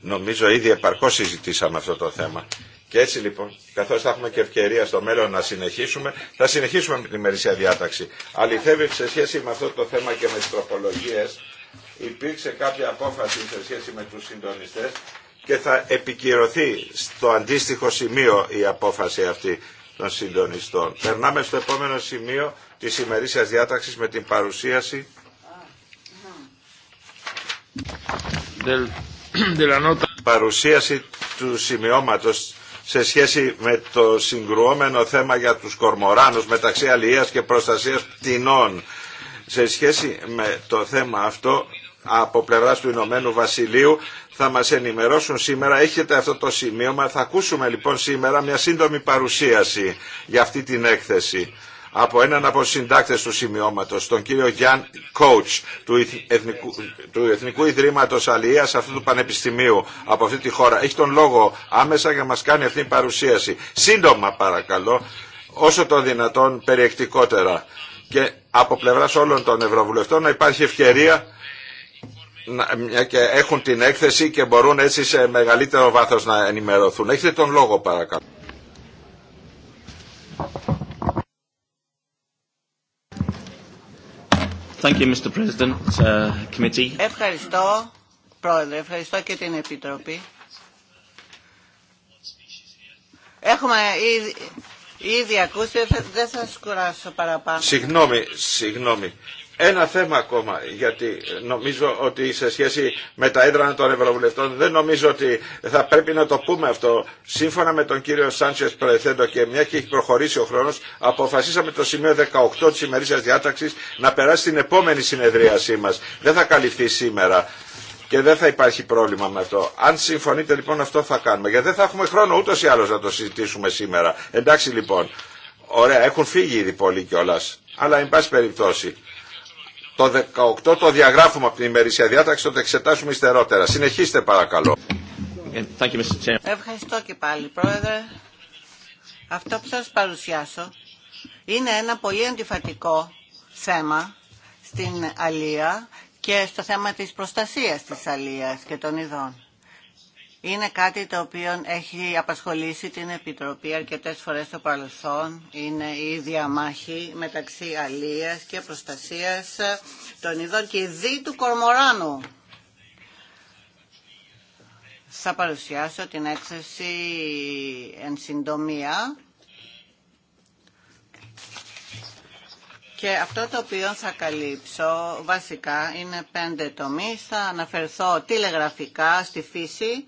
Νομίζω ήδη επαρκώς συζητήσαμε αυτό το θέμα. Και έτσι λοιπόν, καθώς θα έχουμε και ευκαιρία στο μέλλον να συνεχίσουμε, θα συνεχίσουμε με την ημερήσια διάταξη. Αληθεύει σε σχέση με αυτό το θέμα και με τις τροπολογίες, υπήρξε κάποια απόφαση σε σχέση με τους συντονιστέ και θα επικυρωθεί στο αντίστοιχο σημείο η απόφαση αυτή των συντονιστών. Περνάμε στο επόμενο σημείο τη ημερήσια διάταξη με την παρουσίαση παρουσίαση του σημειώματος σε σχέση με το συγκρουόμενο θέμα για τους κορμοράνους μεταξύ αλληλεία και προστασίας πτηνών. Σε σχέση με το θέμα αυτό από πλευράς του Ηνωμένου Βασιλείου θα μας ενημερώσουν σήμερα. Έχετε αυτό το σημείωμα. Θα ακούσουμε λοιπόν σήμερα μια σύντομη παρουσίαση για αυτή την έκθεση από έναν από συντάκτες του σημειώματος, τον κύριο Γιάν Κόουτς του Εθνικού, του Εθνικού Ιδρύματος αυτού του Πανεπιστημίου από αυτή τη χώρα. Έχει τον λόγο άμεσα για να μας κάνει αυτή την παρουσίαση. Σύντομα παρακαλώ, όσο το δυνατόν περιεκτικότερα και από πλευράς όλων των Ευρωβουλευτών να υπάρχει ευκαιρία και έχουν την έκθεση και μπορούν έτσι σε μεγαλύτερο βάθος να ενημερωθούν. Έχετε τον λόγο παρακαλώ. Uh, ευχαριστώ, Πρόεδρε, ευχαριστώ και την Επιτροπή. Έχουμε ήδη, ήδη ακούσει, δεν σας κουράσω παραπάνω. Συγγνώμη, συγγνώμη. Ένα θέμα ακόμα, γιατί νομίζω ότι σε σχέση με τα έδρανα των Ευρωβουλευτών δεν νομίζω ότι θα πρέπει να το πούμε αυτό. Σύμφωνα με τον κύριο Σάντσες Προεθέντο και μια και έχει προχωρήσει ο χρόνος, αποφασίσαμε το σημείο 18 της ημερήσιας διάταξης να περάσει στην επόμενη συνεδρίασή μας. Δεν θα καλυφθεί σήμερα και δεν θα υπάρχει πρόβλημα με αυτό. Αν συμφωνείτε λοιπόν αυτό θα κάνουμε, γιατί δεν θα έχουμε χρόνο ούτως ή άλλως να το συζητήσουμε σήμερα. Εντάξει λοιπόν. Ωραία, έχουν φύγει ήδη πολλοί κιόλα. Αλλά, εν πάση περιπτώσει, το 18 το διαγράφουμε από την ημερήσια διάταξη, το εξετάσουμε υστερότερα. Συνεχίστε παρακαλώ. Ε, Ευχαριστώ και πάλι πρόεδρε. Αυτό που σας παρουσιάσω είναι ένα πολύ αντιφατικό θέμα στην Αλία και στο θέμα της προστασίας της Αλίας και των ειδών. Είναι κάτι το οποίο έχει απασχολήσει την Επιτροπή αρκετές φορές στο παρελθόν. Είναι η διαμάχη μεταξύ αλίας και προστασίας των ειδών και δι του κορμοράνου. Θα παρουσιάσω την έκθεση εν συντομία Και αυτό το οποίο θα καλύψω βασικά είναι πέντε τομείς. Θα αναφερθώ τηλεγραφικά στη φύση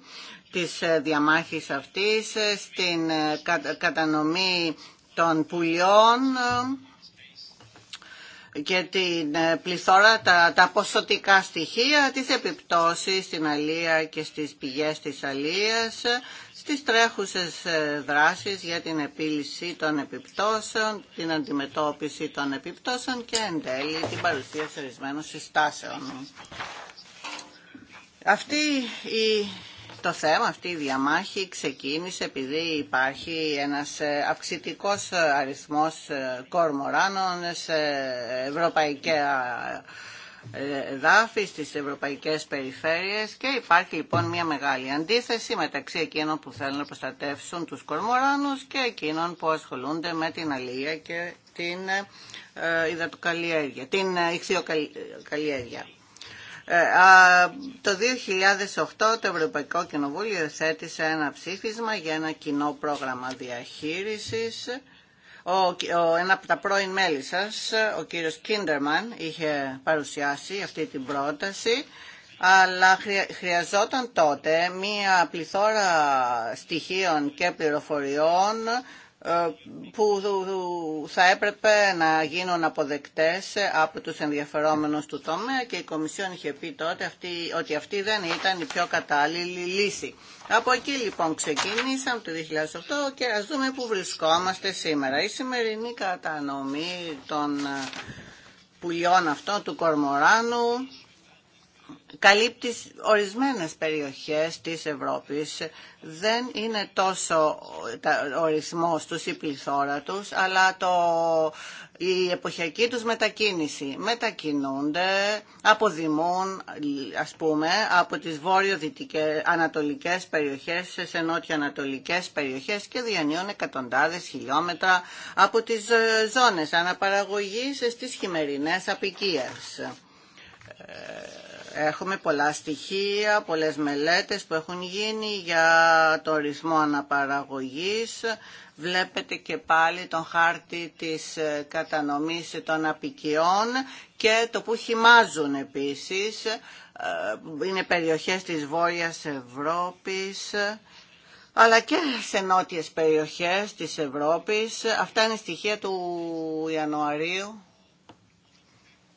της ε, διαμάχης αυτής, ε, στην ε, κατανομή των πουλιών και την πληθώρα, τα, τα ποσοτικά στοιχεία, τις επιπτώσεις στην αλία και στις πηγές της αλίας, στις τρέχουσες ε, δράσεις για την επίλυση των επιπτώσεων, την αντιμετώπιση των επιπτώσεων και εν τέλει την παρουσίαση ορισμένων συστάσεων. Αυτή η, το θέμα, αυτή η διαμάχη ξεκίνησε επειδή υπάρχει ένας ε, αυξητικός ε, αριθμός κορμοράνων σε ευρωπαϊκά δάφη στις ευρωπαϊκές περιφέρειες και υπάρχει λοιπόν μια μεγάλη αντίθεση μεταξύ εκείνων που θέλουν να προστατεύσουν τους κορμοράνους και εκείνων που ασχολούνται με την αλία και την ε, υδατοκαλλιέργεια, την ε, ηχθειοκαλλιέργεια. Ε, το 2008 το Ευρωπαϊκό Κοινοβούλιο θέτησε ένα ψήφισμα για ένα κοινό πρόγραμμα διαχείρισης ο, ένα από τα πρώην μέλη σας, ο κύριος Κίντερμαν, είχε παρουσιάσει αυτή την πρόταση, αλλά χρειαζόταν τότε μία πληθώρα στοιχείων και πληροφοριών που θα έπρεπε να γίνουν αποδεκτές από τους ενδιαφερόμενους του τομέα και η Κομισιόν είχε πει τότε ότι αυτή δεν ήταν η πιο κατάλληλη λύση. Από εκεί λοιπόν ξεκίνησαμε το 2008 και ας δούμε που βρισκόμαστε σήμερα. Η σημερινή κατανομή των ε, πουλιών αυτών του Κορμοράνου καλύπτει ορισμένες περιοχές της Ευρώπης. Δεν είναι τόσο ο ορισμός τους η πληθώρα τους, αλλά το, η εποχιακή τους μετακίνηση. Μετακινούνται, αποδημούν, ας πούμε, από τις βόρειο-ανατολικές περιοχές σε νότιο-ανατολικές περιοχές και διανύουν εκατοντάδες χιλιόμετρα από τις ζώνες αναπαραγωγής στις χειμερινές απικίες ε, Έχουμε πολλά στοιχεία, πολλές μελέτες που έχουν γίνει για το ρυθμό αναπαραγωγής. Βλέπετε και πάλι τον χάρτη της ε, κατανομής των απικιών και το που χυμάζουν επίσης. Ε, είναι περιοχές της Βόρειας Ευρώπης αλλά και σε νότιες περιοχές της Ευρώπης. Αυτά είναι στοιχεία του Ιανουαρίου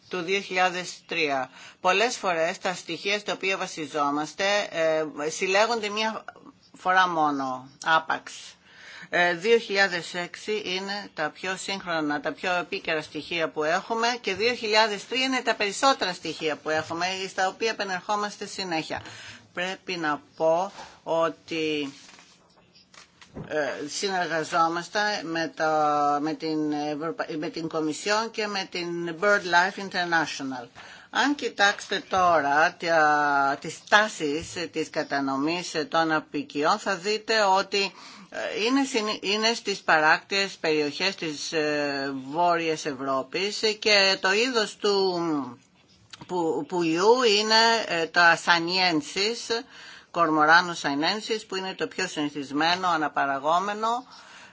του 2003. Πολλές φορές τα στοιχεία στα οποία βασιζόμαστε ε, συλλέγονται μία φορά μόνο, άπαξ. 2006 ε, είναι τα πιο σύγχρονα, τα πιο επίκαιρα στοιχεία που έχουμε και 2003 είναι τα περισσότερα στοιχεία που έχουμε, στα οποία επενερχόμαστε συνέχεια. Πρέπει να πω ότι ε, συνεργαζόμαστε με, την, Κομισιόν και με την BirdLife International. Αν κοιτάξετε τώρα τις τάσεις της κατανομής των απικιών θα δείτε ότι ε, είναι, είναι στις παράκτιες περιοχές της ε, Βόρειας Ευρώπης και το είδος του πουλιού είναι τα σανιένσις Κορμοράνου Σαϊνένσης που είναι το πιο συνηθισμένο αναπαραγόμενο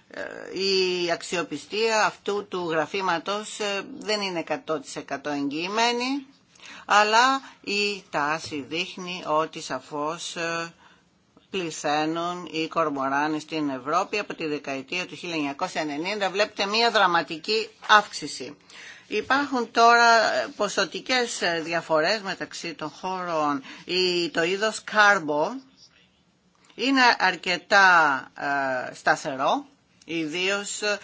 ε, η αξιοπιστία αυτού του γραφήματος ε, δεν είναι 100% εγγυημένη αλλά η τάση δείχνει ότι σαφώς ε, πληθαίνουν οι κορμοράνοι στην Ευρώπη από τη δεκαετία του 1990 βλέπετε μια δραματική αύξηση. Υπάρχουν τώρα ποσοτικές διαφορές μεταξύ των χώρων. ή Το είδος κάρμπο είναι αρκετά ε, σταθερό, ιδίως ε,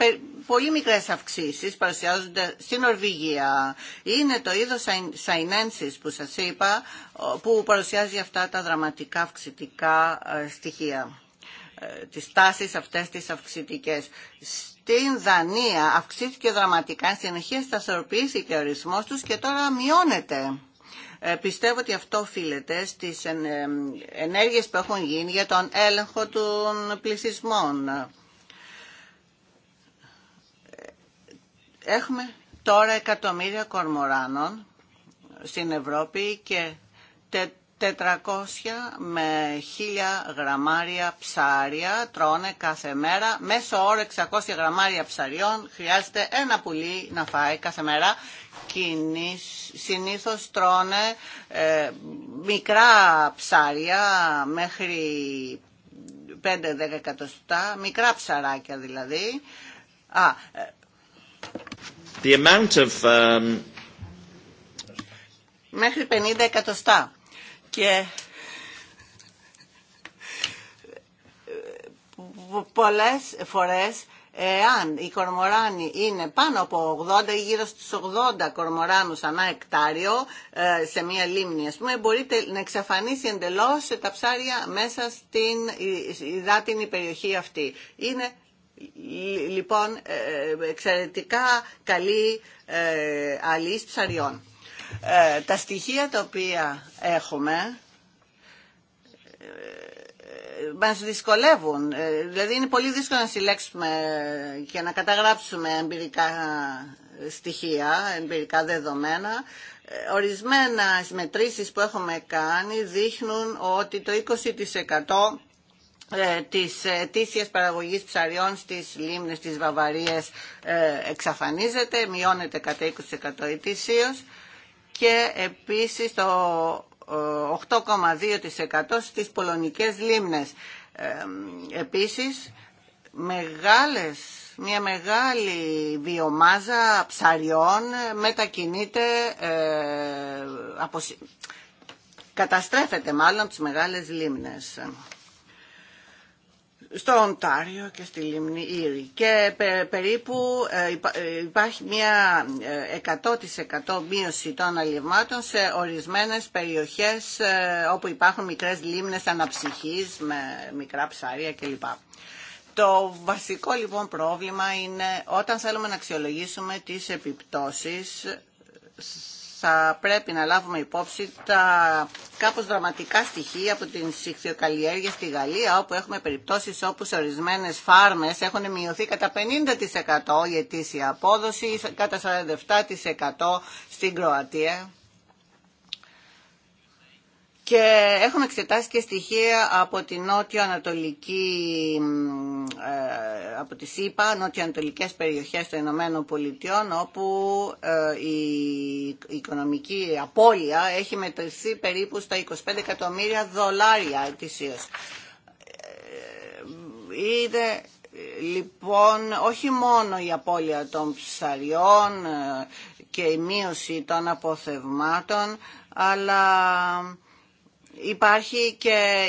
ε, πολύ μικρές αυξήσεις παρουσιάζονται στην Ορβηγία. Είναι το είδος σαϊνένσης που σας είπα που παρουσιάζει αυτά τα δραματικά αυξητικά στοιχεία τις τάσεις αυτές τις αυξητικές. Την Δανία αυξήθηκε δραματικά, συνεχεία σταθεροποιήθηκε και ο ορισμός τους και τώρα μειώνεται. Ε, πιστεύω ότι αυτό οφείλεται στις ε, ενέργειες που έχουν γίνει για τον έλεγχο των πληθυσμών. Ε, έχουμε τώρα εκατομμύρια κορμοράνων στην Ευρώπη και 400 με 1000 γραμμάρια ψάρια τρώνε κάθε μέρα. Μέσω όρο 600 γραμμάρια ψαριών χρειάζεται ένα πουλί να φάει κάθε μέρα. Συνήθως τρώνε ε, μικρά ψάρια μέχρι 5-10 εκατοστά, μικρά ψαράκια δηλαδή. Α, ε, The amount of, um, Μέχρι 50 εκατοστά και πολλές φορές εάν οι κορμοράνοι είναι πάνω από 80 ή γύρω στους 80 κορμοράνους ανά εκτάριο ε, σε μια λίμνη ας πούμε μπορείτε να εξαφανίσει εντελώς τα ψάρια μέσα στην υδάτινη περιοχή αυτή. Είναι λοιπόν ε, ε, εξαιρετικά καλή αλής ψαριών. Ε, τα στοιχεία τα οποία έχουμε ε, μας δυσκολεύουν. Ε, δηλαδή είναι πολύ δύσκολο να συλλέξουμε και να καταγράψουμε εμπειρικά στοιχεία, εμπειρικά δεδομένα. Ορισμένα μετρήσεις που έχουμε κάνει δείχνουν ότι το 20% της ετήσιας παραγωγής ψαριών στις λίμνες της Βαβαρίας εξαφανίζεται, μειώνεται κατά 20% ετήσιος και επίσης το 8,2% ε, στις πολωνικές λίμνες. Ε, επίσης, μεγάλες, μια μεγάλη βιομάζα ψαριών μετακινείται, ε, καταστρέφεται μάλλον τις μεγάλες λίμνες στο Οντάριο και στη Λίμνη Ήρη και περίπου ε, ε, υπάρχει μια 100% ε, μείωση των αλληλευμάτων σε ορισμένες περιοχές όπου υπάρχουν μικρές λίμνες αναψυχής με μικρά ψάρια κλπ. Το βασικό λοιπόν πρόβλημα είναι όταν θέλουμε να αξιολογήσουμε τις επιπτώσεις θα πρέπει να λάβουμε υπόψη τα κάπως δραματικά στοιχεία από την συχθιοκαλλιέργεια στη Γαλλία, όπου έχουμε περιπτώσεις όπου σε ορισμένες φάρμες έχουν μειωθεί κατά 50% η ετήσια απόδοση, κατά 47% στην Κροατία και έχουμε εξετάσει και στοιχεία από τη νότιο-ανατολική, ε, από τη ΣΥΠΑ, νότιο-ανατολικές περιοχές των Ηνωμένων Πολιτειών, όπου ε, η οικονομική απώλεια έχει μετρηθεί περίπου στα 25 εκατομμύρια δολάρια ετησίως. Ε, είδε, λοιπόν όχι μόνο η απώλεια των ψαριών και η μείωση των αποθευμάτων, αλλά Υπάρχει και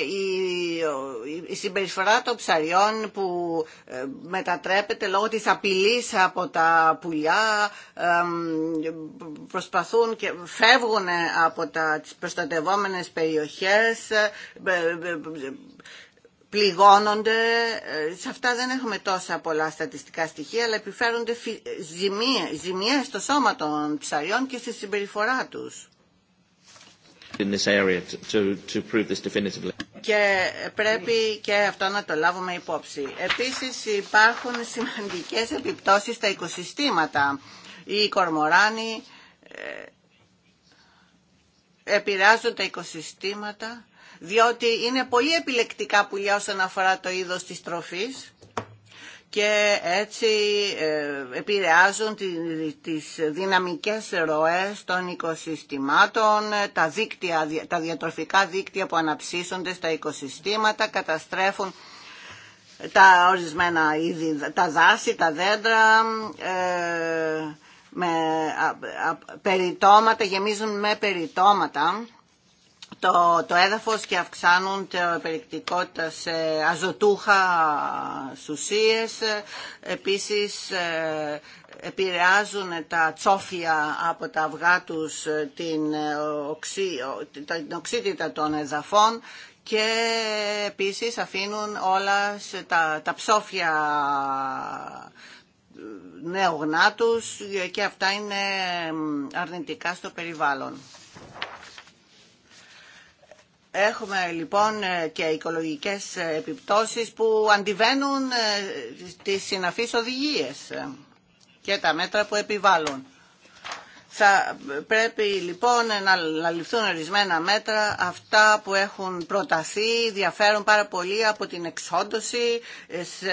η συμπεριφορά των ψαριών που ε, μετατρέπεται λόγω της απειλής από τα πουλιά, προσπαθούν και φεύγουν από τα, τις προστατευόμενες περιοχές, ε, ε, πληγώνονται. Σε αυτά δεν έχουμε τόσα πολλά στατιστικά στοιχεία, αλλά επιφέρονται ζημίες, ζημίες στο σώμα των ψαριών και στη συμπεριφορά τους in Και πρέπει και αυτό να το λάβουμε υπόψη. Επίσης υπάρχουν σημαντικές επιπτώσεις στα οικοσυστήματα. Οι κορμοράνοι ε, επηρεάζουν τα οικοσυστήματα διότι είναι πολύ επιλεκτικά πουλιά όσον αφορά το είδος της τροφής και έτσι ε, επηρεάζουν τις δυναμικές ροές των οικοσυστημάτων, τα, δίκτυα, τα διατροφικά δίκτυα που αναψίσονται στα οικοσυστήματα, καταστρέφουν τα ορισμένα είδη, τα δάση, τα δέντρα, ε, με περιτώματα, γεμίζουν με περιτώματα το, το έδαφος και αυξάνουν την περιεκτικότητα σε αζωτούχα σουσίες. Επίσης ε, επηρεάζουν τα τσόφια από τα αυγά τους την, ε, οξύτητα των εδαφών και επίσης αφήνουν όλα τα, τα ψόφια νεογνά και αυτά είναι αρνητικά στο περιβάλλον. Έχουμε λοιπόν ε, και οικολογικές ε, επιπτώσεις που αντιβαίνουν ε, τις συναφείς οδηγίες και τα μέτρα που επιβάλλουν. Θα πρέπει λοιπόν να ληφθούν ορισμένα μέτρα. Αυτά που έχουν προταθεί διαφέρουν πάρα πολύ από την εξόντωση σε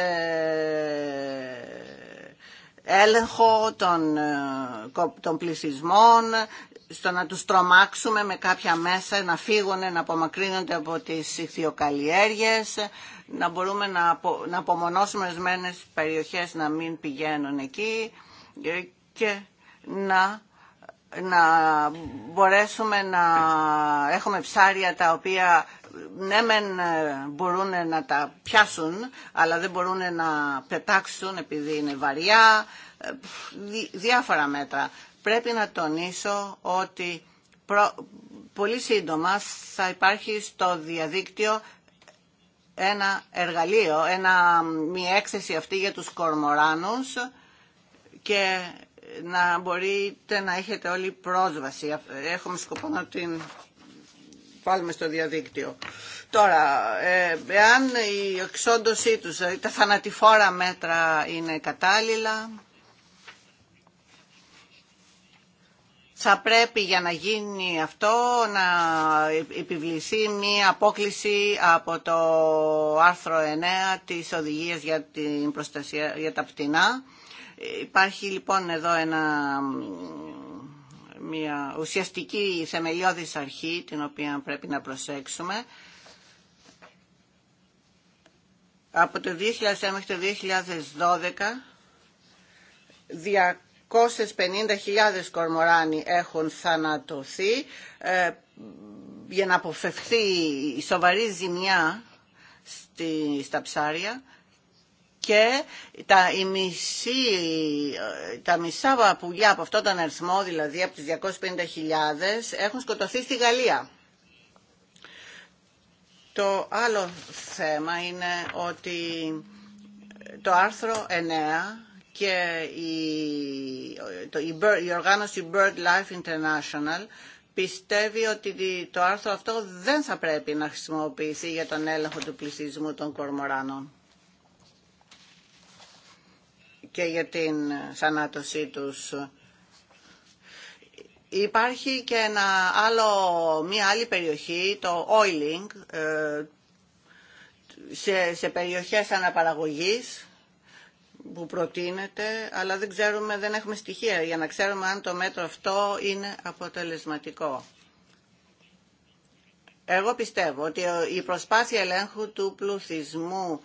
έλεγχο των, των πληθυσμών, στο να τους τρομάξουμε με κάποια μέσα, να φύγουν, να απομακρύνονται από τις ηχθειοκαλλιέργειες, να μπορούμε να, να απομονώσουμε ορισμένε περιοχές να μην πηγαίνουν εκεί και να, να μπορέσουμε να έχουμε ψάρια τα οποία ναι μεν ε, μπορούν να τα πιάσουν αλλά δεν μπορούν να πετάξουν επειδή είναι βαριά ε, διάφορα μέτρα πρέπει να τονίσω ότι πολύ σύντομα θα υπάρχει στο διαδίκτυο ένα εργαλείο, ένα, μια έκθεση αυτή για τους κορμοράνους και να μπορείτε να έχετε όλη πρόσβαση. Έχουμε σκοπό να την βάλουμε στο διαδίκτυο. Τώρα, ε, εάν η εξόντωσή τους, ε, τα θανατηφόρα μέτρα είναι κατάλληλα, θα πρέπει για να γίνει αυτό να επιβληθεί μία απόκληση από το άρθρο 9 της οδηγίας για, την προστασία, για τα πτηνά. Υπάρχει λοιπόν εδώ ένα, μια ουσιαστική θεμελιώδης αρχή την οποία πρέπει να προσέξουμε. Από το 2001 μέχρι το 2012 250.000 κορμοράνοι έχουν θανατωθεί ε, για να αποφευθεί η σοβαρή ζημιά στη, στα ψάρια και τα, ε, τα μισά πουλιά από αυτόν τον αριθμό, δηλαδή από τις 250.000, έχουν σκοτωθεί στη Γαλλία. Το άλλο θέμα είναι ότι το άρθρο 9 και η οργάνωση Life International πιστεύει ότι το άρθρο αυτό δεν θα πρέπει να χρησιμοποιηθεί για τον έλεγχο του πληθυσμού των κορμοράνων και για την ε, θανάτωσή τους. Υπάρχει και ένα άλλο, μια άλλη περιοχή, το oiling, ε, σε, σε περιοχές αναπαραγωγής, που προτείνεται, αλλά δεν ξέρουμε, δεν έχουμε στοιχεία για να ξέρουμε αν το μέτρο αυτό είναι αποτελεσματικό. Εγώ πιστεύω ότι η προσπάθεια ελέγχου του πλουθυσμού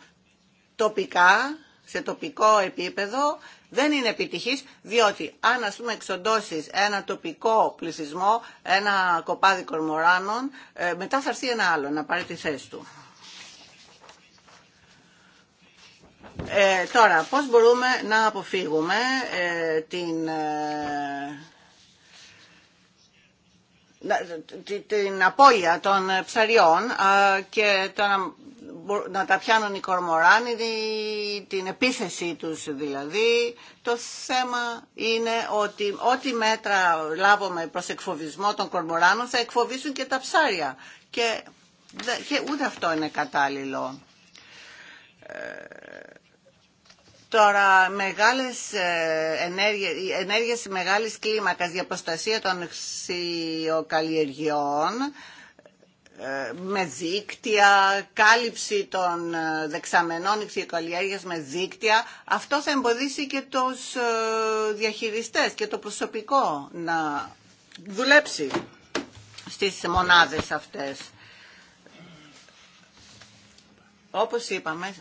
τοπικά, σε τοπικό επίπεδο, δεν είναι επιτυχής, διότι αν ας πούμε εξοντώσεις ένα τοπικό πληθυσμό, ένα κοπάδι κορμοράνων, ε, μετά θα έρθει ένα άλλο να πάρει τη θέση του. Ε, τώρα, πώς μπορούμε να αποφύγουμε ε, την, ε, απώλεια των ψαριών ε, και να, τα πιάνουν οι κορμοράνιδοι, την επίθεση τους δηλαδή. Το θέμα είναι ότι ό,τι μέτρα λάβουμε προς εκφοβισμό των κορμοράνων θα εκφοβήσουν και τα ψάρια. Και, και ούτε αυτό είναι κατάλληλο. Τώρα, μεγάλες ε, ενέργειες, ενέργειες μεγάλης κλίμακας για προστασία των ξιοκαλλιεργιών, ε, με δίκτυα, κάλυψη των ε, δεξαμενών υψηλοκαλλιέργειας με δίκτυα. Αυτό θα εμποδίσει και τους διαχειριστές και το προσωπικό να δουλέψει στις μονάδες αυτές. Όπως είπαμε,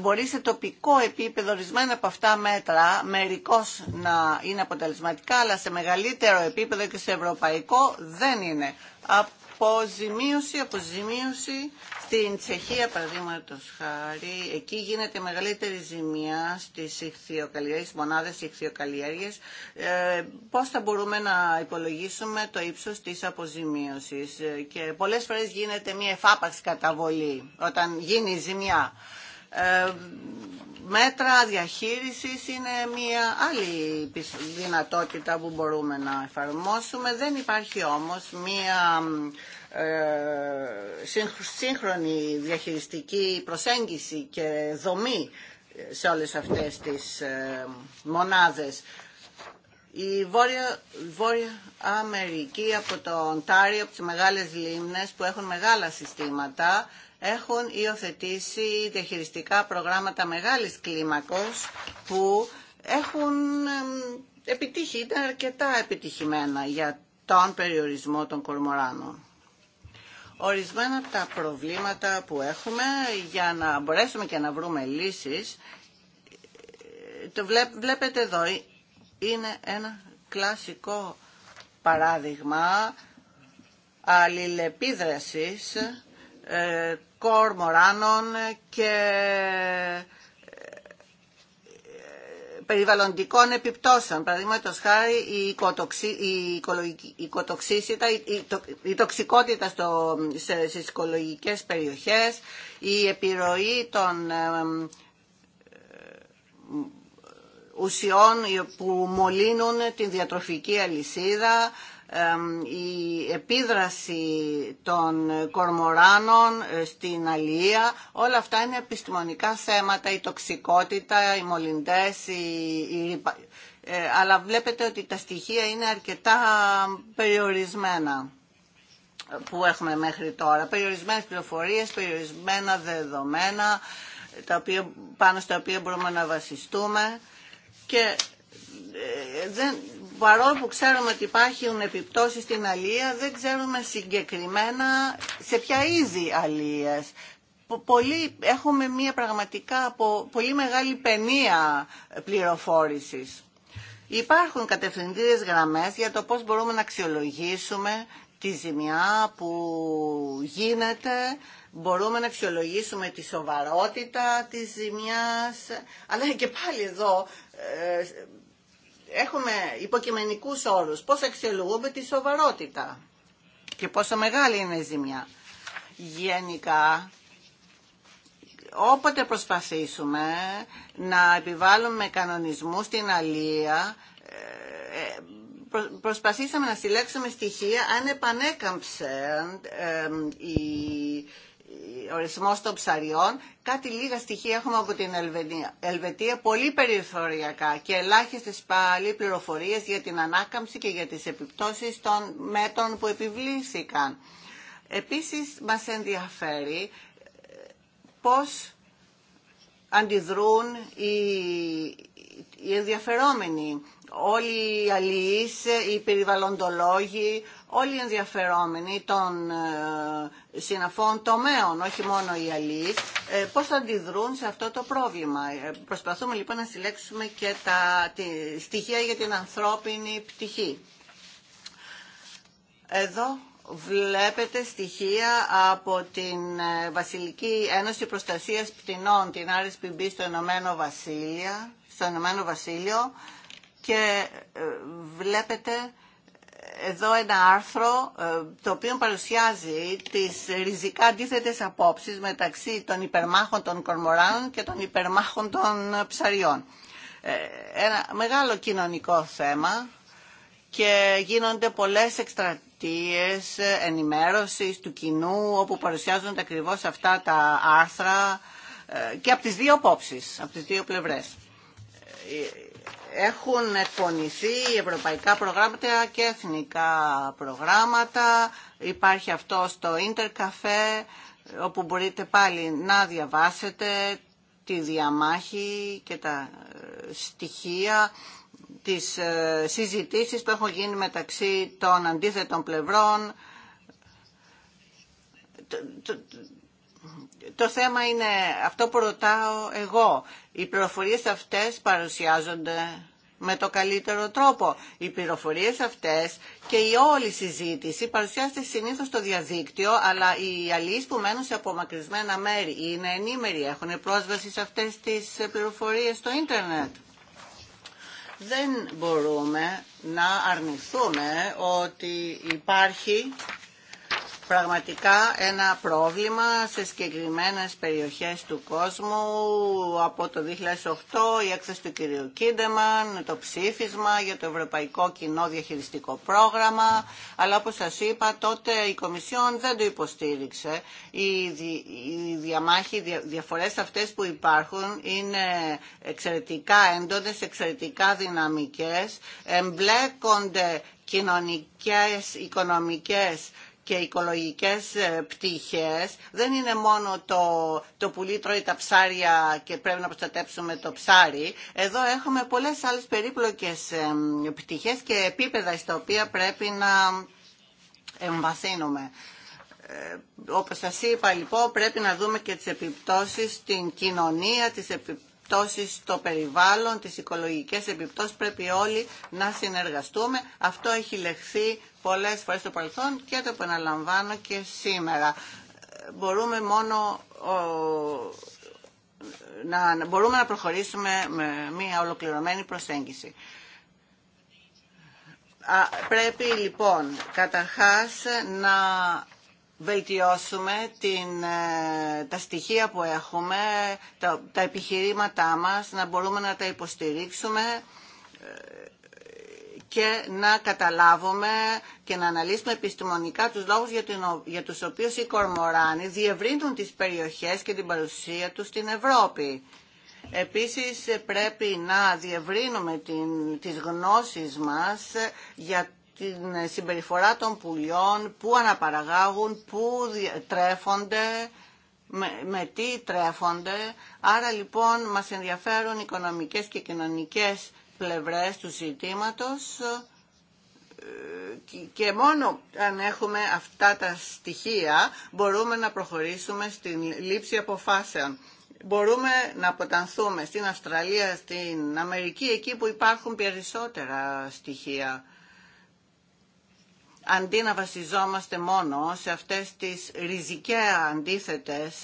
μπορεί σε τοπικό επίπεδο ορισμένα από αυτά μέτρα μερικώς να είναι αποτελεσματικά, αλλά σε μεγαλύτερο επίπεδο και σε ευρωπαϊκό δεν είναι. Αποζημίωση, αποζημίωση στην Τσεχία, παραδείγματο χάρη, εκεί γίνεται μεγαλύτερη ζημιά στις ηχθειοκαλλιέργειες, μονάδες ηχθειοκαλλιέργειες. Ε, πώς θα μπορούμε να υπολογίσουμε το ύψος της αποζημίωσης. Ε, και πολλές φορές γίνεται μια εφάπαξη καταβολή όταν γίνει η ζημιά. Ε, μέτρα διαχείρισης είναι μια άλλη δυνατότητα που μπορούμε να εφαρμόσουμε. Δεν υπάρχει όμως μια ε, σύγχρονη διαχειριστική προσέγγιση και δομή σε όλες αυτές τις ε, μονάδες. Η Βόρεια, Αμερική από το Οντάριο, από τις μεγάλες λίμνες που έχουν μεγάλα συστήματα, έχουν υιοθετήσει διαχειριστικά προγράμματα μεγάλης κλίμακος που έχουν επιτύχει, ήταν αρκετά επιτυχημένα για τον περιορισμό των κορμοράνων. Ορισμένα από τα προβλήματα που έχουμε για να μπορέσουμε και να βρούμε λύσεις ε, το βλέπετε εδώ είναι ένα κλασικό παράδειγμα αλληλεπίδρασης ε, κορμοράνων και ε, περιβαλλοντικών επιπτώσεων. Παραδείγματο χάρη η, η, το, η, τοξικότητα στο, σε, στις οικολογικές περιοχές, η επιρροή των ε, ουσιών που μολύνουν την διατροφική αλυσίδα, η επίδραση των κορμοράνων ε, στην αλία, όλα αυτά είναι επιστημονικά θέματα, η τοξικότητα, οι μολυντές, η... Ε, αλλά βλέπετε ότι τα στοιχεία είναι αρκετά περιορισμένα που έχουμε μέχρι τώρα. Περιορισμένες πληροφορίες, περιορισμένα δεδομένα, τα οποία, πάνω στα οποία μπορούμε να βασιστούμε. Και ε, δεν, παρόλο που ξέρουμε ότι υπάρχουν επιπτώσεις στην αλία, δεν ξέρουμε συγκεκριμένα σε ποια είδη αλίας. Πολύ, έχουμε μια πραγματικά πολύ μεγάλη παινία πληροφόρησης. Υπάρχουν κατευθυντήριες γραμμές για το πώς μπορούμε να αξιολογήσουμε τη ζημιά που γίνεται μπορούμε να αξιολογήσουμε τη σοβαρότητα της ζημιάς, αλλά και πάλι εδώ ε, έχουμε υποκειμενικούς όρους. Πώς αξιολογούμε τη σοβαρότητα και πόσο μεγάλη είναι η ζημιά. Γενικά, όποτε προσπαθήσουμε να επιβάλλουμε κανονισμούς στην αλία, ε, προσπαθήσαμε να συλλέξουμε στοιχεία αν επανέκαμψε ε, η Ορισμό των ψαριών. Κάτι λίγα στοιχεία έχουμε από την Ελβετία, πολύ περιθωριακά και ελάχιστε πάλι πληροφορίε για την ανάκαμψη και για τις επιπτώσεις των μέτρων που επιβλήθηκαν. Επίσης μας ενδιαφέρει ε, πώς αντιδρούν οι, οι ενδιαφερόμενοι, όλοι οι αλληλείς, οι περιβαλλοντολόγοι, όλοι οι ενδιαφερόμενοι των ε, συναφών τομέων, όχι μόνο οι αλλοί, ε, πώς θα αντιδρούν σε αυτό το πρόβλημα. Ε, προσπαθούμε λοιπόν να συλλέξουμε και τα τη, στοιχεία για την ανθρώπινη πτυχή. Εδώ βλέπετε στοιχεία από την Βασιλική Ένωση Προστασίας Πτηνών, την RSPB στο Ενωμένο Βασίλειο, στο Βασίλειο και βλέπετε εδώ ένα άρθρο ε, το οποίο παρουσιάζει τις ριζικά αντίθετε απόψεις μεταξύ των υπερμάχων των κορμοράνων και των υπερμάχων των ψαριών. Ε, ένα μεγάλο κοινωνικό θέμα και γίνονται πολλές εκστρατείες ενημέρωσης του κοινού όπου παρουσιάζονται ακριβώς αυτά τα άρθρα ε, και από τις δύο απόψεις, από τις δύο πλευρές έχουν εκπονηθεί ευρωπαϊκά προγράμματα και εθνικά προγράμματα. Υπάρχει αυτό στο Ιντερκαφέ, όπου μπορείτε πάλι να διαβάσετε τη διαμάχη και τα ε, στοιχεία της ε, συζητήσεις που έχουν γίνει μεταξύ των αντίθετων πλευρών το θέμα είναι αυτό που ρωτάω εγώ. Οι πληροφορίες αυτές παρουσιάζονται με το καλύτερο τρόπο. Οι πληροφορίες αυτές και η όλη συζήτηση παρουσιάζεται συνήθως στο διαδίκτυο, αλλά οι αλληλείς που μένουν σε απομακρυσμένα μέρη είναι ενήμεροι, έχουν πρόσβαση σε αυτές τις πληροφορίες στο ίντερνετ. Δεν μπορούμε να αρνηθούμε ότι υπάρχει πραγματικά ένα πρόβλημα σε συγκεκριμένες περιοχές του κόσμου από το 2008 η έκθεση του κυρίου Κίντεμαν, το ψήφισμα για το Ευρωπαϊκό Κοινό Διαχειριστικό Πρόγραμμα αλλά όπως σας είπα τότε η Κομισιόν δεν το υποστήριξε οι, δι, οι διαφορές αυτές που υπάρχουν είναι εξαιρετικά έντονες, εξαιρετικά δυναμικές εμπλέκονται κοινωνικές, οικονομικές και οικολογικές ε, πτυχές δεν είναι μόνο το, το πουλί τρώει τα ψάρια και πρέπει να προστατέψουμε το ψάρι. Εδώ έχουμε πολλές άλλες περίπλοκες ε, πτυχές και επίπεδα στα οποία πρέπει να εμβαθύνουμε. Ε, όπως σας είπα λοιπόν πρέπει να δούμε και τις επιπτώσεις στην κοινωνία, τις επιπτώσεις επιπτώσεις στο περιβάλλον, τις οικολογικές επιπτώσεις. Πρέπει όλοι να συνεργαστούμε. Αυτό έχει λεχθεί πολλές φορές στο παρελθόν και το επαναλαμβάνω και σήμερα. Μπορούμε μόνο να, μπορούμε να προχωρήσουμε με μια ολοκληρωμένη προσέγγιση. πρέπει λοιπόν καταρχάς να βελτιώσουμε την, ε, τα στοιχεία που έχουμε, τα, τα επιχειρήματά μας, να μπορούμε να τα υποστηρίξουμε ε, και να καταλάβουμε και να αναλύσουμε επιστημονικά τους λόγους για, την, για τους οποίους οι κορμοράνοι διευρύνουν τις περιοχές και την παρουσία τους στην Ευρώπη. Επίσης πρέπει να διευρύνουμε την, τις γνώσεις μας για την συμπεριφορά των πουλιών, πού αναπαραγάγουν, πού τρέφονται, με, τι τρέφονται. Άρα λοιπόν μας ενδιαφέρουν οικονομικές και κοινωνικές πλευρές του ζητήματος ε, και μόνο αν έχουμε αυτά τα στοιχεία μπορούμε να προχωρήσουμε στην λήψη αποφάσεων. Μπορούμε να αποτανθούμε στην Αυστραλία, στην Αμερική, εκεί που υπάρχουν περισσότερα στοιχεία αντί να βασιζόμαστε μόνο σε αυτές τις ριζικαία αντίθετες,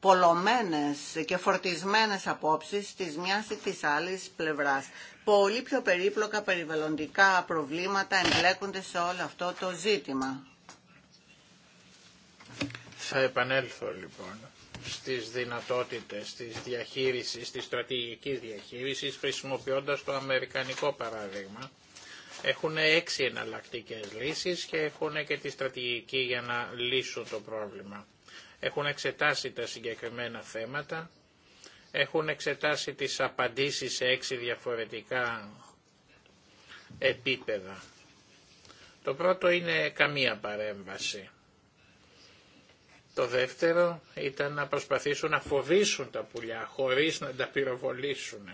πολλωμένες και φορτισμένες απόψεις της μιας ή της άλλης πλευράς. Πολύ πιο περίπλοκα περιβαλλοντικά προβλήματα εμπλέκονται σε όλο αυτό το ζήτημα. Θα επανέλθω λοιπόν στις δυνατότητες της διαχείρισης, της στρατηγικής διαχείρισης, χρησιμοποιώντας το αμερικανικό παράδειγμα έχουν έξι εναλλακτικέ λύσεις και έχουν και τη στρατηγική για να λύσουν το πρόβλημα. Έχουν εξετάσει τα συγκεκριμένα θέματα, έχουν εξετάσει τις απαντήσεις σε έξι διαφορετικά επίπεδα. Το πρώτο είναι καμία παρέμβαση. Το δεύτερο ήταν να προσπαθήσουν να φοβήσουν τα πουλιά χωρίς να τα πυροβολήσουν.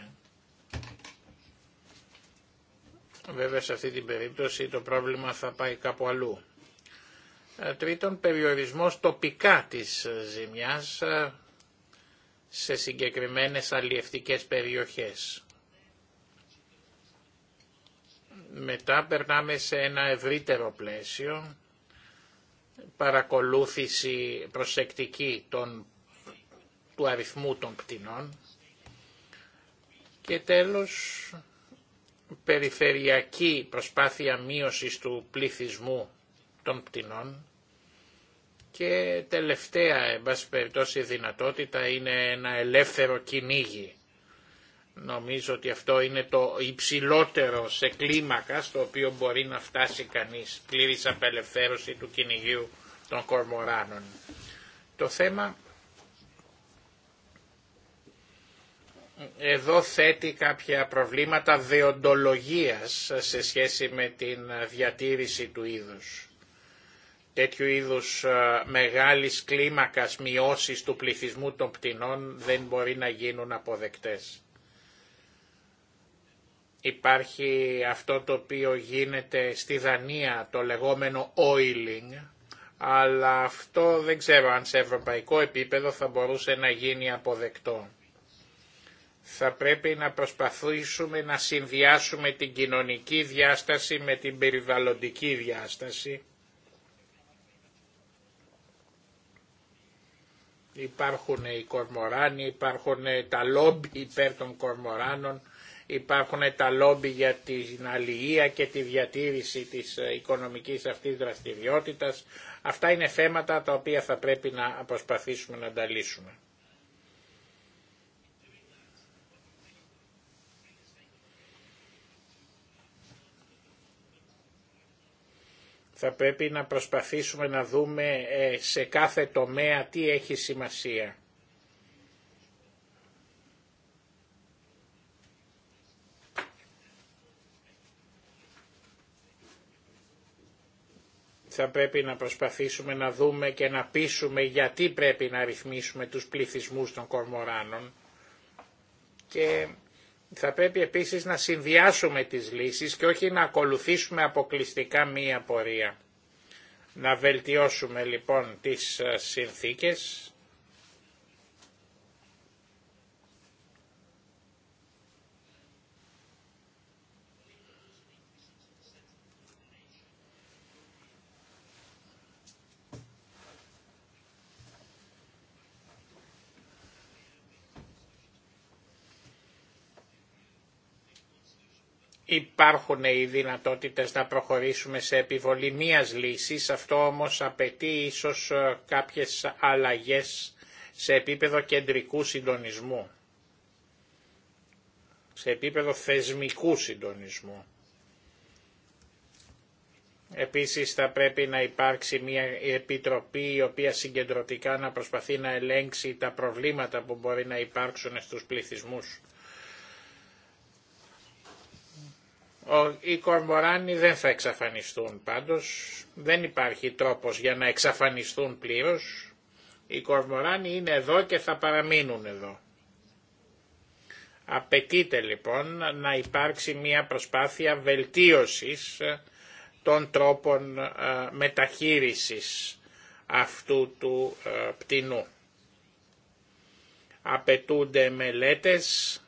Βέβαια σε αυτή την περίπτωση το πρόβλημα θα πάει κάπου αλλού. Ε, τρίτον, περιορισμός τοπικά της ε, ζημιάς ε, σε συγκεκριμένες αλλιευτικές περιοχές. Μετά περνάμε σε ένα ευρύτερο πλαίσιο, παρακολούθηση προσεκτική των, του αριθμού των πτηνών και τέλος περιφερειακή προσπάθεια μείωσης του πληθυσμού των πτηνών και τελευταία, εν πάση περιπτώσει, δυνατότητα είναι ένα ελεύθερο κυνήγι. Νομίζω ότι αυτό είναι το υψηλότερο σε κλίμακα στο οποίο μπορεί να φτάσει κανείς πλήρης απελευθέρωση του κυνηγίου των κορμοράνων. Το θέμα εδώ θέτει κάποια προβλήματα δεοντολογίας σε σχέση με την διατήρηση του είδους. Τέτοιου είδους ε, μεγάλης κλίμακας μειώσεις του πληθυσμού των πτηνών δεν μπορεί να γίνουν αποδεκτές. Υπάρχει αυτό το οποίο γίνεται στη Δανία, το λεγόμενο oiling, αλλά αυτό δεν ξέρω αν σε ευρωπαϊκό επίπεδο θα μπορούσε να γίνει αποδεκτό θα πρέπει να προσπαθήσουμε να συνδυάσουμε την κοινωνική διάσταση με την περιβαλλοντική διάσταση. Υπάρχουν οι κορμοράνοι, υπάρχουν τα λόμπι υπέρ των κορμοράνων, υπάρχουν τα λόμπι για την αλληλεία και τη διατήρηση της οικονομικής αυτής δραστηριότητας. Αυτά είναι θέματα τα οποία θα πρέπει να προσπαθήσουμε να τα λύσουμε. Θα πρέπει να προσπαθήσουμε να δούμε ε, σε κάθε τομέα τι έχει σημασία. θα πρέπει να προσπαθήσουμε να δούμε και να πείσουμε γιατί πρέπει να ρυθμίσουμε τους πληθυσμούς των κορμοράνων και θα πρέπει επίσης να συνδυάσουμε τις λύσεις και όχι να ακολουθήσουμε αποκλειστικά μία πορεία. Να βελτιώσουμε λοιπόν τις ε, συνθήκες Υπάρχουν οι δυνατότητες να προχωρήσουμε σε επιβολή μίας λύσης, αυτό όμως απαιτεί ίσως ε, κάποιες αλλαγές σε επίπεδο κεντρικού συντονισμού, σε επίπεδο θεσμικού συντονισμού. Επίσης θα πρέπει να υπάρξει μια επιτροπή η οποία συγκεντρωτικά να προσπαθεί να ελέγξει τα προβλήματα που μπορεί να υπάρξουν στους πληθυσμούς Οι κορμοράνοι δεν θα εξαφανιστούν πάντως, δεν υπάρχει τρόπος για να εξαφανιστούν πλήρως. Οι κορμοράνοι είναι εδώ και θα παραμείνουν εδώ. Απαιτείται λοιπόν να υπάρξει μια προσπάθεια βελτίωσης ε, των τρόπων ε, μεταχείρισης αυτού του ε, πτηνού. Απαιτούνται μελέτες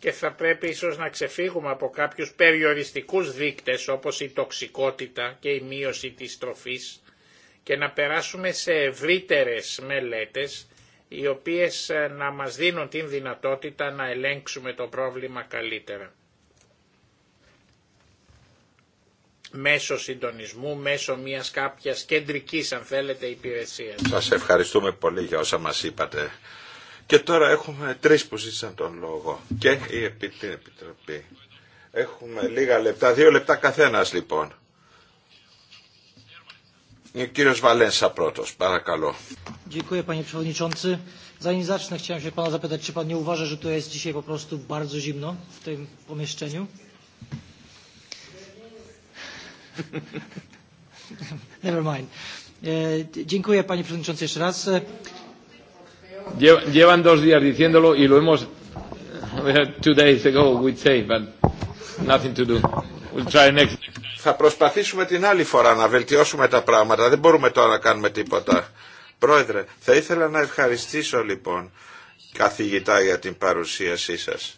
και θα πρέπει ίσως να ξεφύγουμε από κάποιους περιοριστικούς δείκτες όπως η τοξικότητα και η μείωση της τροφής και να περάσουμε σε ευρύτερες μελέτες οι οποίες ε, να μας δίνουν την δυνατότητα να ελέγξουμε το πρόβλημα καλύτερα. μέσω συντονισμού, μέσω μιας κάποιας κεντρικής αν θέλετε υπηρεσίας. Σας ευχαριστούμε πολύ για όσα μας είπατε. Και τώρα έχουμε τρεις που ζήτησαν τον λόγο και η επί, την Επιτροπή. Έχουμε λίγα λεπτά, δύο λεπτά καθένας λοιπόν. Ο κύριος Βαλένσα πρώτος, παρακαλώ. Dziękuję panie przewodniczący. Zanim zacznę chciałem się pana zapytać, czy pan nie uważa, że tu jest dzisiaj po prostu bardzo zimno w tym pomieszczeniu? Never mind. Dziękuję panie przewodniczący jeszcze raz. Llevan dos días diciéndolo y Θα προσπαθήσουμε την άλλη φορά να βελτιώσουμε τα πράγματα. Δεν μπορούμε τώρα να κάνουμε τίποτα. Πρόεδρε, θα ήθελα να ευχαριστήσω λοιπόν καθηγητά για την παρουσίασή σας.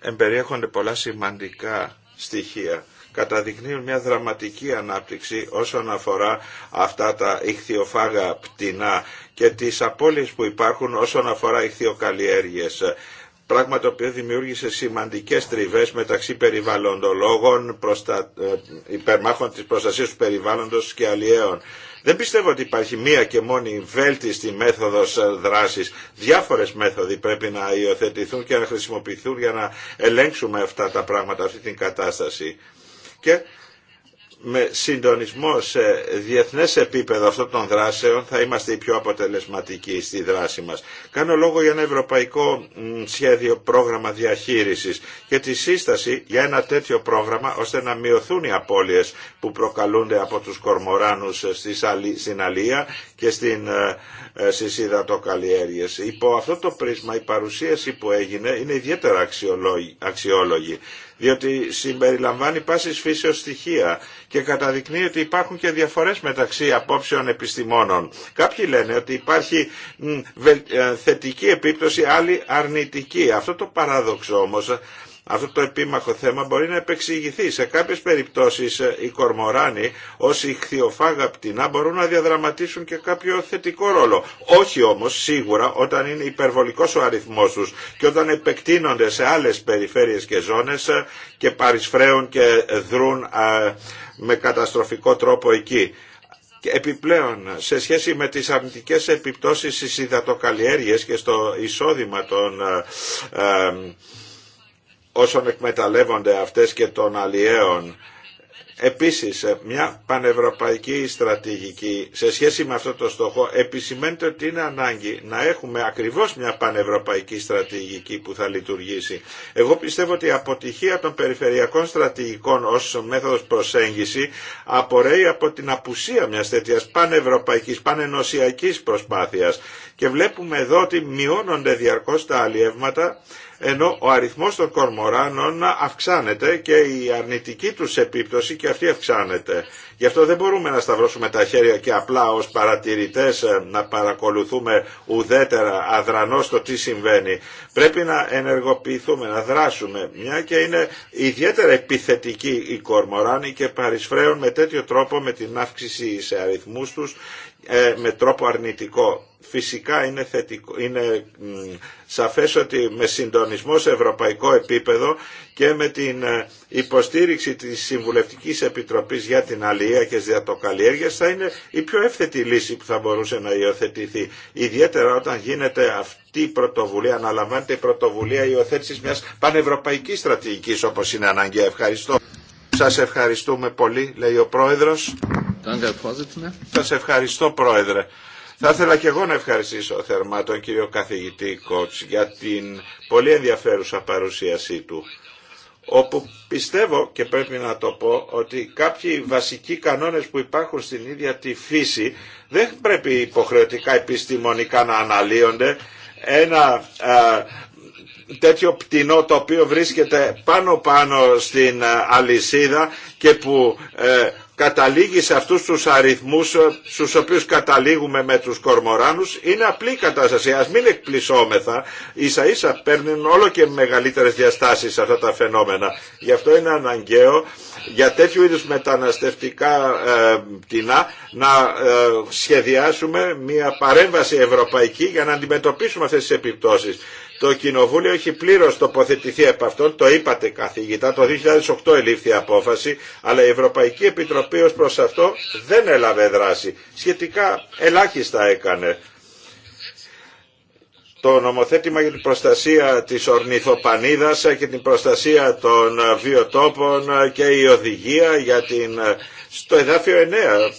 Εμπεριέχονται πολλά σημαντικά στοιχεία καταδεικνύουν μια δραματική ανάπτυξη όσον αφορά αυτά τα ηχθιοφάγα πτηνά και τις απώλειες που υπάρχουν όσον αφορά ηχθειοκαλλιέργειες πράγμα το οποίο δημιούργησε σημαντικές τριβές μεταξύ περιβαλλοντολόγων, προστα... Ε, υπερμάχων της προστασίας του περιβάλλοντος και αλλιέων. Δεν πιστεύω ότι υπάρχει μία και μόνη βέλτιστη μέθοδος ε, δράσης. Διάφορες μέθοδοι πρέπει να υιοθετηθούν και να χρησιμοποιηθούν για να ελέγξουμε αυτά τα πράγματα, αυτή την κατάσταση και με συντονισμό σε διεθνές επίπεδο αυτών των δράσεων θα είμαστε οι πιο αποτελεσματικοί στη δράση μας. Κάνω λόγο για ένα ευρωπαϊκό σχέδιο πρόγραμμα διαχείρισης και τη σύσταση για ένα τέτοιο πρόγραμμα ώστε να μειωθούν οι απώλειες που προκαλούνται από τους κορμοράνους στην Αλία και στην, ε, ε, στις Υπό αυτό το πρίσμα η παρουσίαση που έγινε είναι ιδιαίτερα αξιόλογη διότι συμπεριλαμβάνει πάσης φύσεως στοιχεία και καταδεικνύει ότι υπάρχουν και διαφορές μεταξύ απόψεων επιστημόνων. Κάποιοι λένε ότι υπάρχει ε, θετική επίπτωση, άλλη αρνητική. Αυτό το παράδοξο όμως αυτό το επίμαχο θέμα μπορεί να επεξηγηθεί. Σε κάποιες περιπτώσεις ε, οι κορμοράνοι ως ηχθειοφάγα πτηνά μπορούν να διαδραματίσουν και κάποιο θετικό ρόλο. Όχι όμως σίγουρα όταν είναι υπερβολικός ο αριθμός τους και όταν επεκτείνονται σε άλλες περιφέρειες και ζώνες ε, και παρισφρέουν και δρούν με καταστροφικό τρόπο εκεί. επιπλέον, σε σχέση με τις αρνητικές επιπτώσεις στις υδατοκαλλιέργειες και στο εισόδημα των ε, όσων εκμεταλλεύονται αυτές και των αλλιέων. Επίσης, μια πανευρωπαϊκή στρατηγική σε σχέση με αυτό το στόχο επισημαίνεται ότι είναι ανάγκη να έχουμε ακριβώς μια πανευρωπαϊκή στρατηγική που θα λειτουργήσει. Εγώ πιστεύω ότι η αποτυχία των περιφερειακών στρατηγικών ως μέθοδος προσέγγιση απορρέει από την απουσία μιας τέτοιας πανευρωπαϊκής, πανενοσιακής προσπάθειας. Και βλέπουμε εδώ ότι μειώνονται διαρκώς τα αλλιεύματα ενώ ο αριθμός των κορμοράνων αυξάνεται και η αρνητική τους επίπτωση και αυτή αυξάνεται. Γι' αυτό δεν μπορούμε να σταυρώσουμε τα χέρια και απλά ως παρατηρητές ε, να παρακολουθούμε ουδέτερα αδρανώς το τι συμβαίνει. Πρέπει να ενεργοποιηθούμε, να δράσουμε, μια και είναι ιδιαίτερα επιθετική η κορμοράνη και παρισφραίουν με τέτοιο τρόπο με την αύξηση σε αριθμούς τους ε, με τρόπο αρνητικό. Φυσικά είναι, θετικό, είναι σαφές ότι με συντονισμό σε ευρωπαϊκό επίπεδο και με την ε, υποστήριξη της Συμβουλευτικής Επιτροπής για την Αλία και το Διατοκαλλιέργειες θα είναι η πιο εύθετη λύση που θα μπορούσε να υιοθετηθεί. Ιδιαίτερα όταν γίνεται αυτή η πρωτοβουλία, αναλαμβάνεται η πρωτοβουλία υιοθέτηση μιας πανευρωπαϊκής στρατηγικής όπως είναι αναγκαία. Ευχαριστώ. Σας ευχαριστούμε πολύ, λέει ο Πρόεδρος. Σας ευχαριστώ, Πρόεδρε. Θα ήθελα και εγώ να ευχαριστήσω θερμά τον κύριο καθηγητή Κότς για την πολύ ενδιαφέρουσα παρουσίασή του όπου πιστεύω και πρέπει να το πω ότι κάποιοι βασικοί κανόνες που υπάρχουν στην ίδια τη φύση δεν πρέπει υποχρεωτικά επιστημονικά να αναλύονται ένα τέτοιο πτηνό το οποίο βρίσκεται πάνω πάνω στην αλυσίδα και που ε, καταλήγει σε αυτούς τους αριθμούς ε, στους οποίους καταλήγουμε με τους κορμοράνους είναι απλή κατάσταση. Ας μην εκπλησώμεθα, ίσα ίσα παίρνουν όλο και μεγαλύτερες διαστάσεις αυτά τα φαινόμενα. Γι' αυτό είναι αναγκαίο για τέτοιου είδους μεταναστευτικά πτηνά ε, να ε, σχεδιάσουμε μια παρέμβαση ευρωπαϊκή για να αντιμετωπίσουμε αυτές τις επιπτώσεις. Το Κοινοβούλιο έχει πλήρως τοποθετηθεί από αυτόν, το είπατε καθηγητά, το 2008 ελήφθη η απόφαση, αλλά η Ευρωπαϊκή Επιτροπή ως προς αυτό δεν έλαβε δράση. Σχετικά ελάχιστα έκανε το νομοθέτημα για την προστασία της ορνηθοπανίδας και την προστασία των βιοτόπων και η οδηγία για την... Στο εδάφιο 9,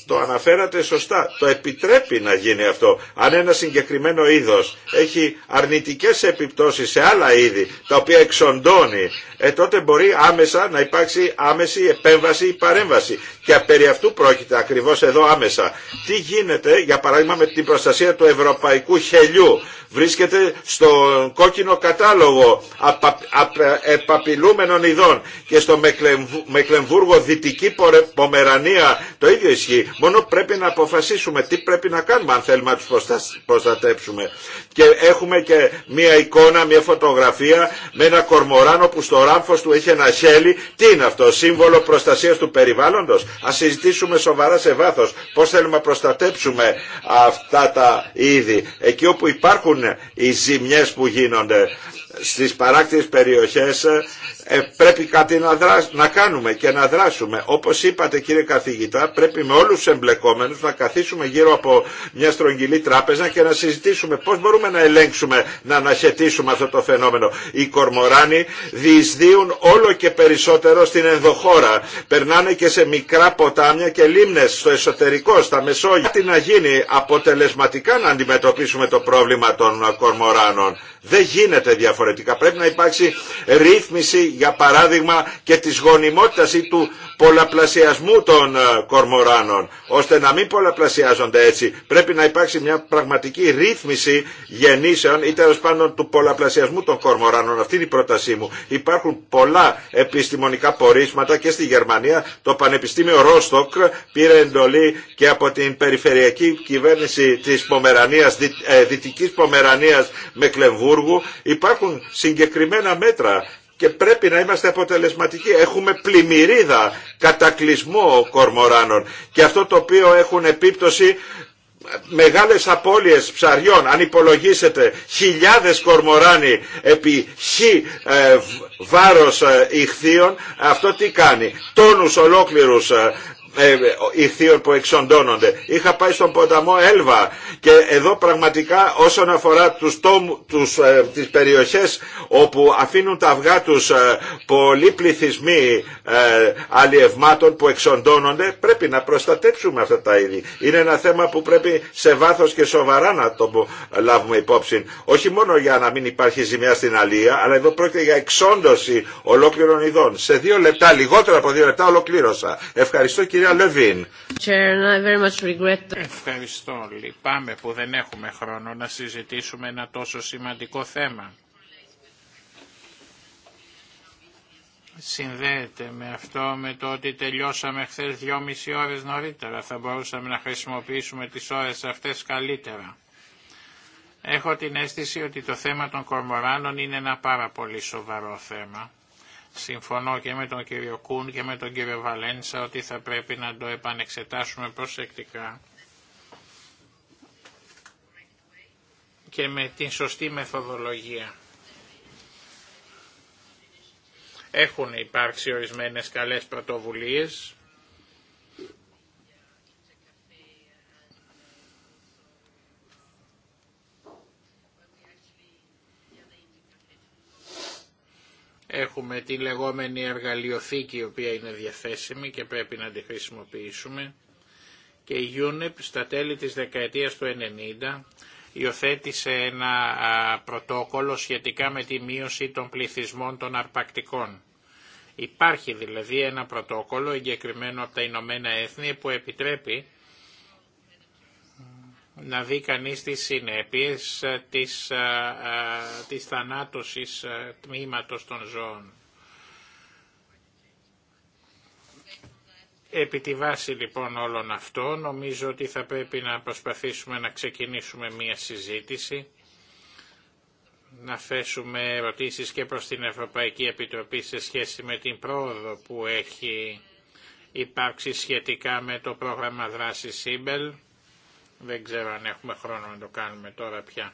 το αναφέρατε σωστά, το επιτρέπει να γίνει αυτό. Αν ένα συγκεκριμένο είδος έχει αρνητικές επιπτώσεις σε άλλα είδη, τα οποία εξοντώνει, ε, τότε μπορεί άμεσα να υπάρξει άμεση επέμβαση ή παρέμβαση. Και περί αυτού πρόκειται ακριβώς εδώ άμεσα. Τι γίνεται, για παράδειγμα, με την προστασία του ευρωπαϊκού χελιού. Βρίσκεται βρίσκεται στον κόκκινο κατάλογο επαπειλούμενων ειδών και στο Μεκλεμβούργο Δυτική Πομερανία το ίδιο ισχύει. Μόνο πρέπει να αποφασίσουμε τι πρέπει να κάνουμε αν θέλουμε να τους προστατέψουμε. Και έχουμε και μία εικόνα, μία φωτογραφία με ένα κορμοράνο που στο ράμφος του έχει ένα χέλι. Τι είναι αυτό, σύμβολο προστασίας του περιβάλλοντος. Ας συζητήσουμε σοβαρά σε βάθος πώς θέλουμε να προστατέψουμε αυτά τα είδη. Εκεί όπου υπάρχουν οι ζημιές που γίνονται στις παράκτιες περιοχές ε, πρέπει κάτι να, να κάνουμε και να δράσουμε. Όπως είπατε κύριε καθηγητά πρέπει με όλους τους εμπλεκόμενους να καθίσουμε γύρω από μια στρογγυλή τράπεζα και να συζητήσουμε πώς μπορούμε να ελέγξουμε, να αναχαιτήσουμε αυτό το φαινόμενο. Οι κορμοράνοι διεισδύουν όλο και περισσότερο στην ενδοχώρα. Περνάνε και σε μικρά ποτάμια και λίμνες στο εσωτερικό, στα Μεσόγεια. κάτι να γίνει αποτελεσματικά να αντιμετωπίσουμε το πρόβλημα των κορμοράνων. Δεν γίνεται διαφορετικά. Πρέπει να υπάρξει ρύθμιση, για παράδειγμα, και της γονιμότητας ή του πολλαπλασιασμού των ε, κορμοράνων, ώστε να μην πολλαπλασιάζονται έτσι. Πρέπει να υπάρξει μια πραγματική ρύθμιση γεννήσεων ή τέλο πάντων του πολλαπλασιασμού των κορμοράνων. Αυτή είναι η πρότασή μου. Υπάρχουν πολλά επιστημονικά πορίσματα και στη Γερμανία. Το Πανεπιστήμιο Ρόστοκ πήρε εντολή και από την περιφερειακή κυβέρνηση της Πομερανίας, ε, δυτικής Πομερανίας με υπάρχουν συγκεκριμένα μέτρα και πρέπει να είμαστε αποτελεσματικοί. Έχουμε πλημμυρίδα, κατακλυσμό κορμοράνων και αυτό το οποίο έχουν επίπτωση μεγάλες απώλειες ψαριών, αν υπολογίσετε χιλιάδες κορμοράνοι επί χι ε, βάρος ε, ηχθείων, αυτό τι κάνει. Τόνους ολόκληρους ε, ηθείων ε, ε, που εξοντώνονται. Είχα πάει στον ποταμό Έλβα και εδώ πραγματικά όσον αφορά τους τόμου, τους, ε, τις περιοχές όπου αφήνουν τα αυγά τους ε, πολλοί πληθυσμοί ε, αλλιευμάτων που εξοντώνονται πρέπει να προστατέψουμε αυτά τα είδη. Είναι ένα θέμα που πρέπει σε βάθος και σοβαρά να το λάβουμε υπόψη. Όχι μόνο για να μην υπάρχει ζημιά στην αλία αλλά εδώ πρόκειται για εξόντωση ολόκληρων ειδών. Σε δύο λεπτά, λιγότερο από δύο λεπτά ολοκλήρωσα. Ευχαριστώ κυρία Λεβίν. Ευχαριστώ. Λυπάμαι που δεν έχουμε χρόνο να συζητήσουμε ένα τόσο σημαντικό θέμα. Συνδέεται με αυτό με το ότι τελειώσαμε χθε δυόμιση ώρε νωρίτερα. Θα μπορούσαμε να χρησιμοποιήσουμε τι ώρε αυτέ καλύτερα. Έχω την αίσθηση ότι το θέμα των κορμοράνων είναι ένα πάρα πολύ σοβαρό θέμα Συμφωνώ και με τον κύριο Κούν και με τον κύριο Βαλένσα ότι θα πρέπει να το επανεξετάσουμε προσεκτικά και με την σωστή μεθοδολογία. Έχουν υπάρξει ορισμένες καλές πρωτοβουλίες Έχουμε τη λεγόμενη εργαλειοθήκη η οποία είναι διαθέσιμη και πρέπει να τη χρησιμοποιήσουμε και η UNEP στα τέλη της δεκαετίας του 90 υιοθέτησε ένα πρωτόκολλο σχετικά με τη μείωση των πληθυσμών των αρπακτικών. Υπάρχει δηλαδή ένα πρωτόκολλο εγκεκριμένο από τα Ηνωμένα Έθνη που επιτρέπει να δει κανείς τις συνέπειες ε, της, ε, ε, της θανάτωσης τμήματος των ζώων. Επί τη βάση λοιπόν όλων αυτών νομίζω ότι θα πρέπει να προσπαθήσουμε να ξεκινήσουμε μία συζήτηση, να θέσουμε ερωτήσεις και προς την Ευρωπαϊκή Επιτροπή σε σχέση με την πρόοδο που έχει υπάρξει σχετικά με το πρόγραμμα δράσης ΣΥΜΠΕΛ δεν ξέρω αν έχουμε χρόνο να το κάνουμε τώρα πια.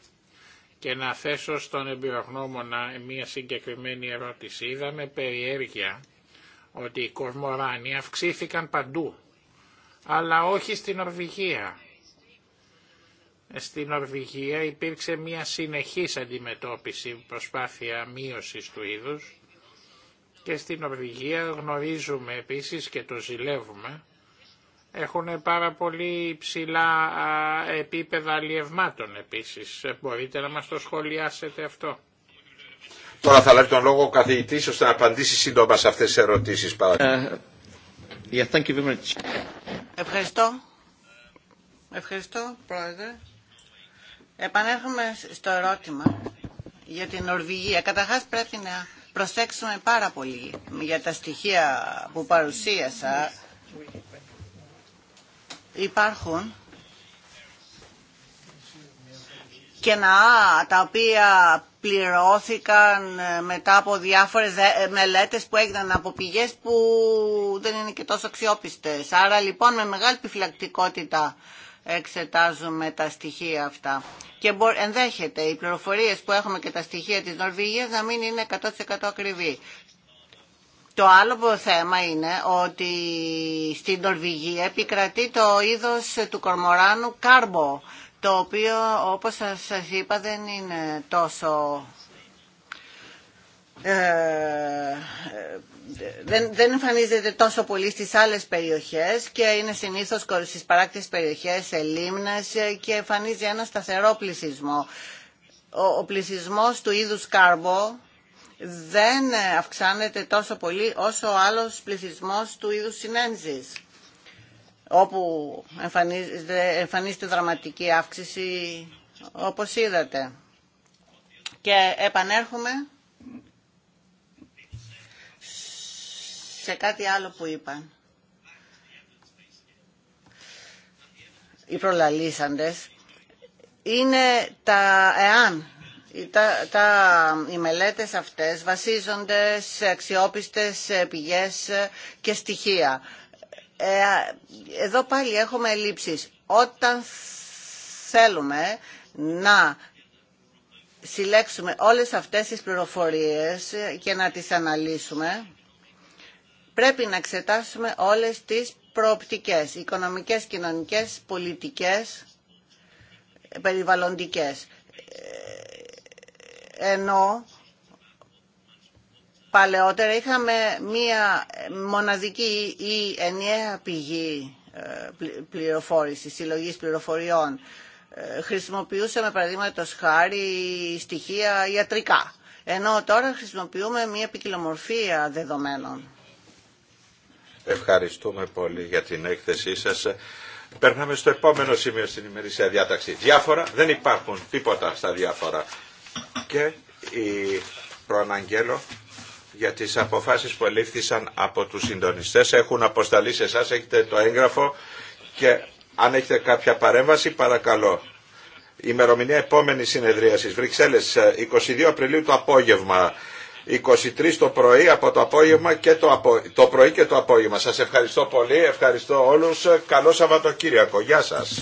Και να θέσω στον εμπειρογνώμονα μία συγκεκριμένη ερώτηση. Είδαμε περιέργεια ότι οι κορμοράνοι αυξήθηκαν παντού, αλλά όχι στην Ορβηγία. Στην Ορβηγία υπήρξε μία συνεχής αντιμετώπιση, προσπάθεια μείωσης του είδους και στην Ορβηγία γνωρίζουμε επίσης και το ζηλεύουμε έχουν πάρα πολύ ψηλά επίπεδα αλλιευμάτων επίσης. Μπορείτε να μας το σχολιάσετε αυτό. Τώρα θα λάβει τον λόγο ο καθηγητής ώστε να απαντήσει σύντομα σε αυτές τις ερωτήσεις. Uh, thank you very much. Ευχαριστώ. Ευχαριστώ, Πρόεδρε. Επανέρχομαι στο ερώτημα για την Νορβηγία. Καταρχάς πρέπει να προσέξουμε πάρα πολύ για τα στοιχεία που παρουσίασα υπάρχουν να τα οποία πληρώθηκαν ε, μετά από διάφορες ε, μελέτες που έγιναν από πηγές που δεν είναι και τόσο αξιόπιστες. Άρα λοιπόν με μεγάλη επιφυλακτικότητα εξετάζουμε τα στοιχεία αυτά. Και ενδέχεται οι πληροφορίες που έχουμε και τα στοιχεία της Νορβηγίας να μην είναι 100% ακριβή. Το άλλο θέμα είναι ότι στην Νορβηγία επικρατεί το είδος του κορμοράνου κάρμπο, το οποίο όπως σας είπα δεν είναι τόσο... Ε, δεν, δεν εμφανίζεται τόσο πολύ στις άλλες περιοχές και είναι συνήθως στις παράκτητες περιοχές, σε λίμνες και εμφανίζει ένα σταθερό πληθυσμό. Ο, ο του είδους κάρμπο δεν αυξάνεται τόσο πολύ όσο ο άλλος πληθυσμός του είδους συνένζης όπου εμφανίζεται, εμφανίζεται δραματική αύξηση όπως είδατε. Και επανέρχομαι σε κάτι άλλο που είπαν. Οι προλαλήσαντες είναι τα εάν τα, οι μελέτες αυτές βασίζονται σε αξιόπιστες πηγές και στοιχεία. Ε, εδώ πάλι έχουμε ελλείψεις. Όταν θέλουμε να συλλέξουμε όλες αυτές τις πληροφορίες και να τις αναλύσουμε, πρέπει να εξετάσουμε όλες τις προοπτικές, οικονομικές, κοινωνικές, πολιτικές, περιβαλλοντικές ε, ενώ παλαιότερα είχαμε μία μοναδική ή ενιαία πηγή ε, πληροφόρηση, συλλογής πληροφοριών. Ε, χρησιμοποιούσαμε παραδείγματο χάρη στοιχεία ιατρικά, ενώ τώρα χρησιμοποιούμε μία ποικιλομορφία δεδομένων. Ευχαριστούμε πολύ για την έκθεσή σας. Περνάμε στο επόμενο σημείο στην ημερήσια διάταξη. Διάφορα δεν υπάρχουν τίποτα στα διάφορα και η προαναγγέλω για τις αποφάσεις που ελήφθησαν από τους συντονιστές. Έχουν αποσταλεί σε εσά, έχετε το έγγραφο και αν έχετε κάποια παρέμβαση παρακαλώ. Η ημερομηνία επόμενης συνεδρίασης Βρυξέλλες 22 Απριλίου το απόγευμα. 23 το πρωί από το απόγευμα και το, το πρωί και το απόγευμα. Σας ευχαριστώ πολύ, ευχαριστώ όλους. Καλό Σαββατοκύριακο. Γεια σας.